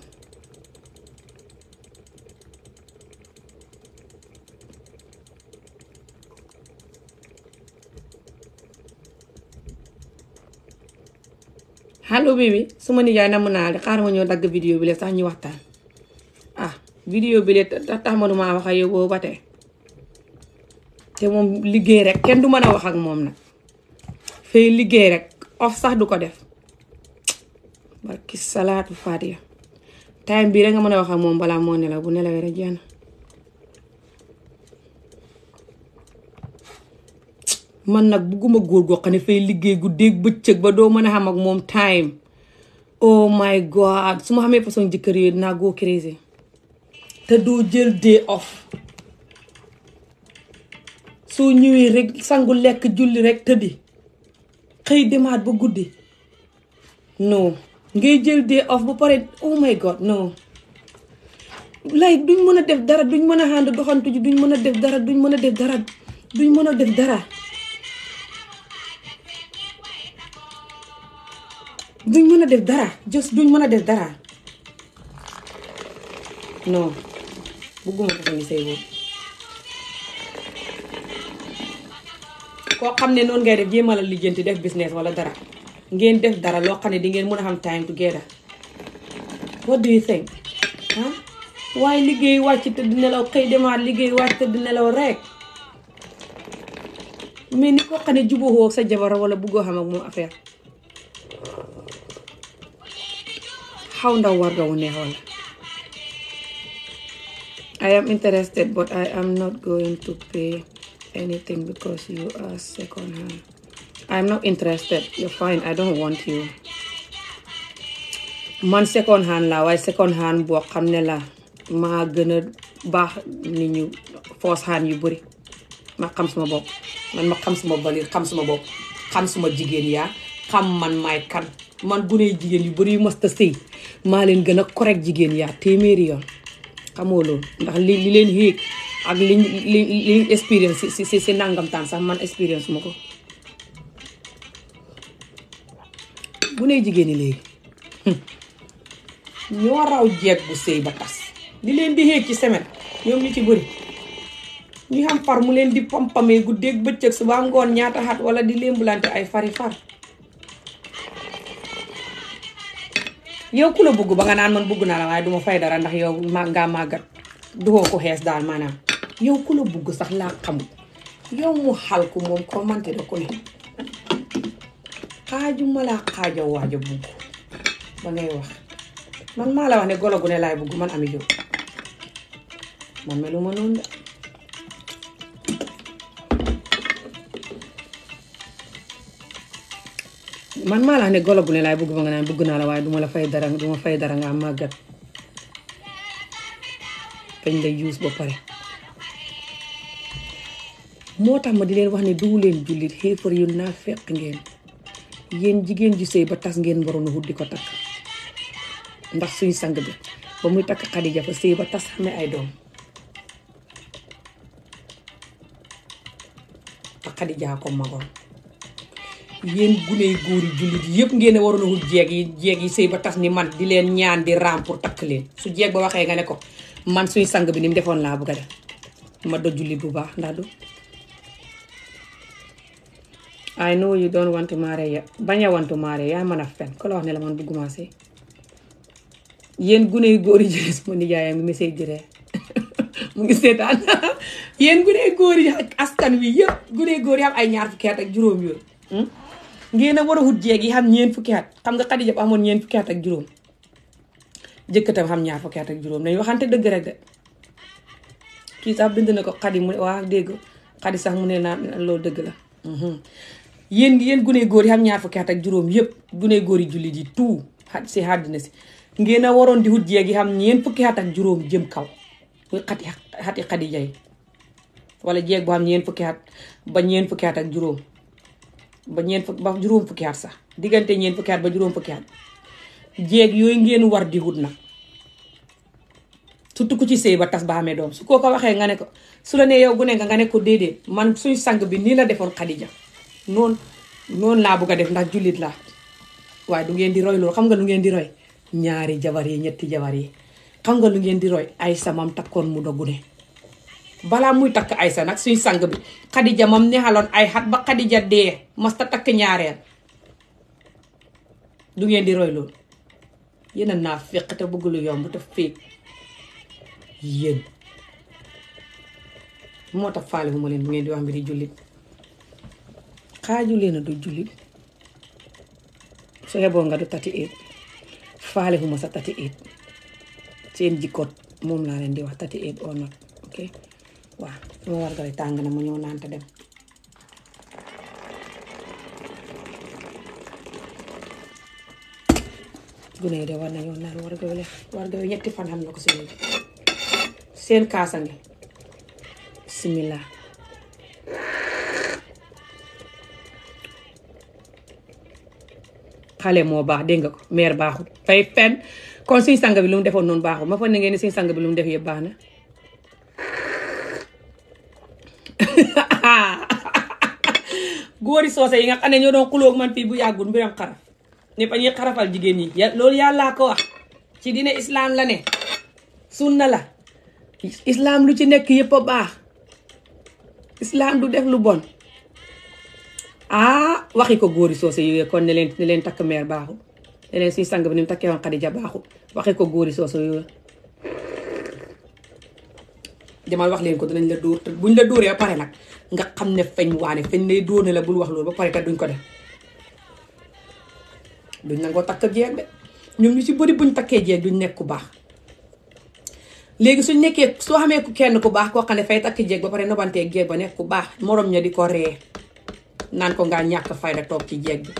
allo bébé suma nijaay namm naa la xaaral ma ñëw dagg vidéo bi la sax ñu waxtaan ah vidéo bi la tax ma duma wax ak yow boobu ba tey te moom liggéey rek kenn du mën a wax ak moom nag fay liggéey rek of sax du ko def barki salaatu faatiya time bii rek nga mën a wax ak moom balaa moo nelaw bu nelawee rek jeex man nag bugguma góor goo xam ne fay liggéey guddeeg bëccëg ba doo mën a xam ak moom time oh my god su ma xamee façon jëkkër yooyu dinaa goo crazy te doo jël day off soo ñëwee rek sangu lekk julli rek tëddi xëy demaat ba guddi non ngay jël day off ba pare oh my god non like duñ mën a def dara duñ mën a ànd doxantu ji duñ mën a def dara duñ mën a def dara duñ mën a def dara duñ mën a def dara just duñ mën a def dara non bugguma ko ni say boobu koo xam ne noonu ngay def jéemal a lijjanti def business wala dara ngeen def dara loo xam ne di ngeen mën a xam time together what do think waaye liggéey wàcc tëdd nelaw xëy demaat liggéey wàcc tëdd nelaw rek mais ni koo xam ne jubóowoo sa jabar wala buggoo xam ak moom affaire how I am interested but I am not going to pay anything because you are second hand I'm not interested you're fine I don't want you man second hand la waaye second hand boo xam ne la ma gën a baax nit ñu first hand yu bëri ma xam suma bopp man ma xam suma valeur xam suma bopp xam suma jigéen yaa xam man may kan man gune jigéen yu bari yu masta sëy maa leen gën a correct jigéen yaa téeméeri yoon xamoo loolu ndax li li leen xéeg ak li li expérience si si sax man expérience ma ko gune jigéen ñi léegi ñoo raw jeeg bu sëy ba tas li leen di xéeg ci semaine ñoom ñu ci bëri ñu xam far mu leen di pampamee guddeeg bëccëg suba ngoon ñaata xat wala di leen lembulante ay fari far yow ku la bugg ba nga naan man bëgg naa la waaye du ma fay dara ndax yow ma ngaa màggat duhoo ku xees daal maanaam yow ku la bëgg sax laa xamul yow mu xal ko moom commenté da ko ne xaaju ma laa xaajo waajo bëgg ba ngay wax man maa la wax ne golo gu ne laay bëgg man ami jóg man melu noonu de man maa la ne golo bu ne laay bëgg ma nga naan bëgg naa la waaye duma la fay dara duma fay dara nga màggat dañ lay use ba pare moo tax ma di leen wax ne duwu leen jullit xéefar yu naa fekk ngeen yéen jigéen ji sëy ba tas ngeen waroon a wut di ko takk ndax suñ sang bi ba muy takk Xadija fa sëy ba tas xamee ay doom fa Xadija ko magoon yéen guney góor jullit yëpp ngeen a waroon a wut jeeg yi sëy ba tas ni man di leen ñaan di raam pour takk leen su jeeg ba waxee nga ne ko man suy sang bi ni mu defoon laa bëgg a ma do jullit bu baax ndax du I know you want to marry ya a want to marry mën a fen ko la wax ne la man bëgguma sëy yéen guney góor yi jëlis ma nijaayam mi message di ree mu ngi seetaan yéen guney góor yi ak askan wi yëpp guney góor yi am ay ñaar fukki at juróom yooyu hmm? ngeen a war a wut jeeg yi xam ñeen fukki at xam nga Xadija bu amoon ñeen fukki at ak juróom jëkkatam xam ñaar fukki at ak juróom dañu waxante dëgg rek de kii sax bind na ko Xadi mu ne waa dégg Xadi sax mu ne naa loolu dëgg la mhm. yéen yéen gune góor yi xam ñaar fukki at ak juróom yëpp gune góor yi jullit yi tout si àddina si ngeen a waroon di wut jeeg yi xam ñeen fukki at ak juróom jëm kaw muy xati xati Xadija yi wala jeeg bu xam ñeen fukki at ba ñeen fukki at ak juróom ba ñeen fukk ba juróom fukki at sax diggante ñeen fukki at ba juróom fukki at jéeg yooyu ngeen war di wut nag surtout ku ci sëy ba tas ba amee doom su koo ko waxee nga ne ko su la nee yow gune nga nga ne ko déedéet man suñ sang bi nii la defoon Xadija noon noonu laa bugg a def ndax jullit la waaye du ngeen di roy loolu xam nga lu ngeen di roy ñaari jabar yi ñetti jabar yi xam nga lu ngeen di roy ay samam takkoon mu doggu ne balaa muy takk Aysa nag suy sang bi Xadija moom neexaloon ay xat ba Xadija dee masta takk ñaareel du ngeen di roy loolu yéen a naa féq te bëgg lu yomb te féeg yéen moo tax faale bu ma leen bu ngeen di wax mbiri jullit xaaju leen a du jullit su xeboo nga du tati it faale fu sa tati it seen jikkoot moom laa leen di wax tati it oo ok waaw sama wargal yi tàng na mu ñëw naan te dem gune yi de war nañoo naan warga yu warga yu ñetti fan xam na ko si léegi seen kaasa ngi simila xale moo baax dégg nga ko meer baaxul fay fen kon suñ sang bi lu mu defoon noonu baaxul ma fa ne ngeen ni suñ bi lu mu def yëpp baax na góori soose yi nga xam ne ñoo doon xulóog man fii bu yàggul mbiram xaraf ne ba ñuy xarafal jigéen ñi loolu yàllaa ko wax ci dina islaam la ne sunna la islaam lu ci nekk yépp a baax islaam du def lu bon ah waxi ko góori soose yooyu kon ne leen ne leen takk meer baaxul ne leen suñu sang bi ni mu takkee woon Xadija waxi ko góori soose yooyu demal wax leen ko dinañ la dóor bu ñu la dóoree ba pare nag nga xam ne feñ waane feñ ne dóor na la bul wax loolu ba pare te duñ ko def duñ nangoo takk jeeg de ñoom ñu ci bëri buñ takkee jeeg duñ nekk ku baax léegi suñ nekkee soo xamee ku kenn ku baax koo xam ne fay takk jeeg ba pare nobantee jeeg ba nekk ku baax moroom ña di ko ree naan ko ngaa ñàkk fay rek toog ci jeeg bi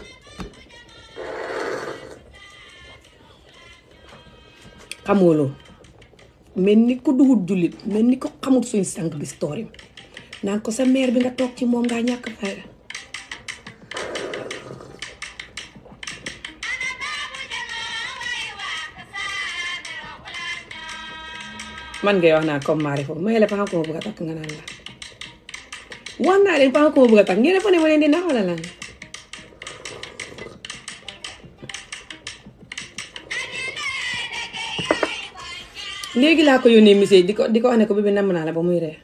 xamoo loolu mel ni ku duhut jullit mel ni ko xamul suñ sang bi storim naan ko sa mère bi nga toog ci moom nga ñàkk fayda man ngay wax naa comme Marie foofu may la paxa ko ma bëgg a takk nga naan la wax naa leen paxa ko ma bëgg a takk ngeen ne fa ne ma leen di naxala lan léegi laa ko yónnee message di ko di ko ne ko bi namm naa la ba muy ree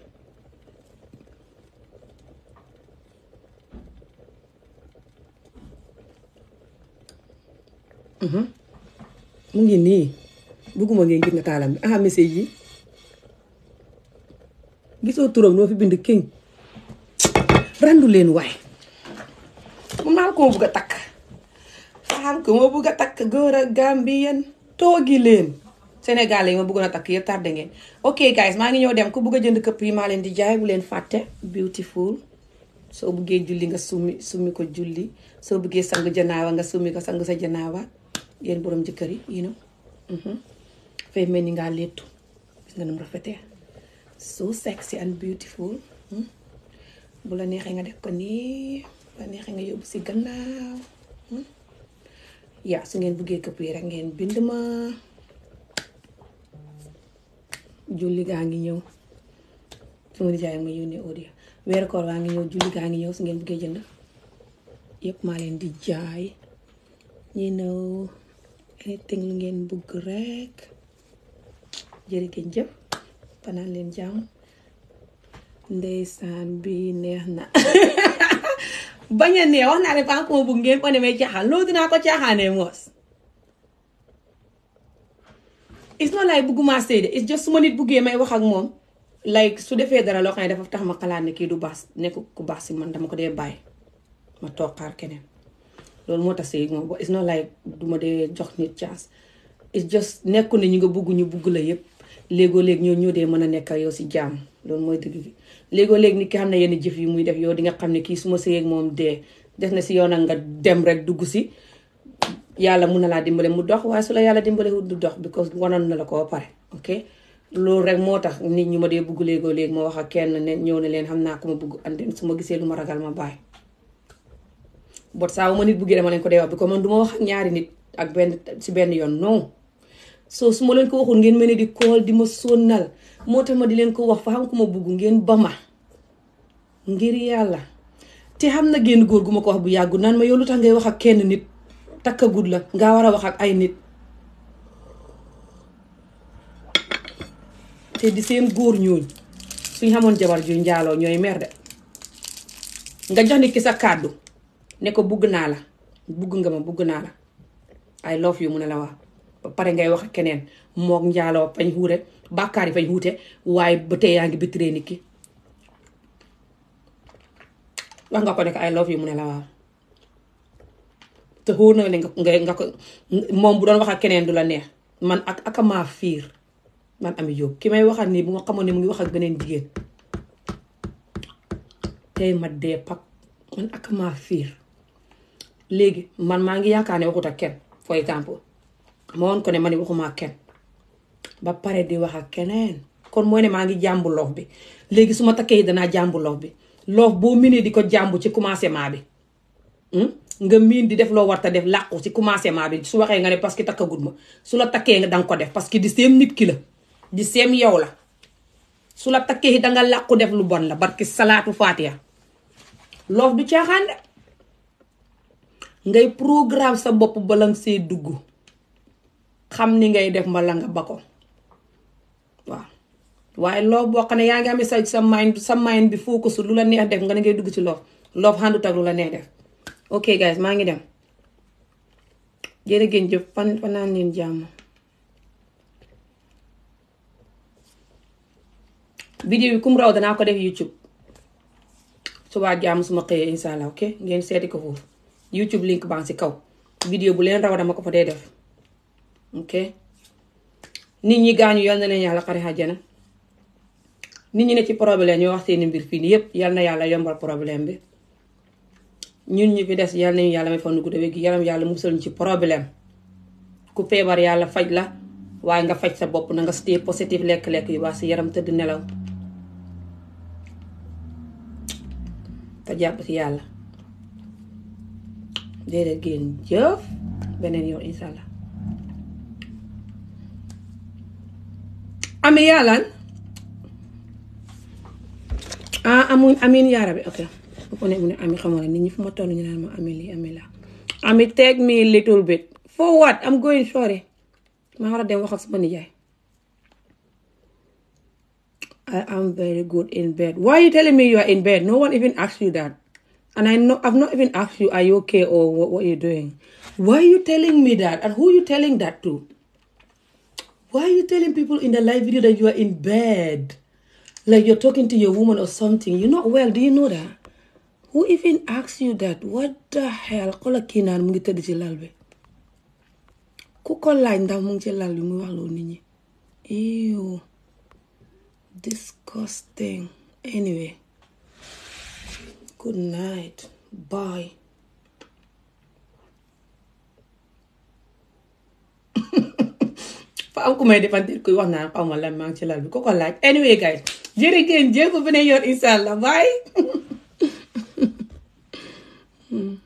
mhm. mu ngi nii bëgguma ngeen gis nga taalam bi ah message yi gisoo turam fi bind king randu leen waay mu maal ko ma bugg a takk faal ko ma bugg a takk góor a gambien toogi leen sénégalais yi ma bëggoon a takk yëpp tardé ngeen ok guys maa ngi ñëw dem ku bëgg a jënd këpp yi maa leen di jaay bu leen fàtte beautiful soo buggee julli nga summi summi ko julli soo bëggee sang janaawa nga summi ko sang sa janaawa yéen jëkkër yi you know mhm. fay mel ni hmm? nga def ko nii hmm? yaa su ngeen buggee këpp yi rek ngeen bind ma julli gaa ngi ñëw sama nijaay ma yónnee audio weeru koor waa ngi ñëw julli gaa ngi ñëw su ngeen bëggee jënd yëpp maa leen di jaay ñu nëw anything lu ngeen bëgg rek jërëjëf fanaan leen jàmm ndeysaan bi neex na bañ a neex wax naa ne fan ko ma ngeen ko demee caaxaan loolu dinaa ko caaxaanee moos it's not like bëgguma sëy de it's just su ma nit buggee may wax ak moom like su defee gara loo xam ne dafa tax ma xalaat ne kii du baax nekk ku baax si man dama ko dee bàyyi ma toog xaar keneen loolu moo tax sëy moom bo it's not like du ma dee jox nit chance it's just nekku ne ñu nga bugg ñu bugg la yëpp léegoo léeg ñoo ñoo dee mën a nekka yow si jaam loolu mooy dëgg bi léegoo léeg ni ki xam ne yenn jëf yi muy def yow di nga xam ne kii su ma sëyeeg moom dee def na si yow nag nga dem rek dugg si yàlla mun na laa dimbale mu dox waaye su la yàlla dimbale wut du dox because wanoon na la ko pare loolu rek moo tax nit ñi ma dee bugg léegoo léegi ma wax ak kenn ne ñëw ne leen xam naa ko ma bugg anden su ma gisee ma ragal ma bàyyi bot saa wu ma nit buggee dama leen ko man du ma wax ñaari nit ak benn benn yoon non so su ma leen ko ngeen mel ne di di ma sonnal moo tax ma leen ko wax fa ma bugg ngeen ba ma ngir yàlla xam na génn góor gu ma ko wax bu yàggu naan ma yow lu tax ngay wax ak kenn nit takkagud la nga war a wax ay nit te di seen góor ñooñ suñ xamoon jabar ju njaaloo ñooy mer de nga jox nit ki sa kàddu ne ko bugg naa la bugg nga ma bugg naa la I love you mu ne la waa ba pare ngay wax keneen mook njaaloo fañ xuure bàkkaar yi fañ xuute waaye bu tey yaa ngi bitiree nit ki wax nga ko ne ay I love mu ne la waaw te xóor na nga ko moom bu doon wax ak keneen du la neex man ak akama fiir man Ami Jóob ki may waxal nii bu ma xamoon ne mu ngi wax ak beneen jigéen tey ma dee ak maa fiir léegi man maa ngi yaakaar ne waxut ak ken for exemple ma woon ko ne ma ne waxuma kenn ba pare di wax ak keneen kon mooy ne maa ngi jàmbu loof bi léegi su ma takkee danaa jàmbu loof bi loof boo mënee di ko jàmbu ci commencement bi hmm? nga miin di def loo war ta def làqu ci commencement bi su waxee nga ne parce que takkagul ma su la takkee danga ko def parce que di seem nit ki la di seem yow la su la takkee danga làqu def lu bon la barki salaatu ya loof du caaxaan de ngay programme sa bopp bala nga see dugg xam ni ngay def ma la nga ba ko waaw waaye loo boo xam ne yaa ngi amee sa sa mind sa mind bi focus lu la neex def nga ne ngay dugg ci loof loof àndut ak lu la neex def ok guys maa ngi dem jërë ngeen jëf fan fanaan leen jàmm vidéo bi kum raw danaa ko def youtube subaa jàmm suma xëyee insha allah ok ngeen seeti ko foofu youtube link baa ci kaw vidéo bu leen raw dama ko fa dee def ok nit ñi gaañu yal na leen yàlla xari àjjana nit ñi ne ci problème ñu wax seeni mbir fii nii yépp yal na yàlla yombal problème bi ñun ñu des yal nañu yàlla may fan gu gudd gi yaram yàlla musal ñu ci problème ku feebar yàlla faj la waaye nga faj sa bopp na nga stay positif lekk-lekk yi baax si yaram tëdd nelaw te jàpp si yàlla déedéet génn jëf beneen yoon incha allah ami yàlla ah amin yaara bi ok fu ko ne mu ne ami xamoon take me little bit for what I'm going sorry maa war a dem wax ak sama nijaay I am very good in bed why you telling me you are in bed no one even asked you that and I know I've not even asked you are you okay or what, what doing why you telling me that and who you telling that to why you telling people in the live video that you are in bed like you're talking to your woman or something you're not well do you know that who even asks you that what the hell xoolal kii naan mu ngi tëdd ci lal bi ku ko laaj ndax mu ngi ci lal bi muy wax loolu nit ñi ew disgusting anyway good night bye fa am ku may defanteer kuy wax naan xaw ma lan maa ngi ci lal bi ku ko laaj anyway guys jërë ngeen jëf bu beneen yoon incha allah bye Mm.